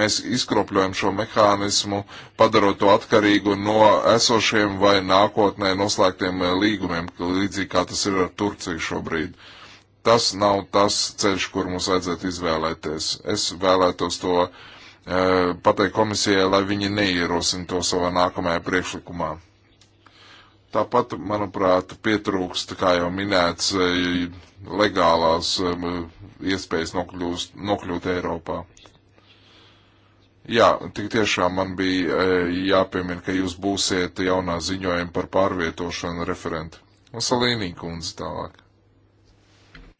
mēs izkropļojam šo mehānismu, padarot to atkarīgu no esošiem vai nākotnē noslēgtiem uh, līgumiem, līdzīgi kā tas ir ar Turciju šobrīd. Tas nav tas ceļš, kur mums vajadzētu izvēlēties. Es vēlētos to e, pateikt komisijai, lai viņi neierosina to savā nākamajā priekšlikumā. Tāpat, manuprāt, pietrūkst, kā jau minēts, eh, legālās eh, iespējas nokļūst, nokļūt Eiropā. Jā, tik tiešām man bija eh, jāpiemina, ka jūs būsiet jaunā ziņojuma par pārvietošanu referenti. Un Salīnī kundze tālāk.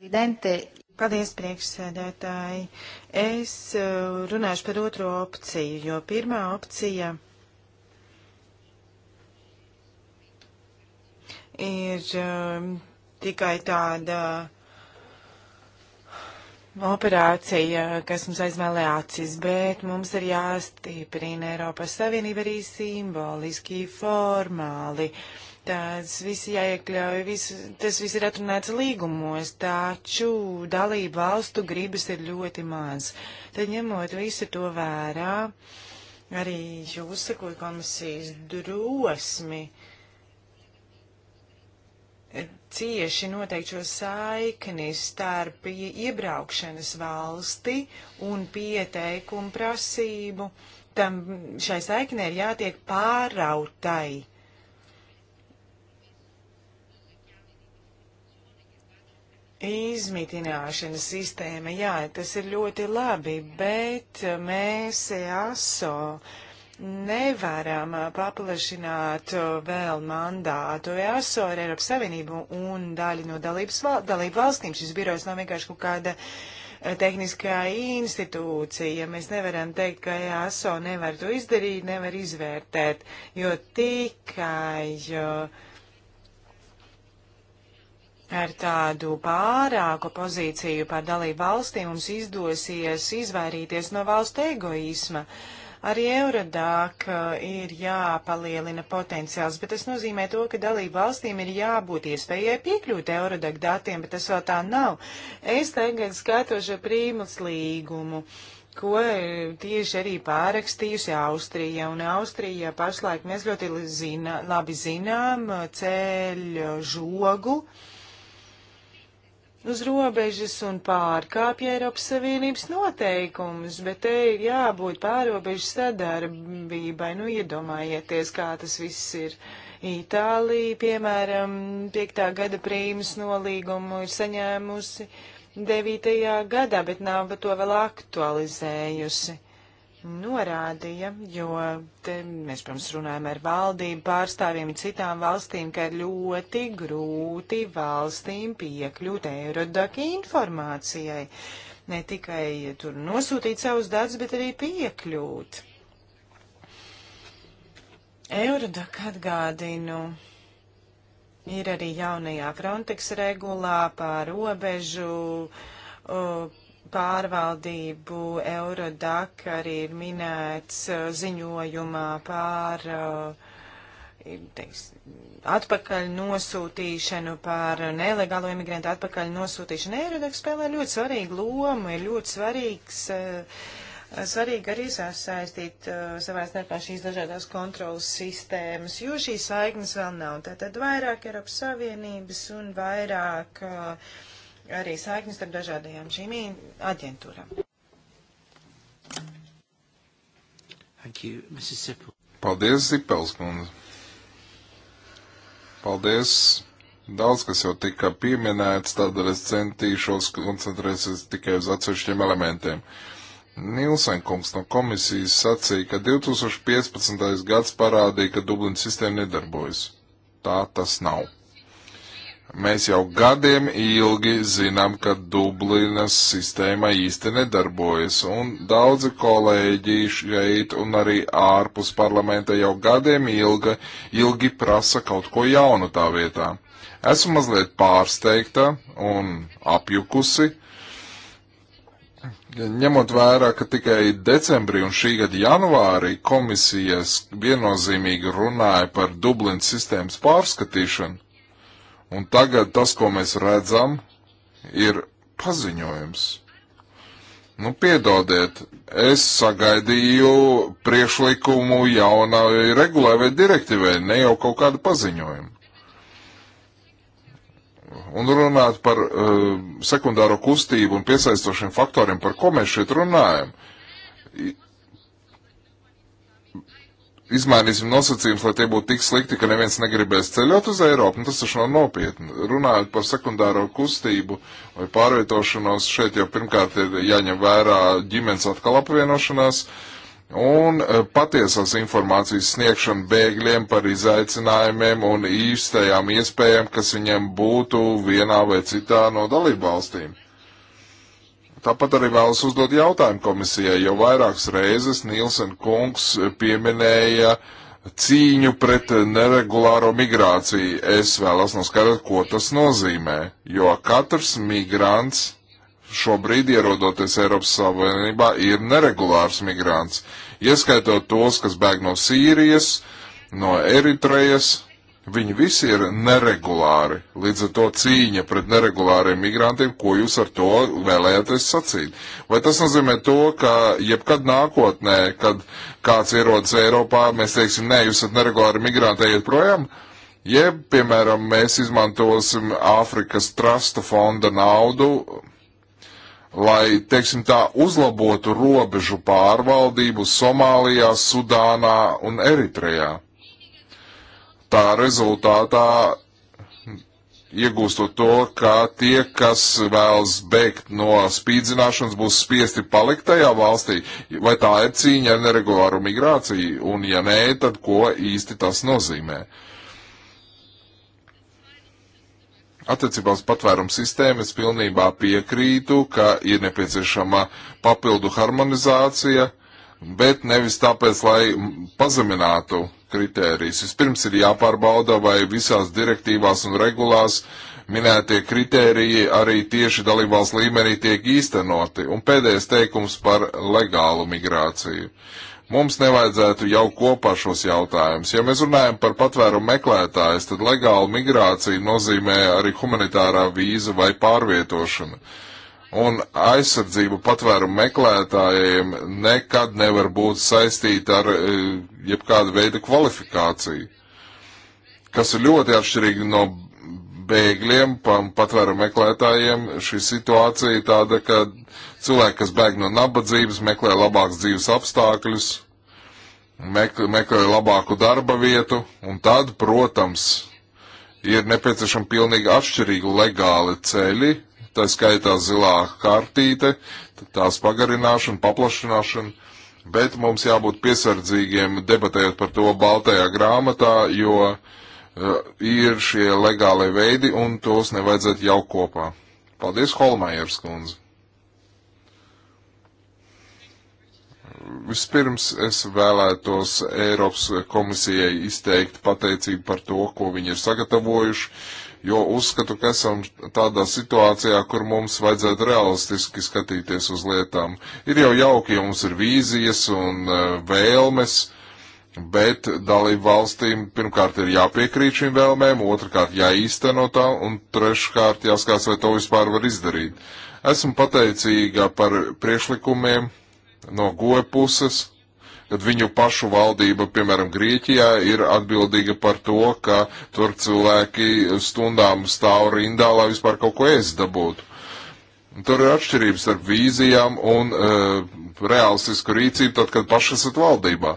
Vidente, paldies priekšsēdētāji. Es runāšu par otro opciju, jo pirmā opcija. Uh, ir um, tikai tāda operācija, kas mums aizmēlē acis, bet mums ir jāstiprina Eiropas Savienība arī simboliski, formāli. Tas viss jāiekļauj, visu, tas viss ir atrunāts līgumos, taču dalību valstu gribas ir ļoti maz. Tad ņemot visu to vērā, arī jūs sakot komisijas drosmi, uh, cieši noteikti šo saikni starp iebraukšanas valsti un pieteikumu prasību. Tam šai saiknē ir jātiek pārautai. Izmitināšanas sistēma, jā, tas ir ļoti labi, bet mēs EASO nevaram uh, paplašināt uh, vēl mandātu EASO ar Eiropas Savienību un daļu no val, dalību valstīm. Šis birojs nav vienkārši kaut kāda uh, tehniskā institūcija. Mēs nevaram teikt, ka EASO nevar to izdarīt, nevar izvērtēt, jo tikai. Jo, Ar tādu pārāku pozīciju par dalību valstīm mums izdosies izvairīties no valstu egoisma. Uh, Arī Eurodāk uh, ir jāpalielina potenciāls, bet tas nozīmē to, ka dalību valstīm ir jābūt iespējai piekļūt Eurodāk datiem, bet tas vēl tā nav. Es tagad skatos šo prīmas līgumu ko e, tieši arī pārakstījusi Austrija. Un Austrija pašlaik mēs ļoti zina, labi zinām ceļu žogu. Uh, uz robežas un pārkāpja Eiropas Savienības noteikumus, bet te ir jābūt pārobežu sadarbībai. Nu, iedomājieties, kā tas viss ir. Itālija, piemēram, 5. gada prīmas nolīgumu ir saņēmusi 9. gadā, bet nav to vēl aktualizējusi norādīja, jo te mēs, protams, runājam ar valdību pārstāvjiem citām valstīm, ka ir ļoti grūti valstīm piekļūt Eirodaki informācijai. Ne tikai tur nosūtīt savus datus, bet arī piekļūt. Eurodaka atgādinu. Ir arī jaunajā Frontex regulā pār robežu uh, pārvaldību Eurodak arī ir minēts uh, ziņojumā pār uh, teiks, atpakaļ nosūtīšanu, par nelegālo imigrantu atpakaļ nosūtīšanu. Eirodak spēlē ļoti svarīgu lomu, ir ļoti svarīgs. Uh, svarīgi arī sasaistīt savā starpā šīs dažādās kontrolas sistēmas, jo šīs saiknes vēl nav. Tātad vairāk Eiropas Savienības un vairāk uh, arī saiknes ar dažādajām šīm aģentūrām. Thank you, Mrs. Zippel. Paldies, Zipelskundze. Paldies. Daudz, kas jau tika pieminēts, tādēļ es centīšos koncentrēties tikai uz atsevišķiem elementiem. Nilsenkungs no komisijas sacīja, ka 2015. gads parādīja, ka Dublina sistēma nedarbojas. Tā tas nav. Mēs jau gadiem ilgi zinām, ka Dublinas sistēma īsti nedarbojas, un daudzi kolēģi šeit un arī ārpus parlamenta jau gadiem ilga, ilgi prasa kaut ko jaunu tā vietā. Esmu mazliet pārsteigta un apjukusi, Ņemot vērā, ka tikai decembrī un šī gada janvārī komisijas viennozīmīgi runāja par Dublinas sistēmas pārskatīšanu, Un tagad tas, ko mēs redzam, ir paziņojums. Nu, piedodiet, es sagaidīju priekšlikumu jaunai regulai vai direktīvai, ne jau kaut kādu paziņojumu. Un runāt par uh, sekundāro kustību un piesaistošiem faktoriem, par ko mēs šeit runājam, izmainīsim nosacījumus, lai tie būtu tik slikti, ka neviens negribēs ceļot uz Eiropu, nu, tas taču nav nopietni. Runājot par sekundāro kustību vai pārvietošanos, šeit jau pirmkārt ir jāņem vērā ģimenes atkal apvienošanās un e, patiesās informācijas sniegšana bēgļiem par izaicinājumiem un īstajām iespējām, kas viņiem būtu vienā vai citā no dalībvalstīm. Tāpat arī vēlas uzdot jautājumu komisijai, jo vairākas reizes Nielsen kungs pieminēja cīņu pret neregulāro migrāciju. Es vēlos noskaidrot, ko tas nozīmē, jo katrs migrants šobrīd ierodoties Eiropas Savienībā ir neregulārs migrants, ieskaitot tos, kas bēg no Sīrijas, no Eritrejas, Viņi visi ir neregulāri, līdz ar to cīņa pret neregulāriem migrantiem, ko jūs ar to vēlējaties sacīt. Vai tas nozīmē to, ka jebkad nākotnē, kad kāds ierodas Eiropā, mēs teiksim, nē, jūs esat neregulāri migranti, ejiet projām? Jeb, piemēram, mēs izmantosim Āfrikas trasta fonda naudu, lai, teiksim tā, uzlabotu robežu pārvaldību Somālijā, Sudānā un Eritrejā tā rezultātā iegūstot to, ka tie, kas vēlas bēgt no spīdzināšanas, būs spiesti palikt tajā valstī. Vai tā ir cīņa ar neregulāru migrāciju? Un ja nē, tad ko īsti tas nozīmē? Attiecībā uz patvērumu sistēmu es pilnībā piekrītu, ka ir nepieciešama papildu harmonizācija. Uh, bet nevis tāpēc, lai pazeminātu kritērijas. Vispirms ir jāpārbauda, vai visās direktīvās un regulās minētie kritēriji arī tieši dalībvalsts līmenī tiek īstenoti. Un pēdējais teikums par legālu migrāciju. Mums nevajadzētu jau kopā šos jautājumus. Ja mēs runājam par patvērumu meklētājus, tad legāla migrācija nozīmē arī humanitārā vīza vai pārvietošana. Uh, un aizsardzību patvērumu meklētājiem nekad nevar būt saistīta ar e, jebkādu veidu kvalifikāciju, kas ir ļoti atšķirīgi no bēgļiem, patvērumu meklētājiem. Šī situācija ir tāda, ka cilvēki, kas bēg no nabadzības, meklē labākus dzīves apstākļus, meklē labāku darba vietu, un tad, protams, ir nepieciešami pilnīgi atšķirīgi legāli ceļi, tā skaitā zilā kartīte, tās pagarināšana, paplašināšana, bet mums jābūt piesardzīgiem debatējot par to baltajā grāmatā, jo uh, ir šie legālie veidi un tos nevajadzētu jau kopā. Paldies, Holmajers kundze! Vispirms es vēlētos Eiropas komisijai izteikt pateicību par to, ko viņi ir sagatavojuši. Uh, jo uzskatu, ka esam tādā situācijā, kur mums vajadzētu realistiski skatīties uz lietām. Ir jau jauki, ja mums ir vīzijas un e, vēlmes, bet dalību valstīm pirmkārt ir jāpiekrīt šīm vēlmēm, otrkārt jāīsteno tā, un treškārt jāskatās, vai to vispār var izdarīt. Esmu pateicīga par priekšlikumiem no goja puses kad viņu pašu valdība, piemēram, Grieķijā, ir atbildīga par to, ka tur cilvēki stundām stāv rindā, lai vispār kaut ko ēst dabūtu. Tur ir atšķirības starp vīzijām un e, realistisku rīcību, tad, kad paši esat valdībā.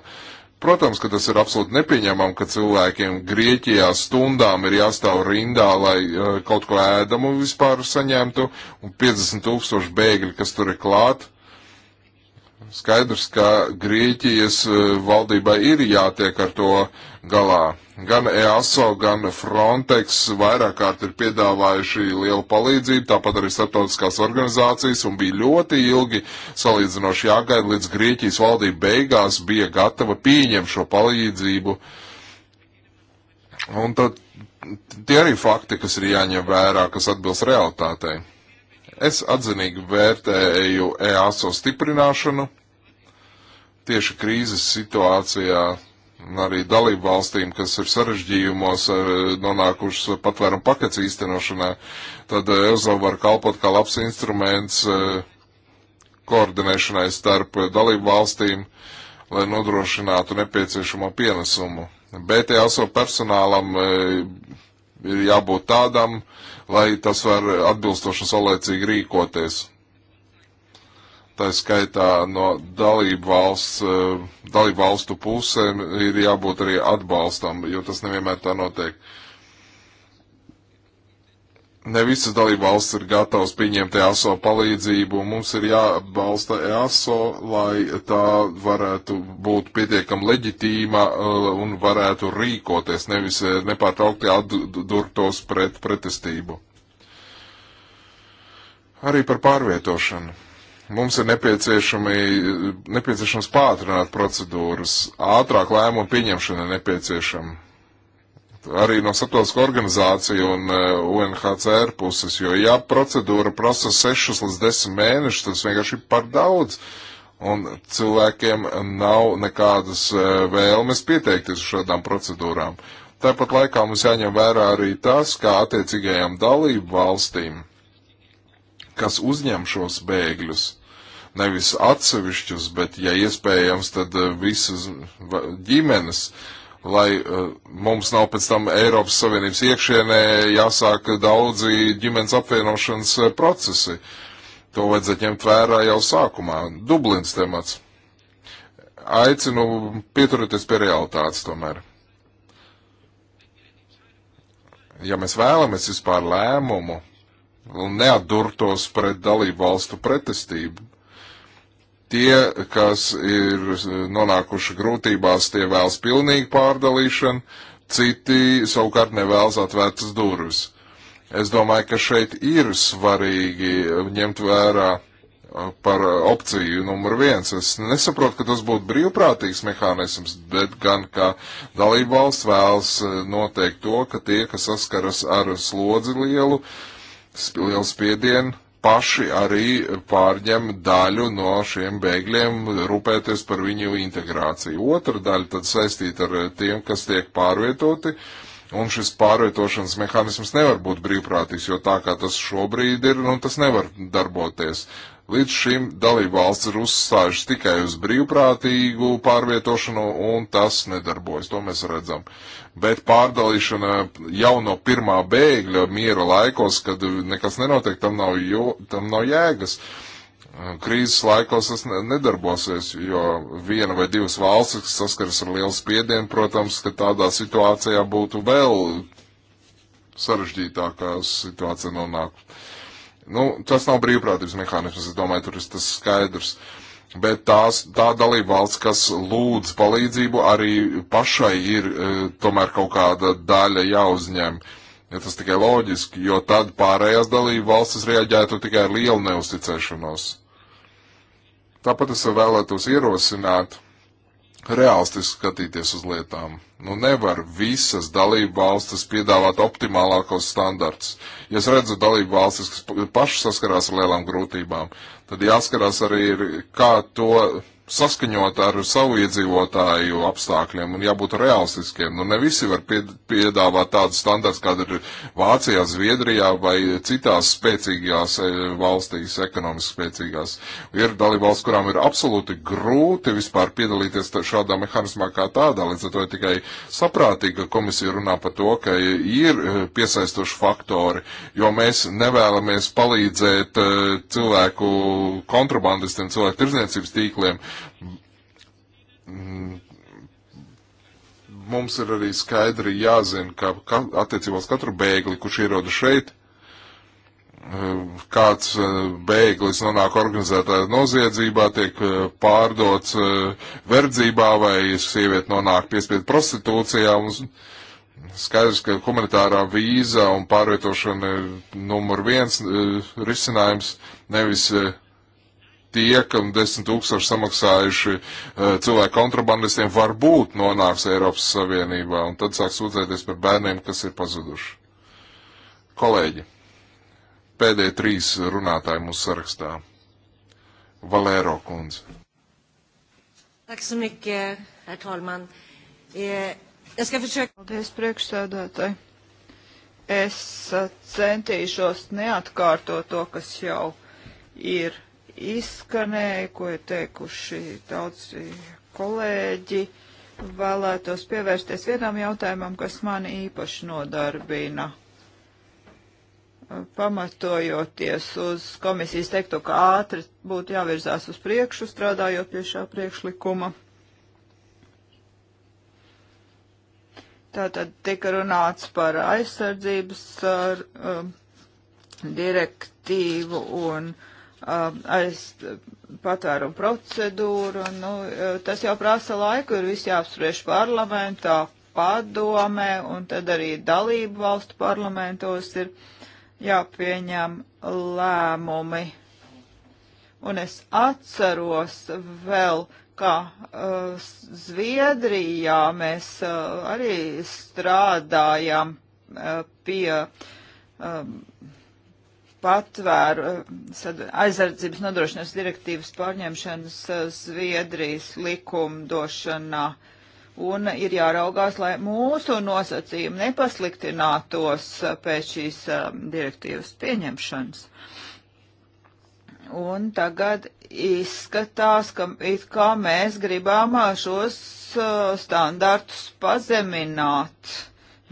Protams, ka tas ir absolūti nepieņemam, ka cilvēkiem Grieķijā stundām ir jāstāv rindā, lai e, kaut ko ēdamu vispār saņemtu, un 50 tūkstoši bēgļi, kas tur ir klāt, skaidrs, ka Grieķijas e, valdībai ir jātiek ar to galā. Gan EASO, gan Frontex vairāk kārt ir piedāvājuši lielu palīdzību, tāpat arī starptautiskās organizācijas, un bija ļoti ilgi salīdzinoši jāgaida, līdz Grieķijas valdība beigās bija gatava pieņemt šo palīdzību. Un tad tie arī fakti, kas ir jāņem vērā, kas atbilst realitātei. Es atzinīgi vērtēju EASO stiprināšanu tieši krīzes situācijā arī dalību valstīm, kas ir sarežģījumos eh, nonākušas patvērumu pakets īstenošanā, tad EUZO eh, var kalpot kā labs instruments eh, koordinēšanai starp dalību valstīm, lai nodrošinātu nepieciešamo pienesumu. Bet EASO personālam ir jābūt tādam, uh, lai tas var atbilstoši un saulēcīgi rīkoties. Tā skaitā no dalību, valsts, eh, dalību valstu pusēm ir jābūt arī atbalstam, jo tas nevienmēr tā notiek. Uh, Ne visas dalība valsts ir gatavas pieņemt EASO palīdzību, un mums ir jābalsta EASO, lai tā varētu būt pietiekami leģitīma uh, un varētu rīkoties, nevis uh, nepārtraukti atdurtos pret pretestību. Arī par pārvietošanu. Mums ir nepieciešams pātrināt procedūras, ātrāk lēmumu pieņemšana nepieciešama arī no starptautiskā organizācija un eh, UNHCR puses, jo ja procedūra prasa 6 līdz 10 mēnešus, tas vienkārši ir par daudz, un cilvēkiem nav nekādas eh, vēlmes pieteikties šādām procedūrām. Tāpat laikā mums jāņem vērā arī tas, kā attiecīgajām dalību valstīm, kas uzņem šos bēgļus, nevis atsevišķus, bet, ja iespējams, tad eh, visas ģimenes, uh, lai uh, mums nav pēc tam Eiropas Savienības iekšienē jāsāk daudzi ģimenes apvienošanas eh, procesi. To vajadzētu ņemt vērā jau sākumā. Dublins temats. Aicinu pieturēties pie realitātes tomēr. Ja mēs vēlamies vispār lēmumu un neatdurtos pret dalību valstu pretestību, Tie, kas ir nonākuši grūtībās, tie vēlas pilnīgu pārdalīšanu, citi savukārt nevēlas atvērtas durvis. Es domāju, ka šeit ir svarīgi ņemt vērā uh, par opciju numur viens. Es nesaprotu, ka tas būtu brīvprātīgs mehānisms, bet gan, ka dalība valsts vēlas uh, noteikt to, ka tie, kas saskaras ar slodzi lielu, lielu spiedienu, paši arī pārņem daļu no šiem bēgļiem, rūpēties par viņu integrāciju. Otra daļa tad saistīta ar tiem, kas tiek pārvietoti, un šis pārvietošanas mehānisms nevar būt brīvprātīgs, jo tā kā tas šobrīd ir, nu, tas nevar darboties. Līdz šim dalību valsts ir uzstājušas tikai uz brīvprātīgu pārvietošanu, un tas nedarbojas, to mēs redzam. Bet pārdalīšana jau no pirmā bēgļa miera laikos, kad nekas nenotiek, tam nav, jo, tam nav jēgas. Krīzes laikos tas nedarbosies, jo viena vai divas valstis, kas saskaras ar lielu spiedienu, protams, ka tādā situācijā būtu vēl sarežģītākā situācija nonākt. Uh, Nu, tas nav brīvprātības mehānisms, es domāju, tur ir tas skaidrs. Bet tās, tā dalība valsts, kas lūdz palīdzību, arī pašai ir e, tomēr kaut kāda daļa jāuzņem. Ja tas tikai loģiski, jo tad pārējās dalība valstis reaģētu tikai ar lielu neusticēšanos. Tāpat es vēlētos ierosināt reālistiski skatīties uz lietām. Nu, nevar visas dalību valstis piedāvāt optimālākos standarts. Ja es redzu dalību valstis, kas paši saskarās ar lielām grūtībām, tad jāskarās arī, kā to saskaņot ar savu iedzīvotāju apstākļiem un jābūt realistiskiem. Nu, ne visi var piedāvāt tādus standarts, kāda ir Vācijā, Zviedrijā vai citās spēcīgās e, valstīs, ekonomiski spēcīgās. Ir dalībvalsts, kurām ir absolūti grūti vispār piedalīties šādā mehānismā kā tādā, līdz ar to ir tikai saprātīgi, ka komisija runā par to, ka ir e, piesaistoši faktori, jo mēs nevēlamies palīdzēt e, cilvēku kontrabandistiem, cilvēku tirdzniecības tīkliem, uh, Mm, mums ir arī skaidri jāzina, ka, ka attiecībā uz katru bēgli, kurš ieroda šeit, eh, kāds eh, bēglis nonāk organizētā noziedzībā, tiek eh, pārdots verdzībā vai sieviete nonāk piespiedu prostitūcijā. Skaidrs, ka humanitārā vīza un pārvietošana ir numur viens risinājums, nevis tie, kam desmit tūkstoši samaksājuši eh, cilvēku kontrabandistiem, varbūt nonāks Eiropas Savienībā, un tad sāk sūdzēties par bērniem, kas ir pazuduši. Kolēģi, pēdējie trīs runātāji mūsu sarakstā. Valēro kundze. Eh, Paldies, priekšsēdētāji. Es eh, centīšos neatkārtot to, kas jau ir izskanēja, ko ir teikuši daudzi kolēģi, vēlētos pievērsties vienam jautājumam, kas mani īpaši nodarbina pamatojoties uz komisijas teikto, ka ātri būtu jāvirzās uz priekšu, strādājot pie šā priekšlikuma. Tātad tika runāts par aizsardzības ar, um, direktīvu un aiz um, patvērumu procedūru. Nu, uh, tas jau prasa laiku, ir visi jāapspriež parlamentā, padomē, un tad arī dalību valstu parlamentos ir jāpieņem lēmumi. Un es atceros vēl, kā uh, Zviedrijā mēs uh, arī strādājām uh, pie um, uh, patvēru eh, aizardzības nodrošināšanas direktīvas pārņemšanas eh, Zviedrijas likumdošanā. Un ir jāraugās, lai mūsu nosacījumi nepasliktinātos eh, pēc šīs direktīvas pieņemšanas. Un tagad izskatās, ka it kā mēs gribām šos standartus pazemināt. Uh,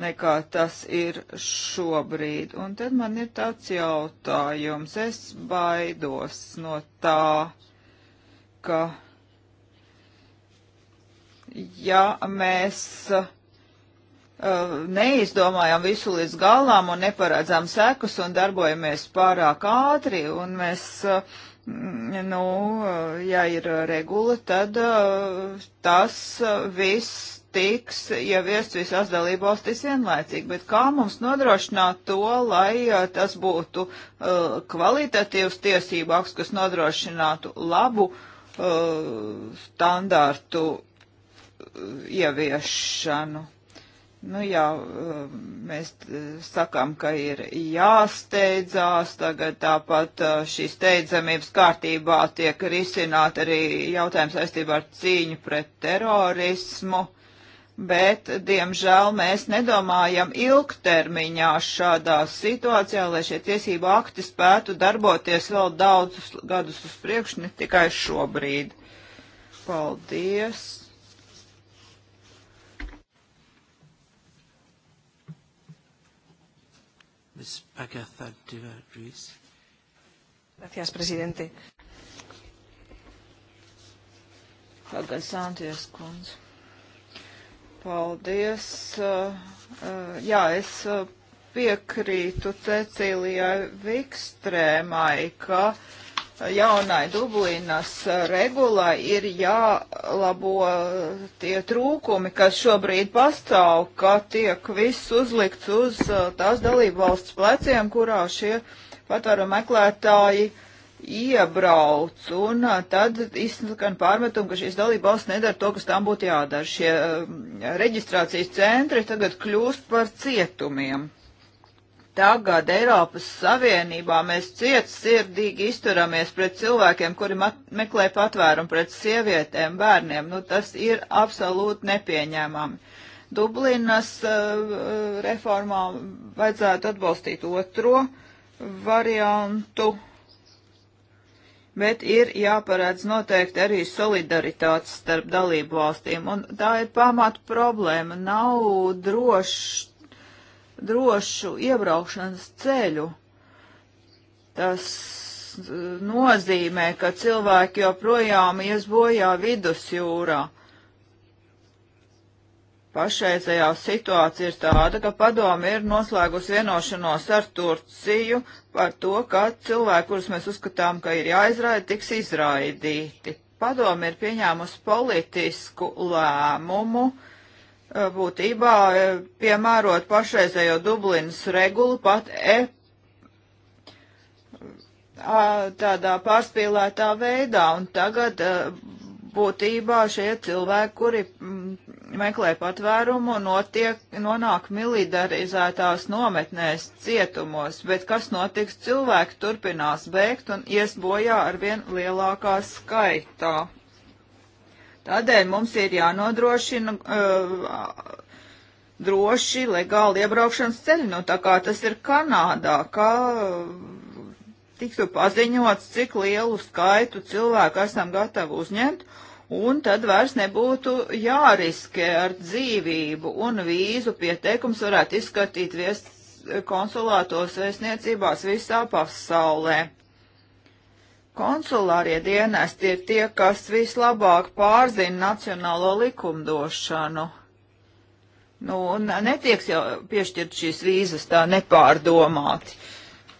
nekā tas ir šobrīd. Un tad man ir tāds jautājums. Es baidos no tā, ka ja mēs uh, neizdomājam visu līdz galām un neparedzam sekus un darbojamies pārāk ātri un mēs, uh, nu, uh, ja ir regula, tad tas viss tiks ieviests visās dalībvalstīs vienlaicīgi, bet kā mums nodrošināt to, lai uh, tas būtu uh, kvalitatīvs tiesību akts, kas nodrošinātu labu uh, standārtu uh, ieviešanu? Nu jā, uh, mēs sakām, ka ir jāsteidzās, tagad tāpat šī steidzamības kārtībā tiek risināt arī jautājums saistībā ar cīņu pret terorismu bet, diemžēl, mēs nedomājam ilgtermiņā šādā situācijā, lai šie tiesību akti spētu darboties vēl daudzus gadus uz priekšu, ne tikai šobrīd. Paldies! Gracias, presidente. Pagal Santies kundze. Paldies. Eh, eh, jā, es eh, piekrītu Cecīlijai Vikstrēmai, ka jaunai Dublinas regulai ir jālabo tie trūkumi, kas šobrīd pastāv, ka tiek viss uzlikts uz tās dalību valsts pleciem, kurā šie patvaru meklētāji uh, iebrauc, un uh, tad izskan pārmetumi, ka šīs dalībvalsts nedara to, kas tām būtu jādara. Šie uh, reģistrācijas centri tagad kļūst par cietumiem. Tagad Eiropas Savienībā mēs cietsirdīgi izturamies pret cilvēkiem, kuri meklē patvērumu pret sievietēm, bērniem. Nu, tas ir absolūti nepieņēmami. Dublinas uh, reformā vajadzētu atbalstīt otro variantu bet ir jāparedz noteikti arī solidaritātes starp dalību valstīm, un tā ir pamata problēma. Nav droš, drošu iebraukšanas ceļu. Tas uh, nozīmē, ka cilvēki joprojām ies bojā vidusjūrā pašreizējā situācija ir tāda, ka padomi ir noslēgus vienošanos ar Turciju par to, ka cilvēki, kurus mēs uzskatām, ka ir jāizraida, tiks izraidīti. Padomi ir pieņēmusi politisku lēmumu e, būtībā e, piemērot pašreizējo Dublinas regulu pat e tādā pārspīlētā veidā, un tagad e, būtībā šie cilvēki, kuri mm, meklē patvērumu, notiek, nonāk militarizētās nometnēs, cietumos, bet kas notiks, cilvēki turpinās bēgt un ies bojā ar vien lielākā skaitā. Tādēļ mums ir jānodrošina uh, droši, legāli iebraukšanas ceļi, nu tā kā tas ir Kanādā, kā tiktu paziņots, cik lielu skaitu cilvēku esam gatavi uzņemt, un tad vairs nebūtu jāriskē ar dzīvību, un vīzu pieteikums varētu izskatīt vies konsulātos vēstniecībās visā pasaulē. Konsulārie dienesti ir tie, kas vislabāk pārzina nacionālo likumdošanu. Nu, netiek jau piešķirt šīs vīzas tā nepārdomāti. Uh,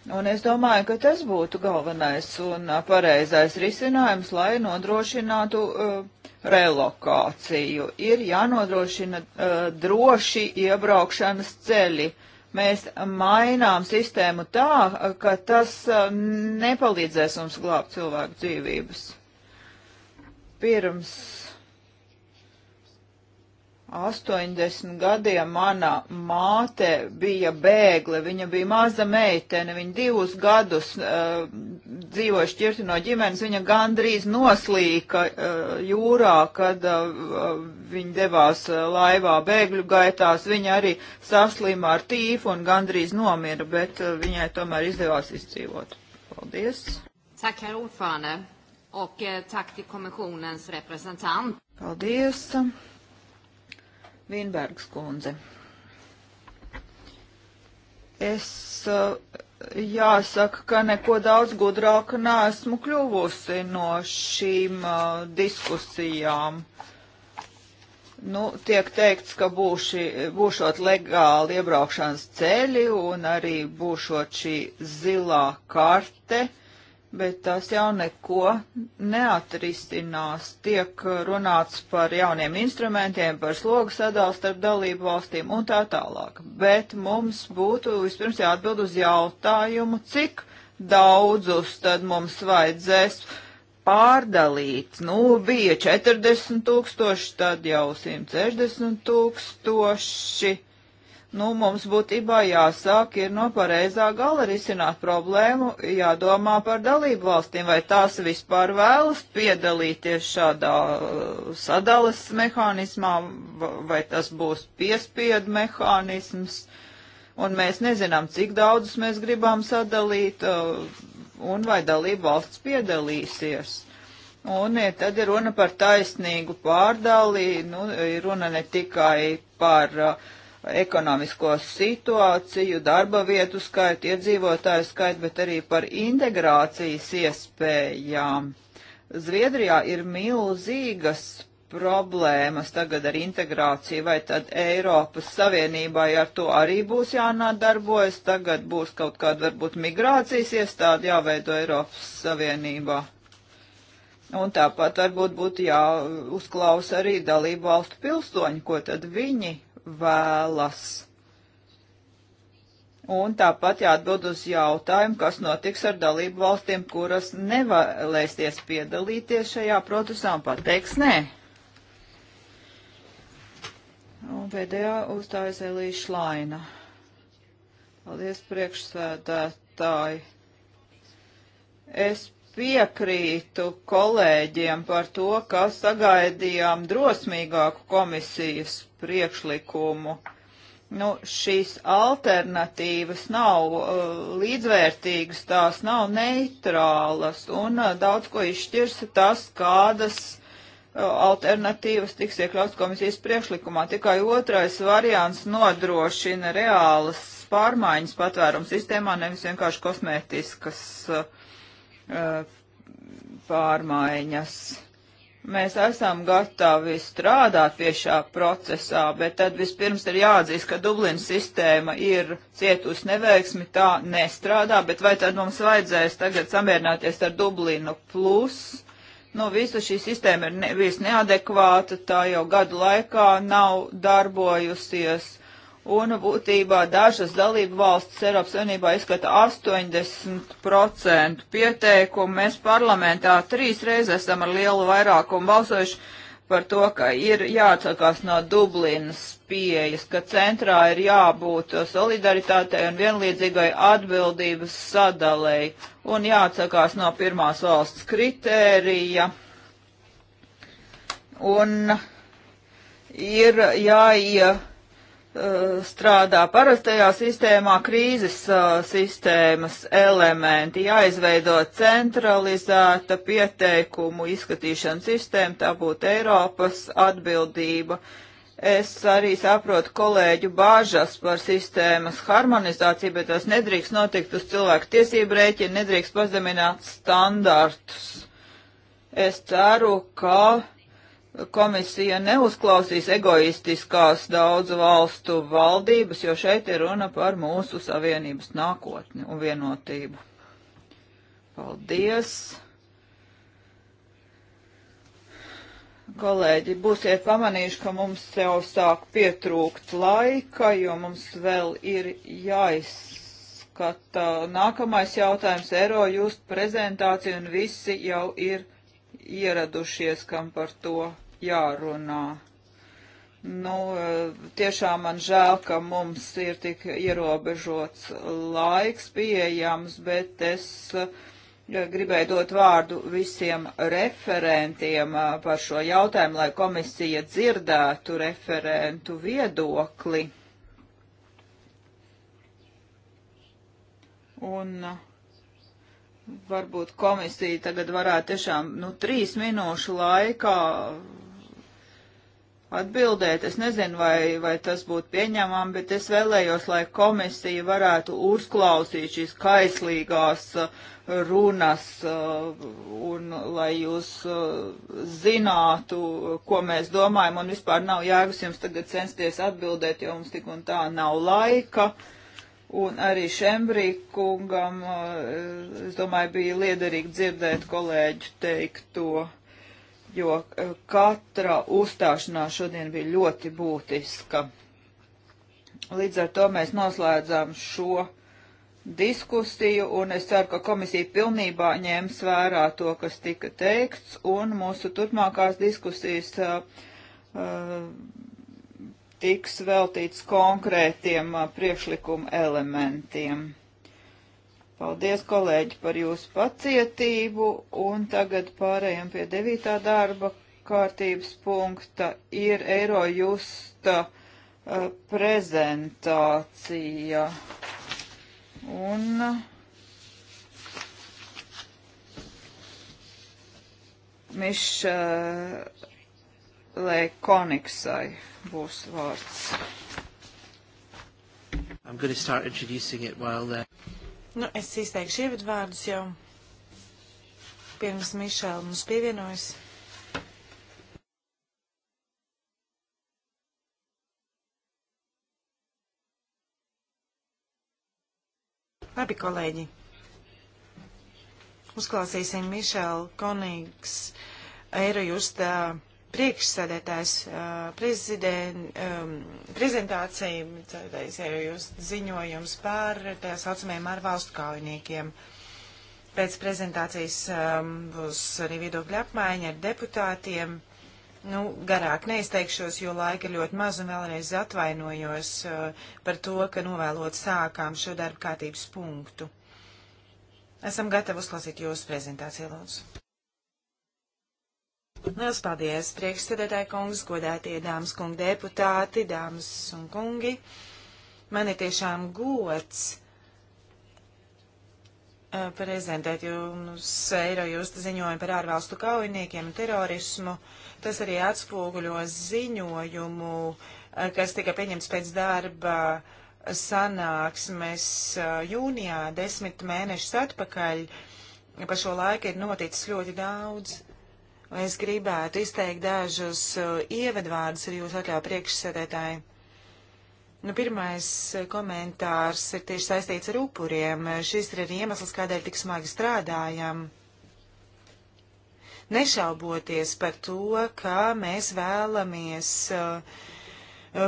Un es domāju, ka tas būtu galvenais un pareizais risinājums, lai nodrošinātu uh, relokāciju. Ir jānodrošina uh, droši iebraukšanas ceļi. Mēs mainām sistēmu tā, ka tas uh, nepalīdzēs mums glābt cilvēku dzīvības. Pirms 80 gadiem mana māte bija bēgle, viņa bija maza meitene, viņa divus gadus uh, dzīvoja šķirti no ģimenes, viņa gandrīz noslīka uh, jūrā, kad uh, viņa devās uh, laivā bēgļu gaitās, viņa arī saslima ar tīfu un gandrīz nomira, bet uh, viņai tomēr izdevās izdzīvot. Paldies! Tack, herr ordförande, och tack till kommissionens representant. Paldies! Vinbergs kundze. Es uh, jāsaka, ka neko daudz gudrāka neesmu kļuvusi no šīm uh, diskusijām. Nu, tiek teikts, ka būši, būšot legāli iebraukšanas ceļi un arī būšot šī zilā karte. Uh, bet tas jau neko neatrisinās. Tiek runāts par jauniem instrumentiem, par slogu sadalu starp dalību valstīm un tā tālāk. Bet mums būtu vispirms jāatbild uz jautājumu, cik daudzus tad mums vajadzēs pārdalīt. Nu, bija 40 tūkstoši, tad jau 160 tūkstoši. Nu, mums būtībā jāsāk ir no pareizā gala risināt problēmu, jādomā par dalību valstīm, vai tās vispār vēlas piedalīties šādā uh, sadalas mehānismā, vai tas būs piespiedu mehānisms, un mēs nezinām, cik daudzus mēs gribam sadalīt, uh, un vai dalību valsts piedalīsies. Un ja tad ir runa par taisnīgu pārdalī, nu, ir runa ne tikai par uh, ekonomisko situāciju, darba vietu skaitu, iedzīvotāju skaitu, bet arī par integrācijas iespējām. Zviedrijā ir milzīgas problēmas tagad ar integrāciju, vai tad Eiropas Savienībai ar to arī būs jānadarbojas, tagad būs kaut kāda varbūt migrācijas iestāde jāveido Eiropas Savienībā. Un tāpat varbūt būtu jāuzklausa arī dalību valstu pilsoņi, ko tad viņi vēlas. Un tāpat jāatbild uz jautājumu, kas notiks ar dalību valstīm, kuras nevēlēsies piedalīties šajā procesā un pateiks nē. Un pēdējā uzstājas Elīja Šlaina. Paldies priekšsēdētāji. Es piekrītu kolēģiem par to, ka sagaidījām drosmīgāku komisijas priekšlikumu. Nu, šīs alternatīvas nav uh, līdzvērtīgas, tās nav neitrālas, un uh, daudz ko izšķirsa tas, kādas uh, alternatīvas tiks iekļauts komisijas priekšlikumā. Tikai otrais variants nodrošina reālas pārmaiņas patvērumu sistēmā, nevis vienkārši kosmētiskas uh, uh pārmaiņas. Mēs esam gatavi strādāt pie šā procesā, bet tad vispirms ir jāatzīst, ka Dublina sistēma ir cietusi neveiksmi, tā nestrādā, bet vai tad mums vajadzēs tagad samierināties ar Dublinu plus? Nu, visa šī sistēma ir ne, viss neadekvāta, tā jau gadu laikā nav darbojusies un būtībā dažas dalību valsts Eiropas Savienībā izskata 80% pieteikumu. Mēs parlamentā trīs reizes esam ar lielu vairākumu balsojuši par to, ka ir jāatsakās no Dublinas pieejas, ka centrā ir jābūt solidaritātei un vienlīdzīgai atbildības sadalēji un jāatsakās no pirmās valsts kritērija. Un ir jāie. Ja, ja, Eh, strādā parastajā sistēmā krīzes uh, sistēmas elementi, jāizveido centralizēta pieteikumu izskatīšanas sistēma, tā būtu Eiropas atbildība. Es arī saprotu kolēģu bāžas par sistēmas harmonizāciju, bet tas nedrīkst notikt uz cilvēku tiesību rēķina, nedrīkst pazemināt standartus. Es ceru, ka komisija neuzklausīs egoistiskās daudzu valstu valdības, jo šeit ir runa par mūsu savienības nākotni un vienotību. Paldies! Kolēģi, būsiet pamanījuši, ka mums jau sāk pietrūkt laika, jo mums vēl ir jāizskata nākamais jautājums - eiro just prezentācija, un visi jau ir ieradušies, kam par to jārunā. Nu, tiešām man žēl, ka mums ir tik ierobežots laiks pieejams, bet es eh, gribēju dot vārdu visiem referentiem eh, par šo jautājumu, lai komisija dzirdētu referentu viedokli. Un eh, varbūt komisija tagad varētu tiešām, nu, trīs minūšu laikā atbildēt. Es nezinu, vai, vai tas būtu pieņemami, bet es vēlējos, lai komisija varētu uzklausīt šīs kaislīgās uh, runas uh, un lai jūs uh, zinātu, ko mēs domājam. Un vispār nav jēgas jums tagad censties atbildēt, jo mums tik un tā nav laika. Un arī Šembrī kungam, es domāju, bija liederīgi dzirdēt kolēģu teikt to jo eh, katra uzstāšanās šodien bija ļoti būtiska. Līdz ar to mēs noslēdzām šo diskusiju, un es ceru, ka komisija pilnībā ņēms vērā to, kas tika teikts, un mūsu turpmākās diskusijas uh, tiks veltīts konkrētiem uh, priekšlikuma elementiem. Paldies, kolēģi, par jūsu pacietību, un tagad pārējiem pie devītā darba kārtības punkta ir Eiro Justa uh, prezentācija. Un Mišelē uh, uh Koniksai būs vārds. I'm going to start introducing it while uh... Nu, es izteikšu ievadvārdus jau pirms Mišēla mums pievienojas. Labi, kolēģi. Uzklausīsim Mišēla Konīgs Eirojustā. Uh, priekšsēdētājs prezentācija, jūs ziņojums par tā saucamajiem ārvalstu kaujiniekiem. Pēc prezentācijas būs arī viedokļa apmaiņa ar deputātiem. Nu, garāk neizteikšos, jo laika ļoti maz un vēlreiz atvainojos par to, ka novēlot sākām šo darba kārtības punktu. Esam gatavi uzklausīt jūsu prezentāciju, lūdzu. Lielas paldies, priekšsēdētāji kungs, godētie dāmas kungi deputāti, dāmas un kungi. Man ir tiešām gods uh, prezentēt jums eiro jūsu ziņojumu par ārvalstu kaujiniekiem un terorismu. Tas arī atspoguļo ziņojumu, uh, kas tika pieņemts pēc darba sanāksmes uh, jūnijā, desmit mēnešus atpakaļ. Pa šo laiku ir noticis ļoti daudz Es gribētu izteikt dažus uh, ievadvārdus ar jūsu atļauju priekšsēdētāji. Nu, pirmais uh, komentārs ir tieši saistīts ar upuriem. Uh, šis ir arī iemesls, kādēļ tik smagi strādājam. Nešauboties par to, ka mēs vēlamies uh,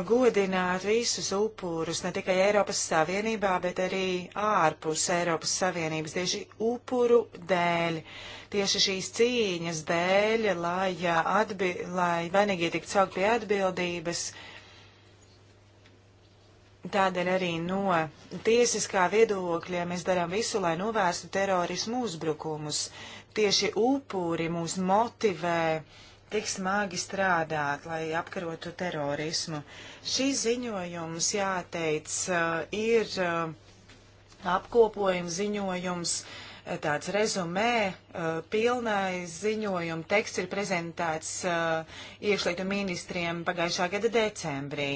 godināt visus upurus, ne tikai Eiropas Savienībā, bet arī ārpus Eiropas Savienības, tieši upuru dēļ, tieši šīs cīņas dēļ, lai, atbi, lai vainīgie tiktu saukt pie atbildības. Tādēļ arī no tiesiskā viedokļa mēs darām visu, lai novērstu terorismu uzbrukumus. Tieši upuri mūs motivē uh, tik smagi strādāt, lai apkarotu terorismu. Šis ziņojums, jāteic, eh, ir eh, apkopojums ziņojums, eh, tāds rezumē, pilnais ziņojuma teksts ir prezentēts iekšlietu ministriem pagājušā gada decembrī.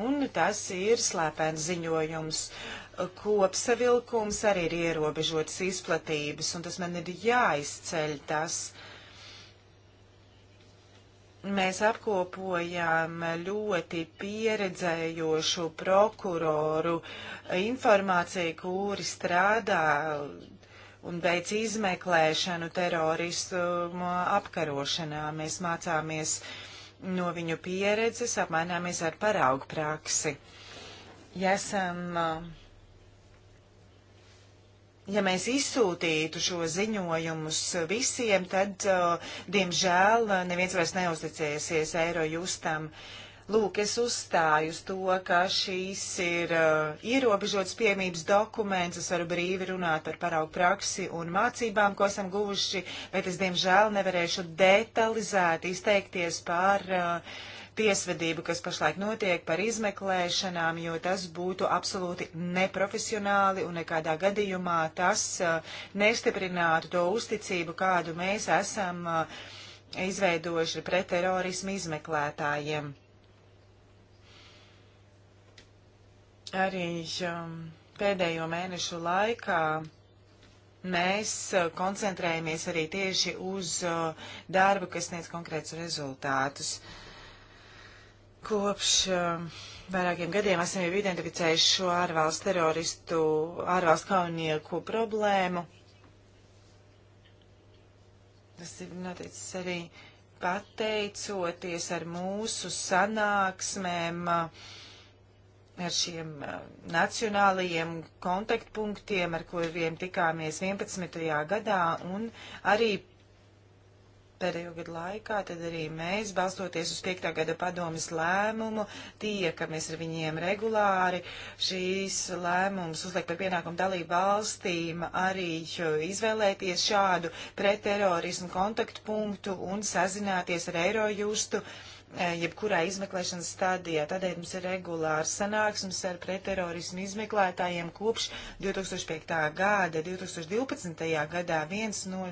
Un tas ir slēpēns ziņojums. Uh, kopsavilkums arī ir ierobežotas izplatības, un tas man ir jāizceļ tas. Mēs apkopojām ļoti pieredzējošu prokuroru informāciju, kuri strādā un veic izmeklēšanu teroristu apkarošanā. Mēs mācāmies no viņu pieredzes, apmaināmies ar paraugu praksi. Ja esam uh, ja mēs izsūtītu šo ziņojumus visiem, tad, uh, diemžēl, uh, neviens vairs neuzticēsies eiro justam. Lūk, es uzstāju uz to, ka šīs ir uh, ierobežots piemības dokuments, es varu brīvi runāt par paraugu praksi un mācībām, ko esam guvuši, bet es, diemžēl, nevarēšu detalizēti izteikties par uh, tiesvedību, kas pašlaik notiek par izmeklēšanām, jo tas būtu absolūti neprofesionāli un nekādā gadījumā tas eh, nestiprinātu to uzticību, kādu mēs esam eh, izveidojuši pret terorismu izmeklētājiem. Arī um, pēdējo mēnešu laikā mēs eh, koncentrējamies arī tieši uz darbu, kas sniedz konkrētus rezultātus. Uh, Kopš um, vairākiem gadiem esam jau identificējuši šo ārvalstu teroristu, ārvalstu kaunieku problēmu. Tas ir noticis arī pateicoties ar mūsu sanāksmēm, uh, ar šiem uh, nacionālajiem kontaktpunktiem, ar kuriem tikāmies 11. gadā, un arī pēdējo gadu laikā, tad arī mēs, balstoties uz 5. gada padomas lēmumu, tiekamies ar viņiem regulāri. Šīs lēmums uzliek par pienākumu dalību valstīm arī izvēlēties šādu pretterorismu kontaktpunktu un sazināties ar Eirojustu. justu E, jebkurā izmeklēšanas stadijā. Tādēļ mums ir regulārs sanāksmes ar pretterorismu izmeklētājiem kopš 2005. gada. 2012. gadā viens no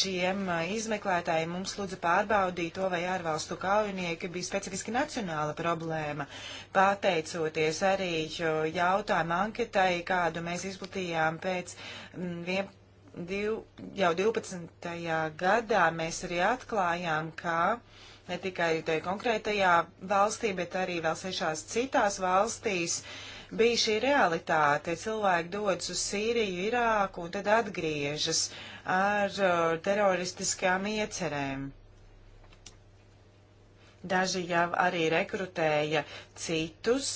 šiem e, izmeklētājiem mums lūdza pārbaudīt to, vai ārvalstu kaujinieki bija specifiski nacionāla problēma. Pateicoties arī jautājumu anketai, kādu mēs izplatījām pēc 11. Div, jau 12. gadā mēs arī atklājām, ka uh, ne tikai te konkrētajā valstī, bet arī vēl sešās citās valstīs bija šī realitāte. Cilvēki dodas uz Sīriju, Irāku un tad atgriežas ar uh, teroristiskām iecerēm. Daži jau arī rekrutēja citus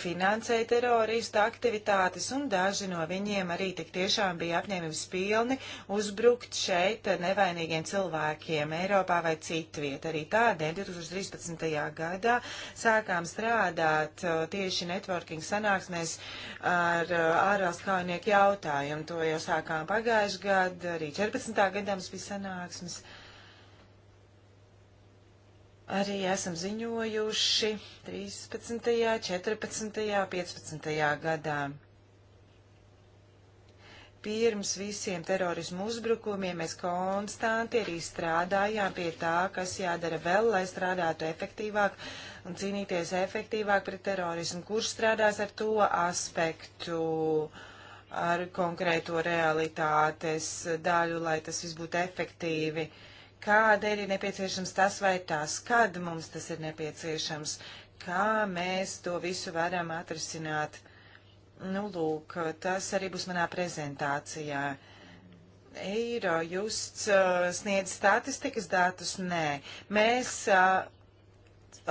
finansēja terorista aktivitātes, un daži no viņiem arī tik tiešām bija apņēmības pilni uzbrukt šeit nevainīgiem cilvēkiem Eiropā vai citviet. Arī tādēļ 2013. gadā sākām strādāt tieši networking sanāksmēs ar ārvalstu kaujinieku jautājumu. To jau sākām pagājuši gadu, arī 14. gadams bija sanāksmes. Uh, Arī esam ziņojuši 13., 14., 15. gadā. Pirms visiem terorismu uzbrukumiem mēs konstanti arī strādājām pie tā, kas jādara vēl, lai strādātu efektīvāk un cīnīties efektīvāk pret terorismu. Kurš strādās ar to aspektu? Uh, ar konkrēto realitātes daļu, lai tas viss būtu efektīvi kādēļ ir nepieciešams tas vai tas, kad mums tas ir nepieciešams, kā mēs to visu varam atrisināt. Nu, lūk, tas arī būs manā prezentācijā. Eiro, jūs uh, sniedz statistikas datus? Nē. Mēs uh,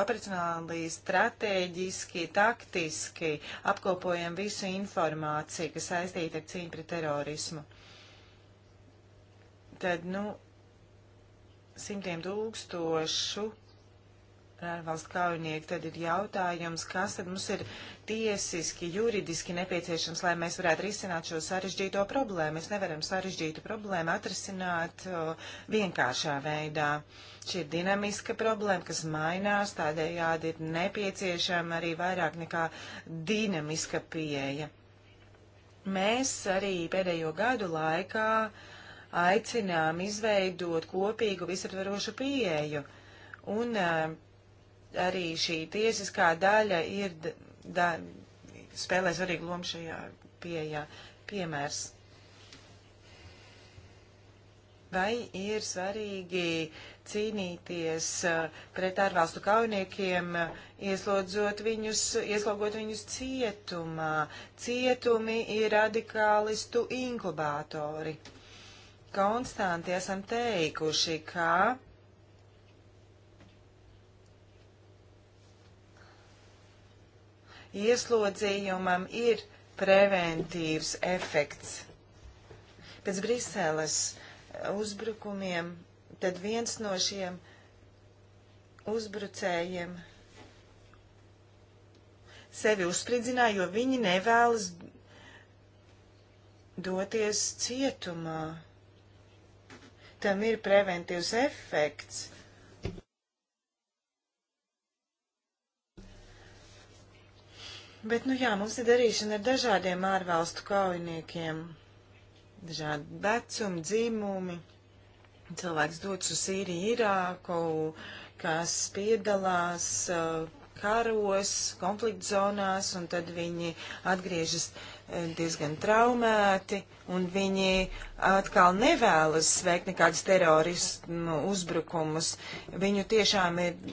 operacionāli, strateģiski, taktiski apkopojam visu informāciju, kas saistīta ar cīņu pret terorismu. Tad, nu, simtiem tūkstošu ārvalstu kaujinieku, tad ir jautājums, kas tad mums ir tiesiski, juridiski nepieciešams, lai mēs varētu risināt šo sarežģīto problēmu. Mēs nevaram sarežģītu problēmu atrisināt o, vienkāršā veidā. Šī ir dinamiska problēma, kas mainās, tādējādi ir nepieciešama arī vairāk nekā dinamiska pieeja. Mēs arī pēdējo gadu laikā uh, aicinām izveidot kopīgu visaptvarošu pieeju. Un eh, arī šī tiesiskā daļa ir da, spēlē svarīgu lomu šajā pieejā. Piemērs. Vai ir svarīgi cīnīties eh, pret ārvalstu kaujiniekiem, ieslodzot viņus, ieslogot viņus cietumā? Cietumi ir radikālistu inkubātori konstanti esam teikuši, ka ieslodzījumam ir preventīvs efekts. Pēc Briseles uzbrukumiem tad viens no šiem uzbrucējiem sevi uzspridzināja, jo viņi nevēlas doties cietumā tam ir preventīvs efekts. Bet, nu jā, mums ir darīšana ar dažādiem ārvalstu kaujiniekiem, dažādi vecumi, dzimumi. Cilvēks dodas uz Sīriju, Irāku, kas piedalās eh, karos, konflikt zonās, un tad viņi atgriežas diezgan traumēti, un viņi atkal nevēlas veikt nekādus terorismu uzbrukumus. Viņu tiešām ir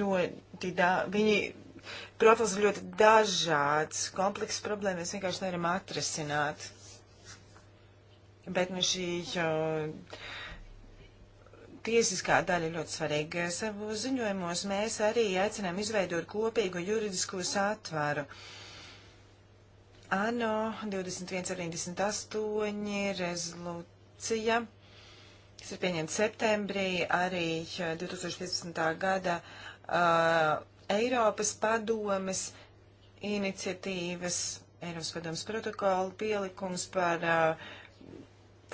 ļoti, da, viņi profils ir ļoti dažāds, komplekss problēma, mēs vienkārši nevaram atrasināt. Bet nu šī jo, tiesiskā daļa ir ļoti svarīga. Savos ziņojumos mēs arī aicinām izveidot kopīgu juridisko satvaru. Uh, ANO 2178 rezolūcija, kas ir pieņemta septembrī, arī 2015. Eh, gada uh, Eiropas padomes iniciatīvas, Eiropas padomes protokola pielikums par uh,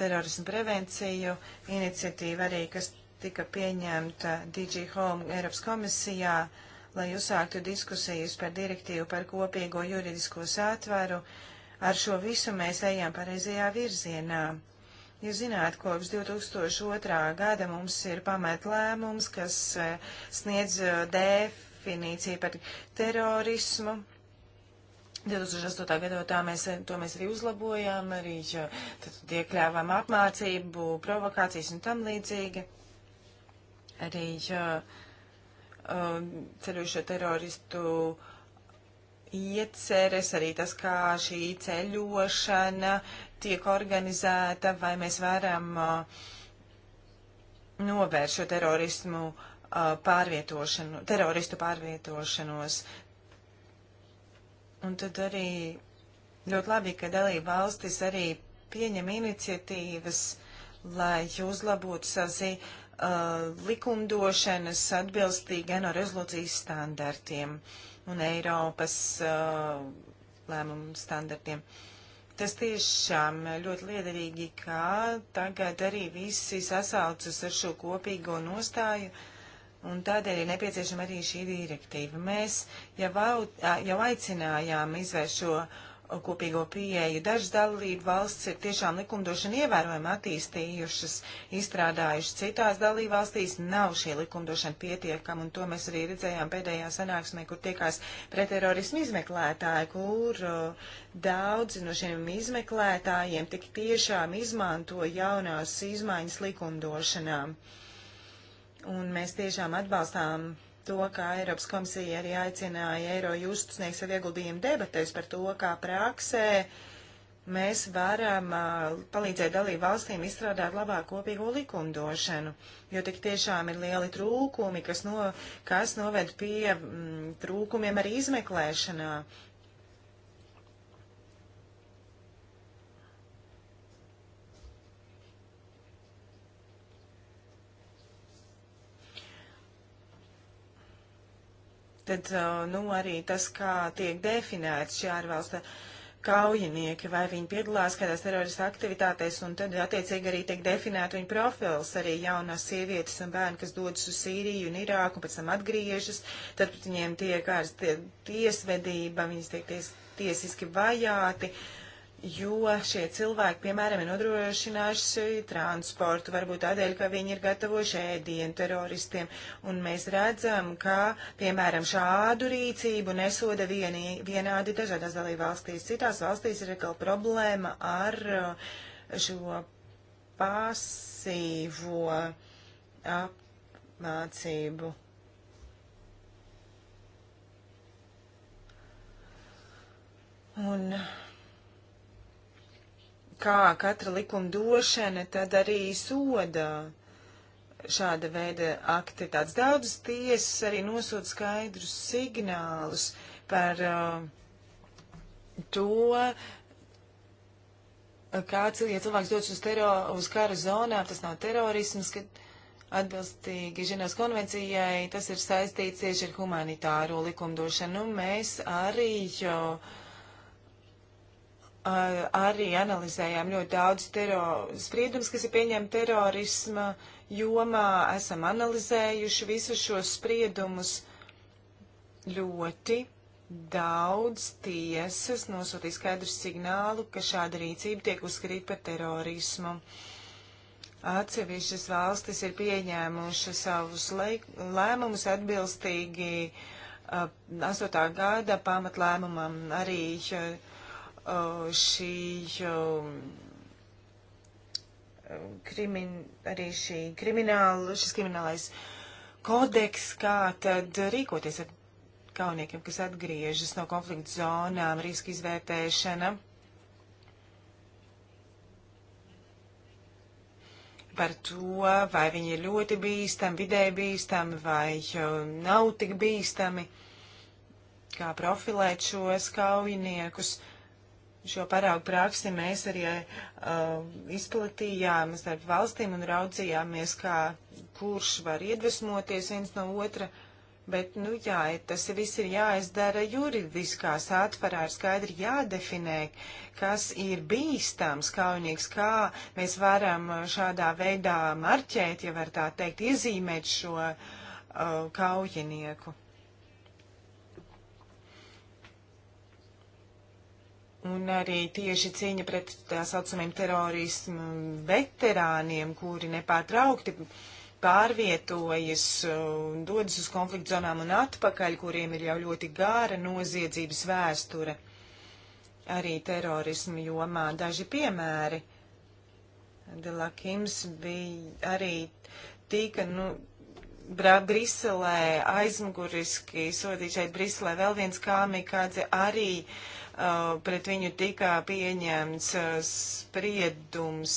terorismu prevenciju iniciatīva arī, kas tika pieņemta DG Home Eiropas komisijā. Uh, lai uzsāktu diskusijas par direktīvu par kopīgo juridisko sātvaru. Ar šo visu mēs ejam pareizajā virzienā. Jūs zināt, kopš 2002. gada mums ir pamatlēmums, kas eh, sniedz eh, definīciju par terorismu. 2008. gadā tā mēs, to mēs arī uzlabojām, arī iekļāvām apmācību, provokācijas un tam līdzīgi. Arī uh, Um, ceļojušo teroristu ieceres, arī tas, kā šī ceļošana tiek organizēta, vai mēs varam uh, novērst šo terorismu uh, pārvietošanu, teroristu pārvietošanos. Un tad arī ļoti labi, ka dalība valstis arī pieņem iniciatīvas, lai uzlabotu savu uh, likumdošanas atbilstīgi ANO rezolūcijas standartiem un Eiropas uh, lēmumu standartiem. Tas tiešām ļoti liederīgi, kā tagad arī visi sasaucas ar šo kopīgo nostāju. Un tādēļ ir nepieciešama arī šī direktīva. Mēs jau, au, jau aicinājām izvērst šo uh, kopīgo pieeju. Dažas dalību valsts ir tiešām likumdošanu ievērojami attīstījušas, izstrādājušas. Citās dalību valstīs nav šī likumdošana pietiekama, un to mēs arī redzējām pēdējā sanāksmē, kur tiekās pretterorismu izmeklētāji, kur uh, daudzi no šiem izmeklētājiem tik tiešām izmanto jaunās izmaiņas likumdošanām. Un mēs tiešām atbalstām to, kā Eiropas komisija arī aicināja eiro just sniegt savu ieguldījumu debatēs par to, kā praksē mēs varam uh, palīdzēt dalību valstīm izstrādāt labāk kopīgo likumdošanu, jo tik tiešām ir lieli trūkumi, kas, no, kas noved pie mm, trūkumiem arī izmeklēšanā. Tad, nu, arī tas, kā tiek definēts šī ārvalsta kaujinieki, vai viņi piedalās kādās terorista aktivitātēs, un tad attiecīgi arī tiek definēta viņa profils, arī jaunās sievietes un bērni, kas dodas uz Sīriju un Irāku un pēc tam atgriežas, tad viņiem tiek ārsts tie, tiesvedība, viņas tiek ties, tiesiski vajāti. Uh, jo šie cilvēki, piemēram, ir nodrošinājuši transportu, varbūt tādēļ, ka viņi ir gatavojuši ēdienu teroristiem. Un mēs redzam, ka, piemēram, šādu rīcību nesoda vienī, vienādi dažādās dalībvalstīs. Citās valstīs ir atkal problēma ar uh, šo pasīvo apmācību. Un kā katra likuma došana, tad arī soda šāda veida aktivitātes. Daudzas tiesas arī nosūta skaidrus signālus par uh, to, kāds, ja cilvēks dodas uz, tero, uz kara zonām, tas nav terorisms, kad atbilstīgi Ženevas konvencijai tas ir saistīts tieši ar humanitāro likumdošanu. Mēs arī jau uh, arī analizējām ļoti daudz tero, spriedumus, kas ir pieņemti terorisma jomā. Esam analizējuši visus šos spriedumus ļoti daudz tiesas nosūtīja skaidru signālu, ka šāda rīcība tiek uzskatīta par terorismu. Atsevišķas valstis ir pieņēmuši savus lēmumus atbilstīgi uh, 8. gada pamatlēmumam arī uh, Uh, šī um, krimin, arī šī krimināla, šis kriminālais kodeks, kā tad rīkoties ar kauniekiem, kas atgriežas no konflikta zonām, riska izvērtēšana. Par to, vai viņi ir ļoti bīstami, vidēji bīstami, vai um, nav tik bīstami, kā profilēt šos kaujiniekus. Uh, Šo paraugu praksi mēs arī uh, izplatījām starp valstīm un raudzījāmies, kā kurš var iedvesmoties viens no otra. Bet, nu jā, tas viss ir jāizdara juridiskā satvarā, ir skaidri jādefinē, kas ir bīstams, kaunīgs, kā mēs varam šādā veidā marķēt, ja var tā teikt, iezīmēt šo uh, kaujinieku. Un arī tieši cīņa pret tā saucamiem terorismu veterāniem, kuri nepārtraukti pārvietojas, uh, dodas uz konfliktu zonām un atpakaļ, kuriem ir jau ļoti gāra noziedzības vēsture. Arī terorismu jomā daži piemēri. Delakims bija arī tika, nu, Brā, Briselē aizmuguriski sodīt šeit Briselē vēl viens kāmikādze arī uh, Uh, pret viņu tika pieņemts uh, spriedums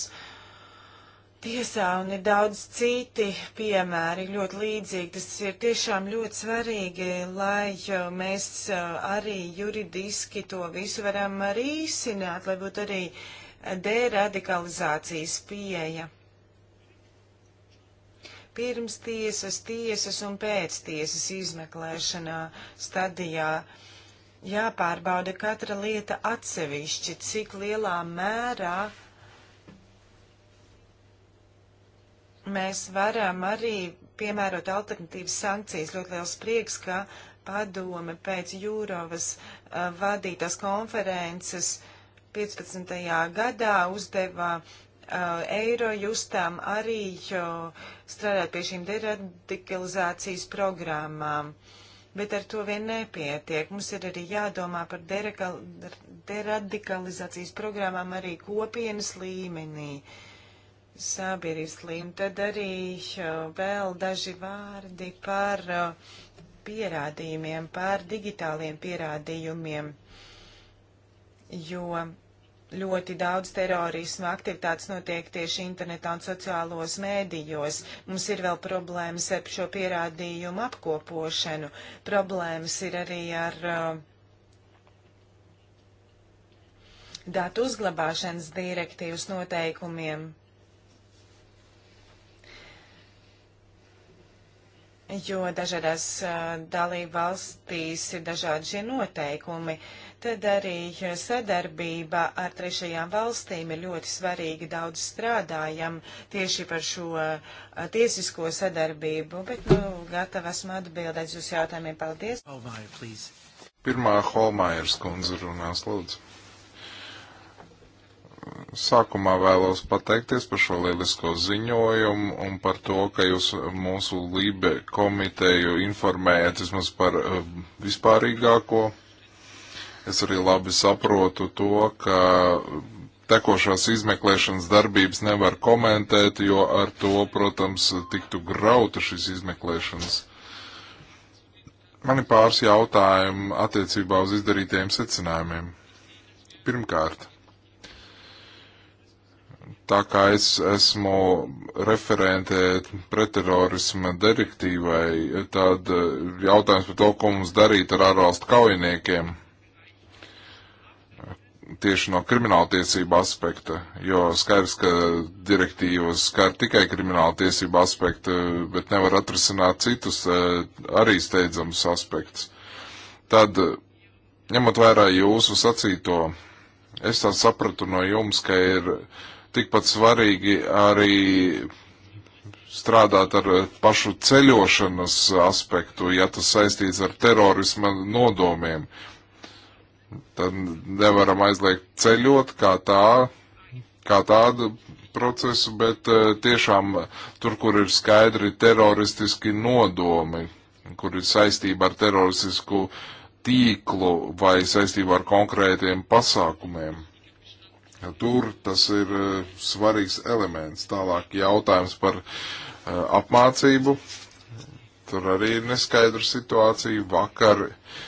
tiesā un ir daudz citi piemēri ļoti līdzīgi. Tas ir tiešām ļoti svarīgi, lai uh, mēs arī juridiski to visu varam rīsināt, lai būtu arī deradikalizācijas pieeja pirms tiesas, tiesas un pēc tiesas izmeklēšanā stadijā. Uh, jāpārbauda katra lieta atsevišķi, cik lielā mērā mēs varam arī piemērot alternatīvas sankcijas. Ļoti liels prieks, ka padome pēc Jūrovas uh, vadītās konferences 15. gadā uzdeva uh, eh, eiro justām arī strādāt pie šīm deradikalizācijas programmām. Uh, Bet ar to vien nepietiek. Mums ir arī jādomā par deradikalizācijas programmām arī kopienas līmenī, sabiedrības līmenī. Tad arī vēl daži vārdi par pierādījumiem, par digitāliem pierādījumiem, jo ļoti daudz terorismu aktivitātes notiek tieši internetā un sociālos mēdījos. Mums ir vēl problēmas ar šo pierādījumu apkopošanu. Problēmas ir arī ar uh, datu uzglabāšanas direktīvas noteikumiem. Jo dažādās uh, dalību valstīs ir dažādi šie noteikumi. Uh, Tad arī sadarbība ar trešajām valstīm ir ļoti svarīga. Daudz strādājam tieši par šo tiesisko sadarbību, bet nu, gatava esmu atbildēt uz jautājumiem. Paldies! Holmaier, Pirmā Holmaiers kundze runās, lūdzu sākumā vēlos pateikties par šo lielisko ziņojumu un par to, ka jūs mūsu Lībe komiteju informējat vismaz par vispārīgāko. Es arī labi saprotu to, ka tekošās izmeklēšanas darbības nevar komentēt, jo ar to, protams, tiktu grauta šīs izmeklēšanas. Man ir pāris jautājumu attiecībā uz izdarītajiem secinājumiem. Pirmkārt, tā kā es esmu referente pretterorisma direktīvai, tad jautājums par to, ko mums darīt ar ārvalstu kaujiniekiem – tieši no krimināltiesību aspekta, jo skaidrs, ka direktīvas skar tikai krimināltiesību aspektu, bet nevar atrisināt citus e, arī steidzamus aspektus. Tad, ņemot vērā jūsu sacīto, es tā sapratu no jums, ka ir tikpat svarīgi arī strādāt ar pašu ceļošanas aspektu, ja tas saistīts ar terorisma nodomiem. Tad nevaram aizliegt ceļot kā, tā, kā tādu procesu, bet eh, tiešām tur, kur ir skaidri teroristiski nodomi, kur ir saistība ar teroristisku tīklu vai saistībā ar konkrētiem pasākumiem. Tur tas ir eh, svarīgs elements. Tālāk jautājums par eh, apmācību. Tur arī ir neskaidra situācija. Vakar uh,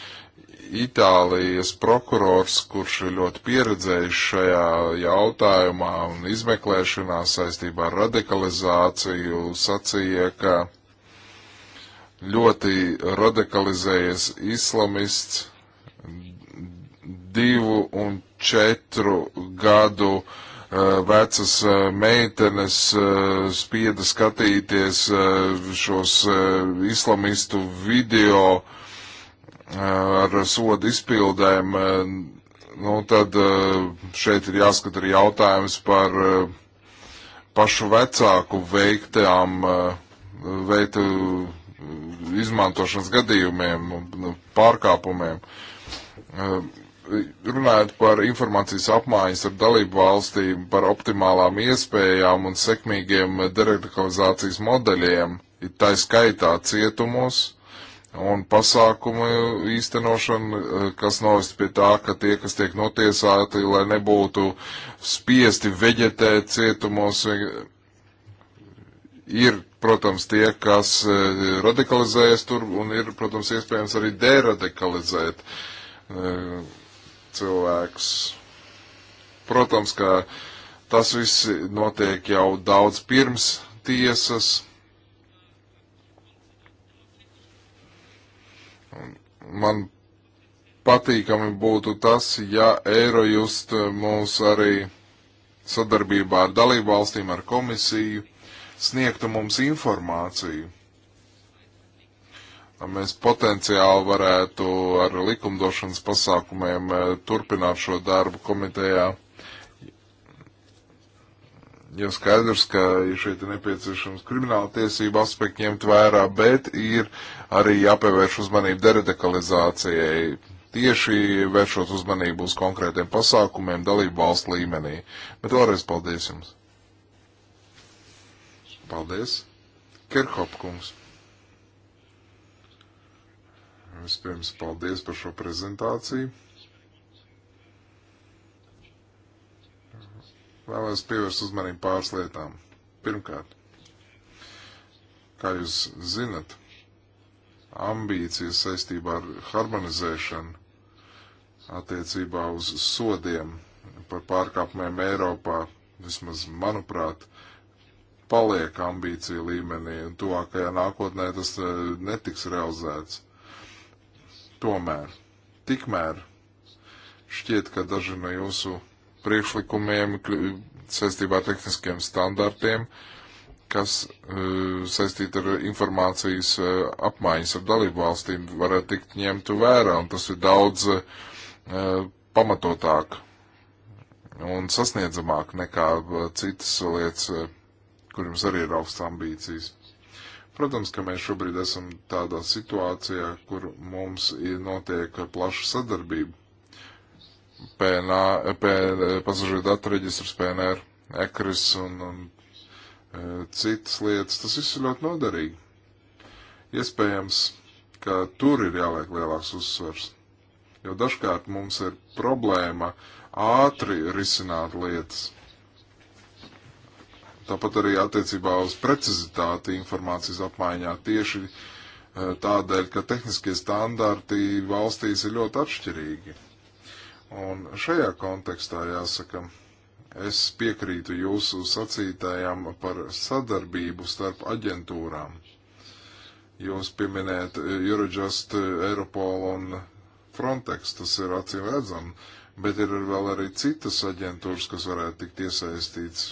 Itālijas prokurors, kurš ir ļoti pieredzējis šajā jautājumā un izmeklēšanā saistībā ar radikalizāciju, sacīja, ka ļoti radikalizējies islamists divu un četru gadu uh, vecas eh, meitenes eh, spieda skatīties šos islamistu video ar sodu izpildēm, eh, nu, tad eh, šeit ir jāskat arī jautājums par eh, pašu vecāku veiktām, veiktu izmantošanas gadījumiem, nu, pārkāpumiem. Runājot par informācijas apmaiņas ar dalību valstīm, par optimālām iespējām un sekmīgiem deradikalizācijas modeļiem, tā skaitā cietumos, un pasākumu īstenošanu, eh, kas novest pie tā, ka tie, kas tiek notiesāti, lai nebūtu spiesti veģetēt cietumos, eh, ir, protams, tie, kas eh, radikalizējas tur, un ir, protams, iespējams arī deradikalizēt cilvēkus. Protams, ka tas viss notiek jau daudz pirms tiesas man patīkami būtu tas, ja Eirojust mūs arī sadarbībā ar dalību valstīm, ar komisiju sniegtu mums informāciju. Mēs potenciāli varētu ar likumdošanas pasākumiem eh, turpināt šo darbu komitejā. Jau skaidrs, ka šeit ir nepieciešams krimināla tiesība aspekti ņemt vērā, bet ir uh, arī jāpievērš uzmanība deradikalizācijai. Tieši vēršot uzmanību uz konkrētiem pasākumiem dalību valstu līmenī. Bet vēlreiz paldies jums. Paldies. Kirkhop kungs. Vispirms paldies par šo prezentāciju. vēlos pievērst uzmanību pāris lietām. Pirmkārt, kā jūs zinat, ambīcijas saistībā ar harmonizēšanu attiecībā uz sodiem par pārkāpumiem Eiropā, vismaz manuprāt, paliek ambīcija līmenī, un tuvākajā nākotnē tas eh, netiks realizēts. Tomēr, tikmēr, šķiet, ka daži no jūsu priekšlikumiem saistībā ar tehniskiem standartiem uh, kas uh, saistīta ar informācijas uh, apmaiņas ar dalību valstīm, varētu tikt ņemtu vērā, un tas ir daudz uh, pamatotāk un sasniedzamāk nekā citas lietas, kur jums arī ir augsts ambīcijas. Protams, ka mēs šobrīd esam tādā situācijā, kur mums ir notiek plaša sadarbība. PNA, PN, pasažieru datu reģistrs, PNR, ECRIS un, un citas lietas. Tas viss ir ļoti noderīgi. Iespējams, ka tur ir jāliek lielāks uzsvers. Jo dažkārt mums ir problēma ātri risināt lietas. Tāpat arī attiecībā uz precizitāti informācijas apmaiņā tieši tādēļ, ka tehniskie standarti valstīs ir ļoti atšķirīgi. Un šajā kontekstā jāsaka, Es piekrītu jūsu sacītājām par sadarbību starp aģentūrām. Jūs pieminējat eh, Eurojust, eh, Europol un Frontex, tas ir acīm redzam, bet ir vēl arī citas aģentūras, kas varētu tikt iesaistīts.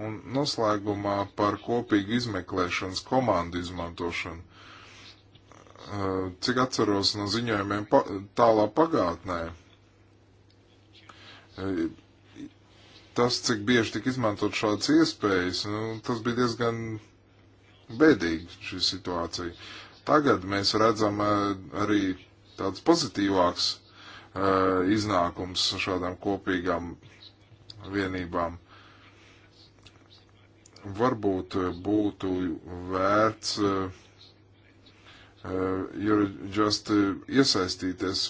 Un noslēgumā par kopīgu izmeklēšanas komandu izmantošanu. Eh, cik atceros no ziņojumiem pa, tālā pagātnē, tas, cik bieži tika izmantot šādas iespējas, nu, tas bija diezgan bēdīgi šī situācija. Tagad mēs redzam eh, arī tāds pozitīvāks uh, iznākums šādām kopīgām vienībām. Varbūt eh, būtu vērts uh, uh, just iesaistīties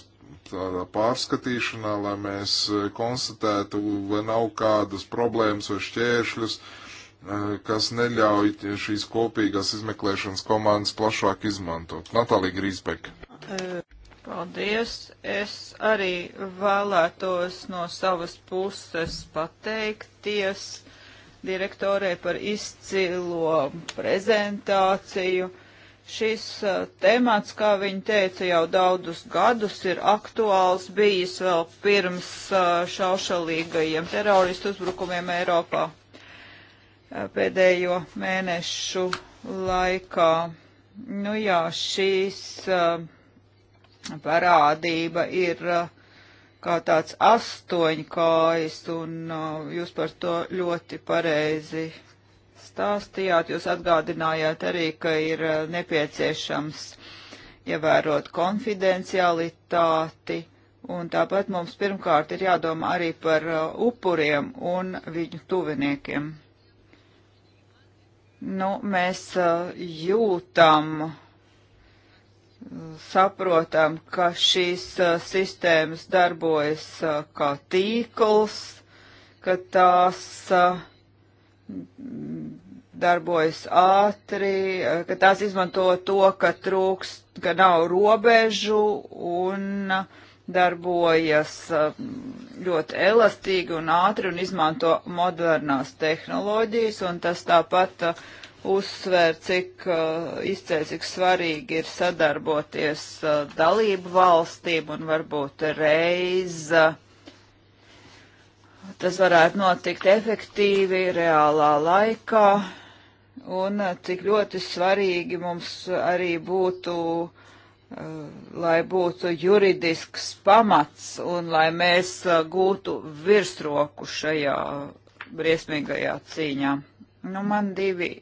tādā pārskatīšanā, lai mēs e, konstatētu, vai nav kādas problēmas vai šķēršļus, e, kas neļauj šīs kopīgās izmeklēšanas komandas plašāk izmantot. Natālija Grīsbeka. E, paldies. Es arī vēlētos no savas puses pateikties direktorē par izcilo prezentāciju Šis uh, temats, kā viņi teica, jau daudzus gadus ir aktuāls bijis vēl pirms uh, šaušalīgajiem teroristu uzbrukumiem Eiropā uh, pēdējo mēnešu laikā. Nu jā, šīs uh, parādība ir uh, kā tāds astoņkājs, un uh, jūs par to ļoti pareizi stāstījāt. Jūs atgādinājāt arī, ka ir eh, nepieciešams ievērot konfidencialitāti. Un tāpat mums pirmkārt ir jādomā arī par eh, upuriem un viņu tuviniekiem. Nu, mēs eh, jūtam, saprotam, ka šīs sistēmas darbojas kā tīkls, ka tās darbojas ātri, eh, ka tās izmanto to, ka trūks, ka nav robežu un darbojas eh, ļoti elastīgi un ātri un izmanto modernās tehnoloģijas, un tas tāpat eh, uzsver, cik izcēl, cik svarīgi ir sadarboties dalību valstīm un varbūt reiza tas varētu notikt efektīvi, reālā laikā, un eh, cik ļoti svarīgi mums arī būtu, eh, lai būtu juridisks pamats un lai mēs eh, gūtu virsroku šajā briesmīgajā cīņā. Nu, man divi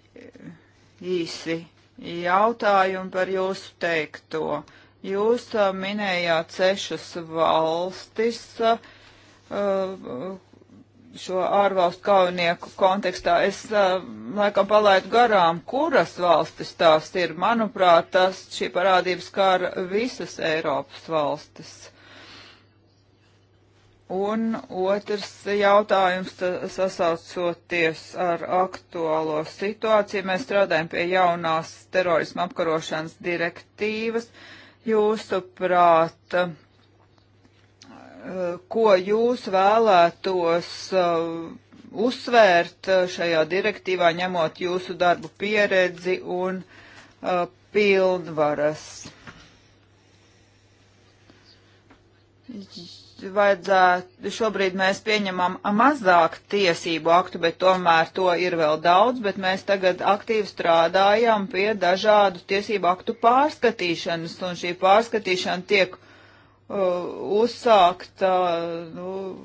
īsi jautājumi par jūsu teikto. Jūs minējāt sešas valstis, šo ārvalstu kaujinieku kontekstā. Es uh, laikam palaidu garām, kuras valstis tās ir. Manuprāt, tas šī parādība skar visas Eiropas valstis. Un otrs jautājums sasaucoties ar aktuālo situāciju. Mēs strādājam pie jaunās terorisma apkarošanas direktīvas. Jūsuprāt, uh, ko jūs vēlētos uh, uzsvērt uh, šajā direktīvā, ņemot jūsu darbu pieredzi un uh, pilnvaras? vajadzētu, šobrīd mēs pieņemam mazāk tiesību aktu, bet tomēr to ir vēl daudz, bet mēs tagad aktīvi strādājam pie dažādu tiesību aktu pārskatīšanas, un šī pārskatīšana tiek Uh, uzsākta uh, nu,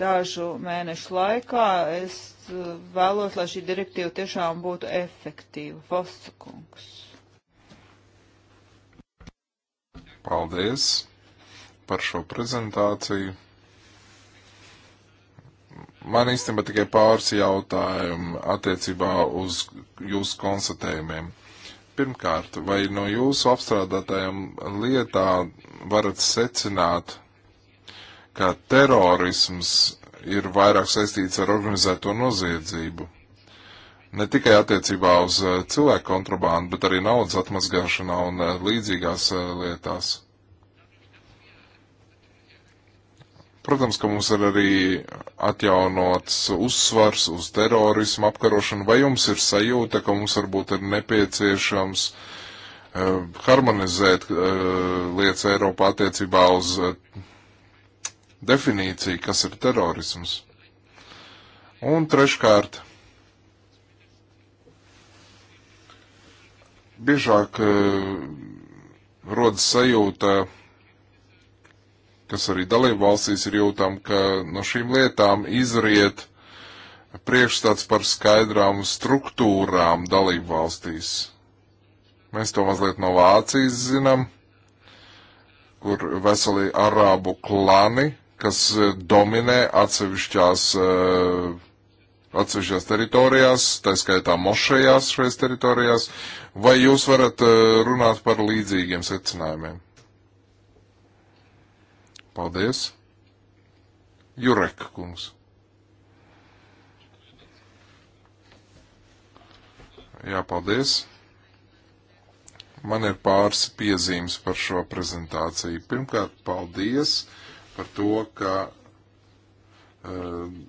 dažu mēnešu laikā. Es uh, vēlos, lai šī direktīva tiešām būtu efektīva. Fosakungs. Paldies par šo prezentāciju. Man īstenībā tikai pāris jautājumu attiecībā uz jūsu konstatējumiem. Uh, Pirmkārt, vai no jūsu apstrādātajām lietā varat secināt, ka terorisms ir vairāk saistīts ar organizēto noziedzību? Ne tikai attiecībā uz eh, cilvēku kontrabandu, bet arī naudas atmazgāšanā un eh, līdzīgās eh, lietās. Protams, ka mums ir arī atjaunots uzsvars uz terorismu apkarošanu. Vai jums ir sajūta, ka mums varbūt ir nepieciešams uh, harmonizēt uh, lietas Eiropā attiecībā uz uh, definīciju, kas ir terorisms? Un treškārt, biežāk rodas sajūta, kas arī dalību valstīs ir jūtama, ka no šīm lietām izriet priekšstats par skaidrām struktūrām dalību valstīs. Mēs to mazliet no Vācijas zinām, kur veseli arābu klani, kas e, dominē atsevišķās, e, atsevišķās teritorijās, tā skaitā mošajās šajās teritorijās, vai jūs varat e, runāt par līdzīgiem secinājumiem? Paldies. Jurek kungs. Jā, paldies. Man ir pāris piezīmes par šo prezentāciju. Pirmkārt, paldies par to, ka eh,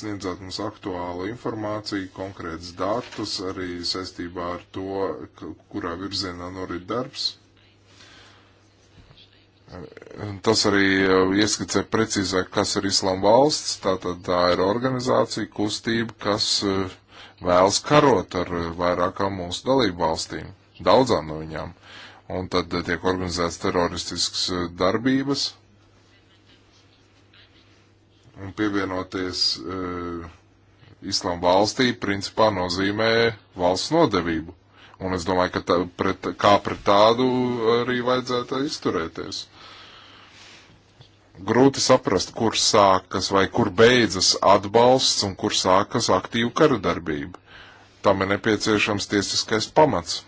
sniedzāt mums aktuālu informāciju, konkrētus datus arī saistībā ar to, kurā virzienā norit darbs. Tas arī uh, ieskicē precīzāk, kas ir Islāma valsts. Tātad tā ir organizācija, kustība, kas uh, vēlas karot ar uh, vairākām mūsu dalību valstīm, daudzām no viņām. Un tad tiek organizēts teroristisks darbības. Un pievienoties uh, Islāma valstī, principā nozīmē valsts nodevību. Un es domāju, ka tā, pret, kā pret tādu arī vajadzētu izturēties grūti saprast, kur sākas vai kur beidzas atbalsts un kur sākas aktīva kara darbība. Tam ir nepieciešams tiesiskais pamats.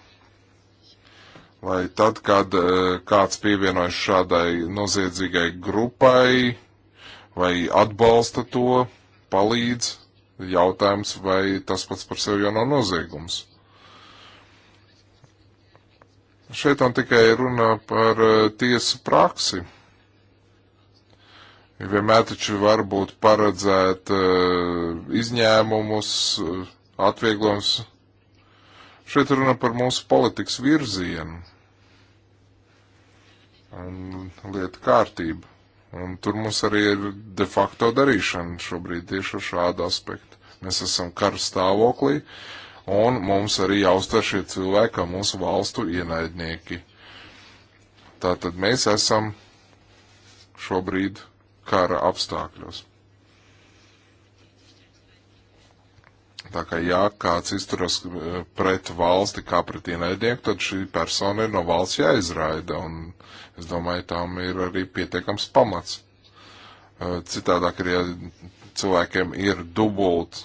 Lai tad, kad eh, kāds pievienojas šādai noziedzīgai grupai vai atbalsta to, palīdz, jautājums, vai tas pats par sevi jau nav noziegums. Šeit man tikai runa par eh, tiesu praksi Vienmēr taču var būt paredzēt eh, izņēmumus, eh, atvieglojums. Šeit runa par mūsu politikas virzienu un lietu kārtību. Un tur mums arī ir de facto darīšana šobrīd tieši ar šādu aspektu. Mēs esam karu stāvoklī, un mums arī jāuztver šie cilvēki kā mūsu valstu ienaidnieki. Tātad mēs esam šobrīd kara apstākļos. Tā kā, ja kāds izturas eh, pret valsti kā pret ienaidnieku, tad šī persona ir no valsts jāizraida, un es domāju, tam ir arī pietiekams pamats. Eh, citādāk ir, ja cilvēkiem ir dubult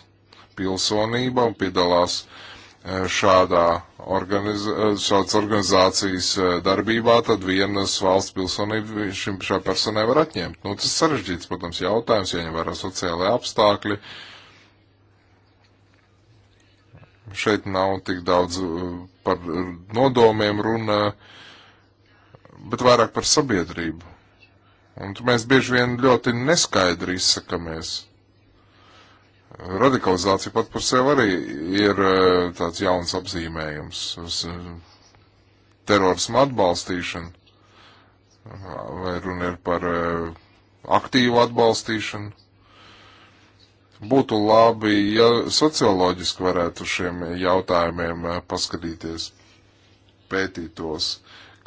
pilsonība un piedalās uh, Eh, šādā organiz, eh, šādas organizācijas eh, darbībā, tad vienas valsts pilsonību šim šā personai var atņemt. Nu, tas sarežģīts, protams, jautājums, ja viņam vairs sociālai apstākļi. Šeit nav tik daudz par nodomiem runa, bet vairāk par sabiedrību. Un mēs bieži vien ļoti neskaidri izsakamies radikalizācija pat par sevi arī ir e, tāds jauns apzīmējums. E, terorismu atbalstīšana, vai runa ir par e, aktīvu atbalstīšanu. Būtu labi, ja socioloģiski varētu šiem jautājumiem paskatīties, pētīt tos,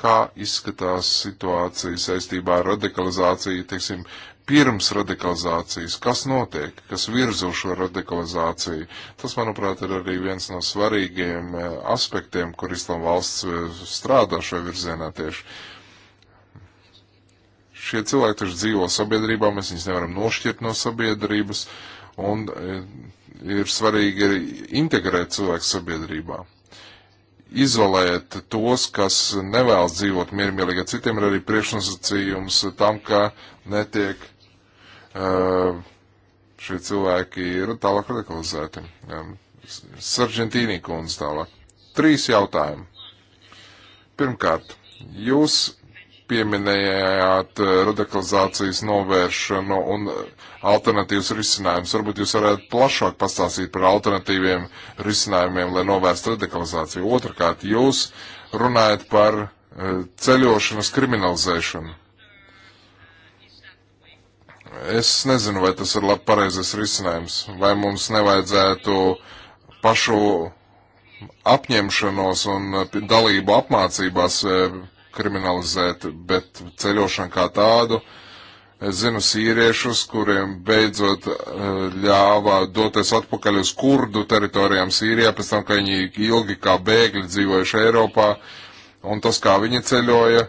kā izskatās situācija saistībā ar radikalizāciju, teiksim, pirms radikalizācijas, kas notiek, kas virza uz šo radikalizāciju. Tas, manuprāt, ir arī viens no svarīgiem eh, aspektiem, kur Islām valsts eh, strādā šajā virzienā tieši. Šie cilvēki taču dzīvo sabiedrībā, mēs viņus nevaram nošķirt no sabiedrības, un eh, ir svarīgi arī integrēt cilvēku sabiedrībā izolēt tos, kas nevēlas dzīvot miermīlīgi ar citiem, ir arī priekšnosacījums tam, ka netiek šie cilvēki ir tālāk radikalizēti. Sargentīnī kundze tālāk. Trīs jautājumi. Pirmkārt, jūs pieminējāt radikalizācijas novēršanu un alternatīvas risinājumus. Varbūt jūs varētu plašāk pastāstīt par alternatīviem risinājumiem, lai novērstu radikalizāciju. Otrakārt, jūs runājat par ceļošanas kriminalizēšanu. Es nezinu, vai tas ir labi pareizes risinājums, vai mums nevajadzētu pašu apņemšanos un eh, dalību apmācībās eh, kriminalizēt, bet ceļošanu kā tādu. Es zinu sīriešus, kuriem beidzot eh, ļāva doties atpakaļ uz kurdu teritorijām Sīrijā, pēc tam, ka viņi ilgi kā bēgļi dzīvojuši Eiropā, un tas, kā viņi ceļoja,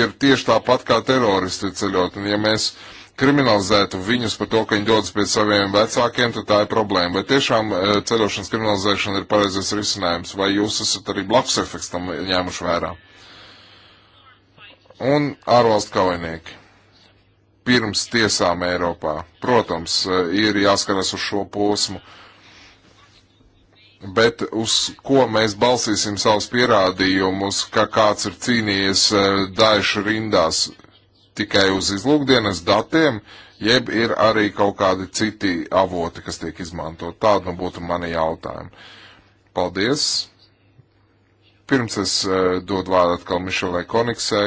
ir tieši tāpat kā teroristi ceļot. Un ja mēs uh, kriminalizētu viņus par to, ka viņi dodas pie saviem vecākiem, tad tā ir problēma. Vai tiešām e, ceļošanas kriminalizēšana ir pareizais risinājums, vai jūs esat arī blakus efekts tam ņēmuši vērā? Un ārvalstu kaujinieki. Pirms tiesām Eiropā, protams, e, ir jāskaras uz šo posmu. Bet uz ko mēs balsīsim savus pierādījumus, ka kāds ir cīnījies e, daišu rindās? tikai uz izlūkdienas datiem, jeb ir arī kaut kādi citi avoti, kas tiek izmantot. Tāda nu būtu mani jautājumi. Paldies! Pirms es uh, e, dodu vārdu atkal Mišelai Koniksai,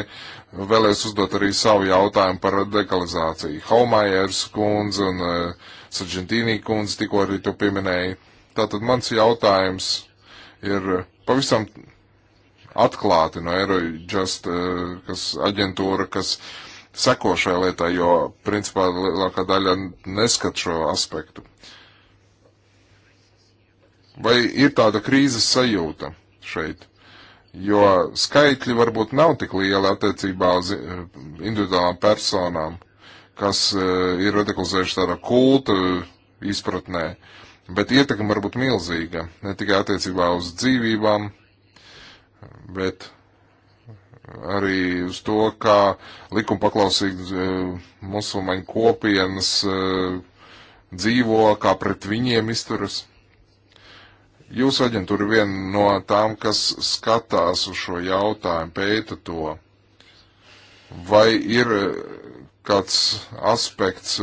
vēlēs uzdot arī savu jautājumu par dekalizāciju. Haumajers kundze un uh, Sargentīnī kundze tikko arī to pieminēja. Tātad mans jautājums ir pavisam atklāti no Eurojust, e, kas aģentūra, kas seko šai lietai, jo principā lielākā daļa neskat šo aspektu. Vai ir tāda krīzes sajūta šeit? Jo skaitļi varbūt nav tik lieli attiecībā uz eh, individuālām personām, kas eh, ir radikalizējuši tādā kultu izpratnē, bet ietekme varbūt milzīga, ne tikai attiecībā uz dzīvībām, bet arī uz to, kā likuma paklausīgi eh, musulmaņu kopienas eh, dzīvo, kā pret viņiem izturas. Jūsu aģentūra ir viena no tām, kas skatās uz šo jautājumu, pēta to. Vai ir eh, kāds aspekts,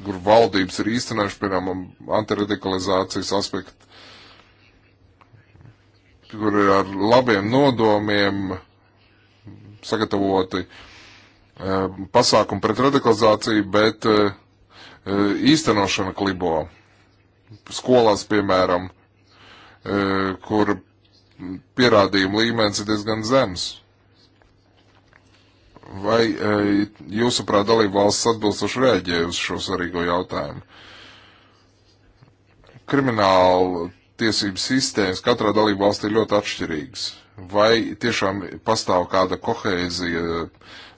kur valdības ir īstenojuši, piemēram, antiradikalizācijas aspektu kur ir ar labiem nodomiem sagatavoti eh, pasākumi pret radikalizāciju, bet eh, eh, īstenošana klibo. Skolās, piemēram, kur pierādījuma līmenis ir diezgan zems. Vai jūsuprāt dalība valsts atbilstoši rēģē uz šo svarīgo jautājumu? Krimināla tiesības sistēmas katrā dalību valstī ir ļoti atšķirīgas. Vai tiešām pastāv kāda kohēzija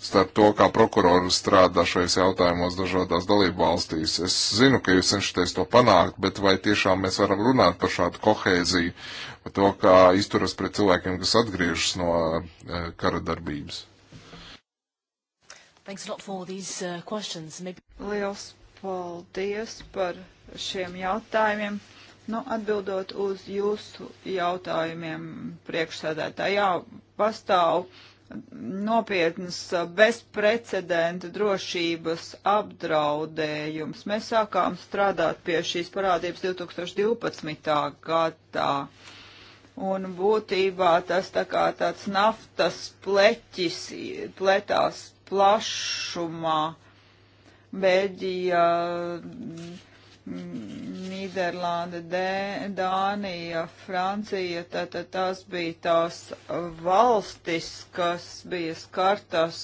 starp to, kā prokurori strādā šajos jautājumos dažādās dalību valstīs? Es zinu, ka jūs cenšaties to panākt, bet vai tiešām mēs varam runāt par šādu kohēziju, par to, kā izturas pret cilvēkiem, kas atgriežas no eh, kara darbības? Uh, Liels paldies par šiem jautājumiem. Nu, atbildot uz jūsu jautājumiem priekšsēdētāji, jā, pastāv nopietnas bezprecedenta drošības apdraudējums. Mēs sākām strādāt pie šīs parādības 2012. gadā. Un būtībā tas tā kā tāds naftas pleķis pletās plašumā. Beļģija Nīderlanda, Dānija, Francija, tātad tās bija tās valstis, kas bija skartas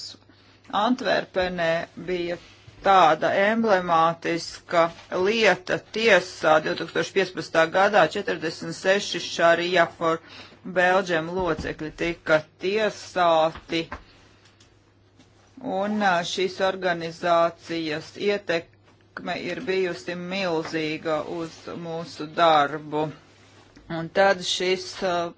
Antverpenē, bija tāda emblemātiska lieta tiesā 2015. gadā 46 šarija for Belģiem locekļi tika tiesāti. Un šīs organizācijas ietek, ietekme ir bijusi milzīga uz mūsu darbu. Un tad šis uh,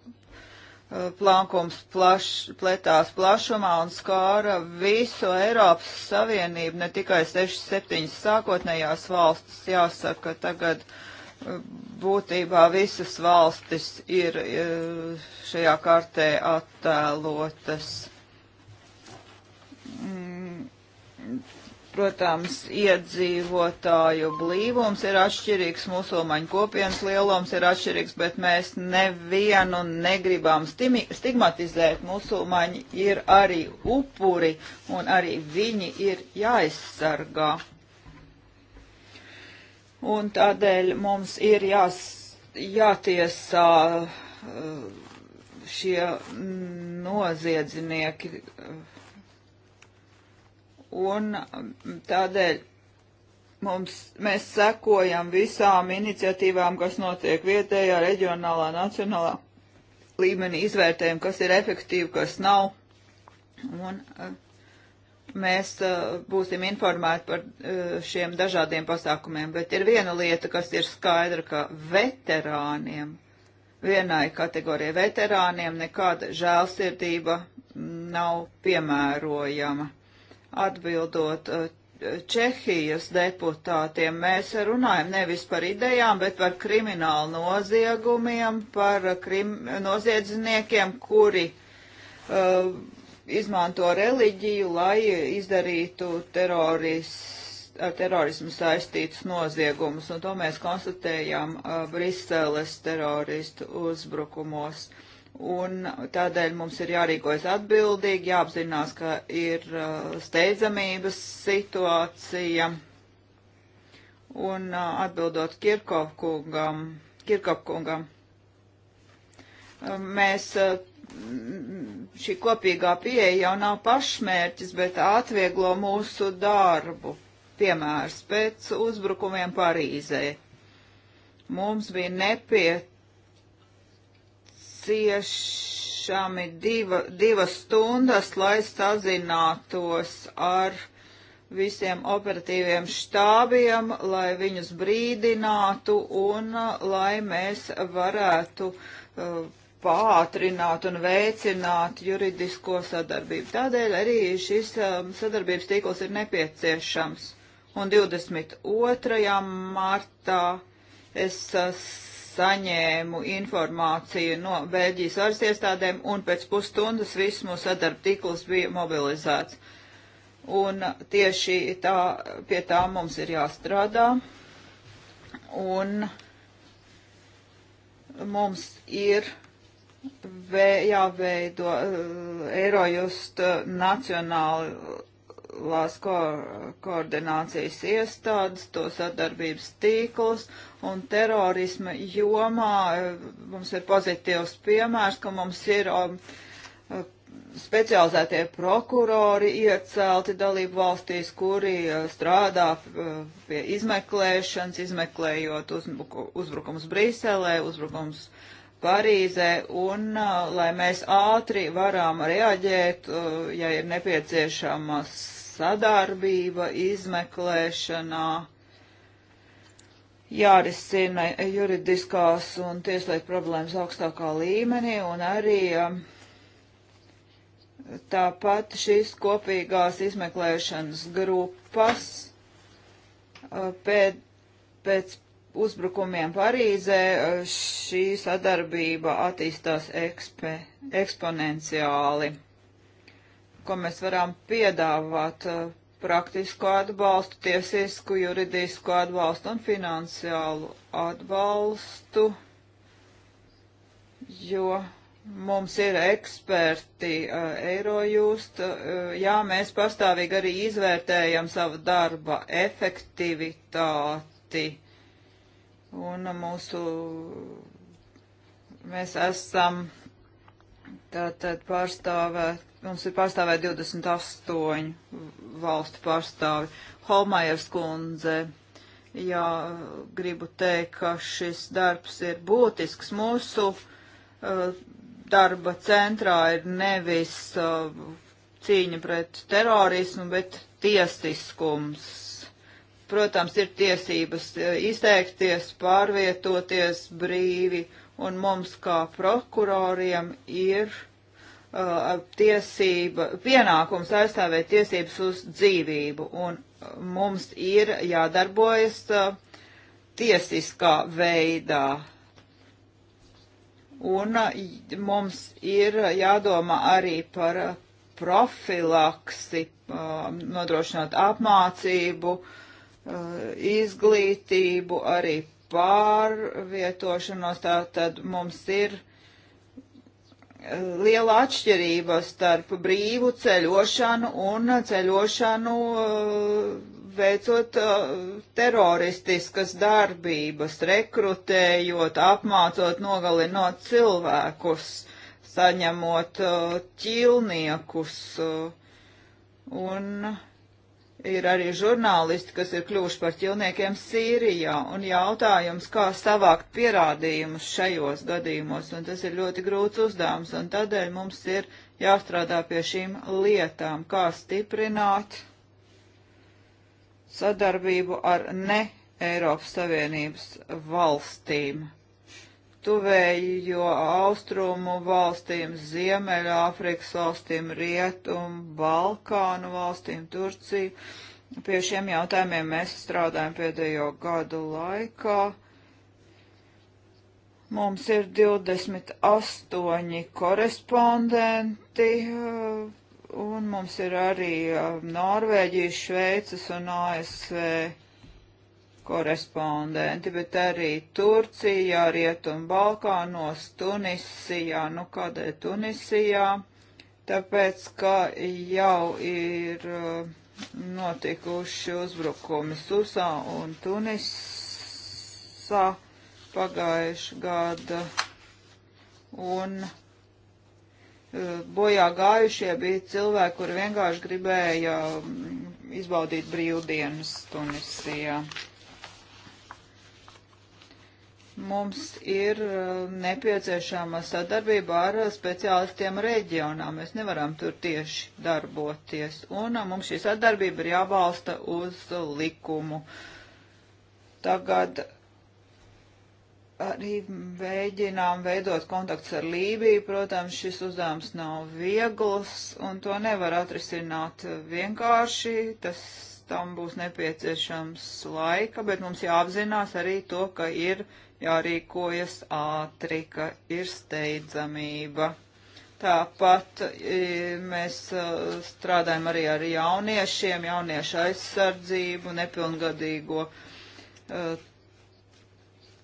uh, plankums plaš, pletās plašumā un skāra visu Eiropas Savienību, ne tikai 6-7 sākotnējās valstis, jāsaka, tagad uh, būtībā visas valstis ir uh, šajā kartē attēlotas. Mm. Protams, iedzīvotāju blīvums ir atšķirīgs, musulmaņu kopienas lielums ir atšķirīgs, bet mēs nevienu negribam stigmatizēt. Musulmaņi ir arī upuri un arī viņi ir jāizsargā. Un tādēļ mums ir jās, jātiesā uh, šie noziedznieki. Uh, un um, tādēļ mums, mēs sekojam visām iniciatīvām, kas notiek vietējā, reģionālā, nacionālā līmenī, izvērtējam, kas ir efektīvi, kas nav. Un uh, mēs uh, būsim informēti par uh, šiem dažādiem pasākumiem, bet ir viena lieta, kas ir skaidra, ka veterāniem, vienai kategorijai veterāniem nekāda žēlsirdība mm, nav piemērojama atbildot eh, Čehijas deputātiem, mēs runājam nevis par idejām, bet par kriminālu noziegumiem, par krim, noziedzniekiem, kuri uh, izmanto reliģiju, lai izdarītu teroris, ar terorismu saistītus noziegumus, un to mēs konstatējām uh, eh, Briseles teroristu uzbrukumos. Uh, un tādēļ mums ir jārīkojas atbildīgi, jāapzinās, ka ir uh, steidzamības situācija. Un uh, atbildot Kirkopkungam, Kirkopkungam mēs uh, šī kopīgā pieeja jau nav pašmērķis, bet atvieglo mūsu darbu. Piemērs pēc uzbrukumiem Parīzē. Mums bija nepiet nepieciešami diva, divas stundas, lai sazinātos ar visiem operatīviem štābiem, lai viņus brīdinātu un uh, lai mēs varētu uh, pātrināt un veicināt juridisko sadarbību. Tādēļ arī šis um, sadarbības tīkls ir nepieciešams. Un 22. martā es uh, saņēmu informāciju no Bēļģijas varas iestādēm, un pēc pusstundas viss mūsu sadarba tīkls bija mobilizēts. Un tieši tā, pie tā mums ir jāstrādā. Un mums ir vē, jāveido uh, eh, Eirojust uh, nacionālās ko koordinācijas iestādes, to sadarbības tīklus, un terorisma jomā eh, mums ir pozitīvs piemērs, ka mums ir um, eh, specializētie prokurori iecelti dalību valstīs, kuri eh, strādā pie izmeklēšanas, izmeklējot uzbrukums Brīselē, uzbrukums Parīzē, un lai mēs ātri varam reaģēt, ja ir nepieciešama sadarbība izmeklēšanā jārisina juridiskās un tieslietu problēmas augstākā līmenī un arī um, tāpat šīs kopīgās izmeklēšanas grupas uh, pēc, pēc uzbrukumiem Parīzē uh, šī sadarbība attīstās ekspe, eksponenciāli ko mēs varam piedāvāt uh, praktisku atbalstu, tiesisku, juridisku atbalstu un finansiālu atbalstu, jo mums ir eksperti uh, Eirojust. Uh, jā, mēs pastāvīgi arī izvērtējam savu darba efektivitāti un mūsu, mēs esam tātad pārstāvēt mums ir pārstāvēja 28 valstu pārstāvi. Holmajers kundze, jā, gribu teikt, ka šis darbs ir būtisks mūsu uh, darba centrā ir nevis uh, cīņa pret terorismu, bet tiesiskums. Protams, ir tiesības eh, izteikties, pārvietoties brīvi, un mums kā prokuroriem ir Uh, tiesība, pienākums aizstāvēt tiesības uz dzīvību, un uh, mums ir jādarbojas uh, tiesiskā veidā. Un mums ir jādomā arī par profilaksi, nodrošinot apmācību, izglītību, arī pārvietošanos. Tātad mums ir liela atšķirība starp brīvu ceļošanu un ceļošanu eh, veicot eh, teroristiskas darbības, rekrutējot, apmācot, nogalinot cilvēkus, saņemot eh, ķilniekus un Ir arī žurnālisti, kas ir kļuvuši par ķilniekiem Sīrijā, un jautājums, kā savākt pierādījumus šajos gadījumos, un tas ir ļoti grūts uzdevums, un tādēļ mums ir jāstrādā pie šīm lietām, kā stiprināt sadarbību ar ne Eiropas Savienības valstīm tuvējo austrumu valstīm, Ziemeļāfrikas valstīm, Rietumu, Balkānu valstīm, Turciju. Pie šiem jautājumiem mēs strādājam pēdējo gadu laikā. Mums ir 28 korespondenti, un mums ir arī um, Norvēģija, Šveicas un ASV korespondenti, bet arī Turcijā, Rietum Balkānos, Tunisijā, nu kādēļ Tunisijā, tāpēc, ka jau ir uh, notikuši uzbrukumi Susā un Tunisā pagājuši gada un uh, bojā gājušie bija cilvēki, kuri vienkārši gribēja mm, izbaudīt brīvdienas Tunisijā mums ir uh, nepieciešama sadarbība ar uh, speciālistiem reģionā. Mēs nevaram tur tieši darboties. Un uh, mums šī sadarbība ir jābalsta uz likumu. Tagad arī mēģinām veidot kontakts ar Lībiju. Protams, šis uzdevums nav viegls un to nevar atrisināt vienkārši. Tas tam būs nepieciešams laika, bet mums jāapzinās arī to, ka ir jārīkojas ātri, ka ir steidzamība. Tāpat e, mēs e, strādājam arī ar jauniešiem, jauniešu aizsardzību, nepilngadīgo e,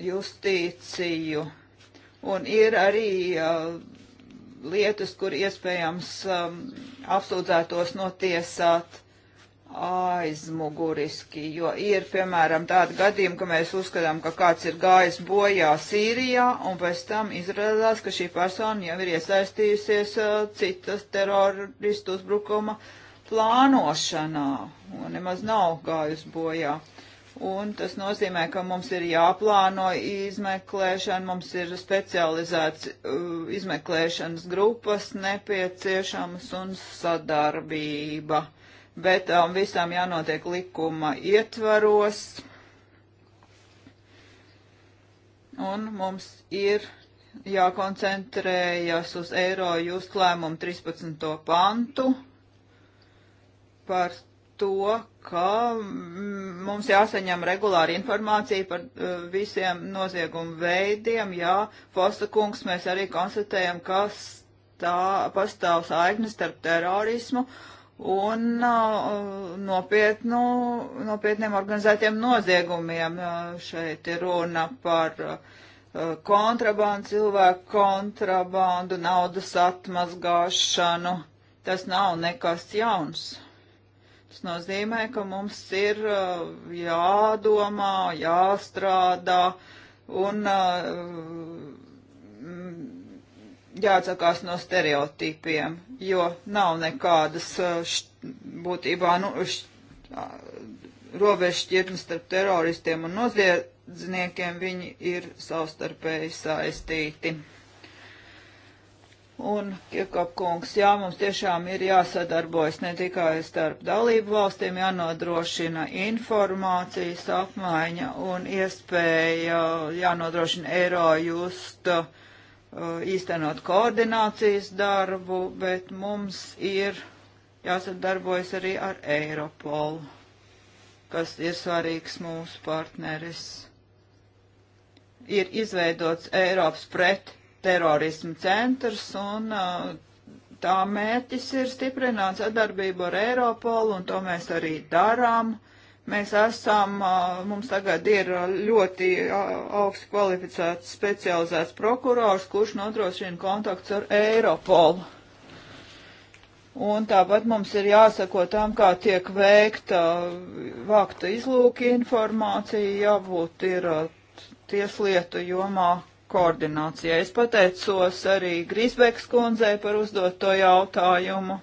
justīciju. Un ir arī lietas, kur iespējams apsūdzētos notiesāt aizmuguriski, jo ir, piemēram, tādi gadījumi, ka mēs uzskatām, ka kāds ir gājis bojā Sīrijā, un pēc tam izrādās, ka šī persona jau ir iesaistījusies uh, citas teroristu uzbrukuma plānošanā, un nemaz nav gājusi bojā. Un tas nozīmē, ka mums ir jāplāno izmeklēšana, mums ir specializēts uh, izmeklēšanas grupas nepieciešamas un sadarbība bet um, visām jānotiek likuma ietvaros. Un mums ir jākoncentrējas uz eiro just lēmumu 13. pantu par to, ka mm, mums jāsaņem regulāri informācija par uh, visiem noziegumu veidiem. Jā, Fosta kungs, mēs arī konstatējam, ka tā pastāv saiknes starp terorismu uh, un uh, nopietnu, nopietniem organizētiem noziegumiem. Uh, šeit ir runa par uh, kontrabandu, cilvēku kontrabandu, naudas atmazgāšanu. Tas nav nekas jauns. Tas nozīmē, ka mums ir jādomā, jāstrādā un jāatsakās no stereotipiem, jo nav nekādas uh, št, būtībā nu, uh, robežu šķirtnes starp teroristiem un noziedzniekiem. Viņi ir savstarpēji saistīti. Un, Kirkop kungs, jā, mums tiešām ir jāsadarbojas ne tikai starp dalību valstīm, jānodrošina informācijas apmaiņa un iespēja, uh, jānodrošina eiro just uh, Uh, īstenot koordinācijas darbu, bet mums ir jāsadarbojas arī ar Eiropolu, kas ir svarīgs mūsu partneris. Ir izveidots Eiropas pret terorismu centrs un uh, tā mērķis ir stiprināt sadarbību ar Eiropolu, un to mēs arī darām. Uh, Mēs esam, mums tagad ir ļoti augsts kvalificēts specializēts prokurors, kurš nodrošina kontakts ar Eiropolu. Un tāpat mums ir jāsako tam, kā tiek veikta, vākta izlūka informācija, jābūt ir tieslietu jomā koordinācijai. Es pateicos arī Grisbeks kundzei par uzdoto jautājumu.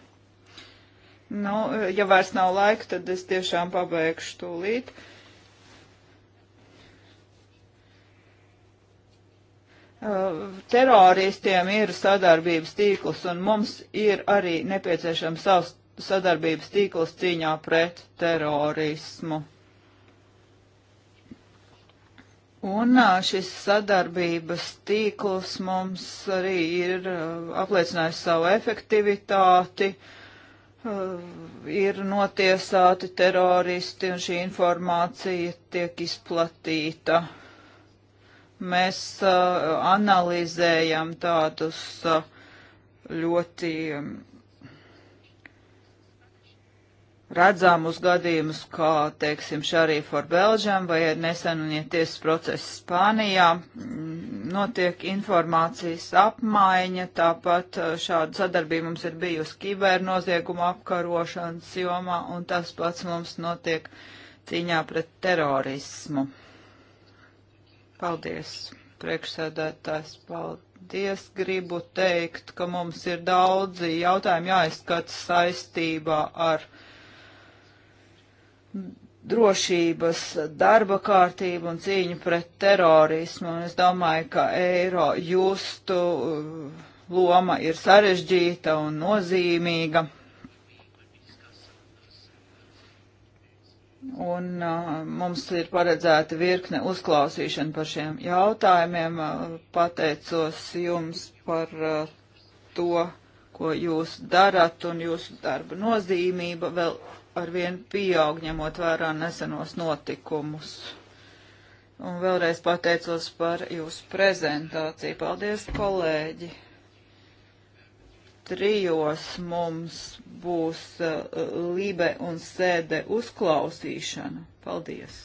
Nu, ja vairs nav laika, tad es tiešām pabeigšu tūlīt. Uh, teroristiem ir sadarbības tīkls, un mums ir arī nepieciešams savs sadarbības tīkls cīņā pret terorismu. Un uh, šis sadarbības tīkls mums arī ir uh, apliecinājis savu efektivitāti. Uh, Eh, ir notiesāti teroristi un šī informācija tiek izplatīta. Mēs uh, analizējam tādus uh, ļoti mm, redzamus gadījumus, kā, teiksim, Šarīfa ar Belžam vai nesenie tiesas procesi Spānijā, mm, notiek informācijas apmaiņa, tāpat eh, šāda sadarbība mums ir bijusi kibernozieguma apkarošanas jomā, un tas pats mums notiek cīņā pret terorismu. Paldies, priekšsēdētājs, paldies. Gribu teikt, ka mums ir daudzi jautājumi jāizskata saistībā ar drošības darba kārtību un cīņu pret terorismu. Un es domāju, ka eiro justu uh, loma ir sarežģīta un nozīmīga. Un uh, mums ir paredzēta virkne uzklausīšana par šiem jautājumiem. Uh, pateicos jums par uh, to, ko jūs darat un jūsu darba nozīmība vēl arvien pieaug, ņemot vērā nesenos notikumus. Un vēlreiz pateicos par jūsu prezentāciju. Paldies, kolēģi! Trijos mums būs uh, Libe un Sēde uzklausīšana. Paldies!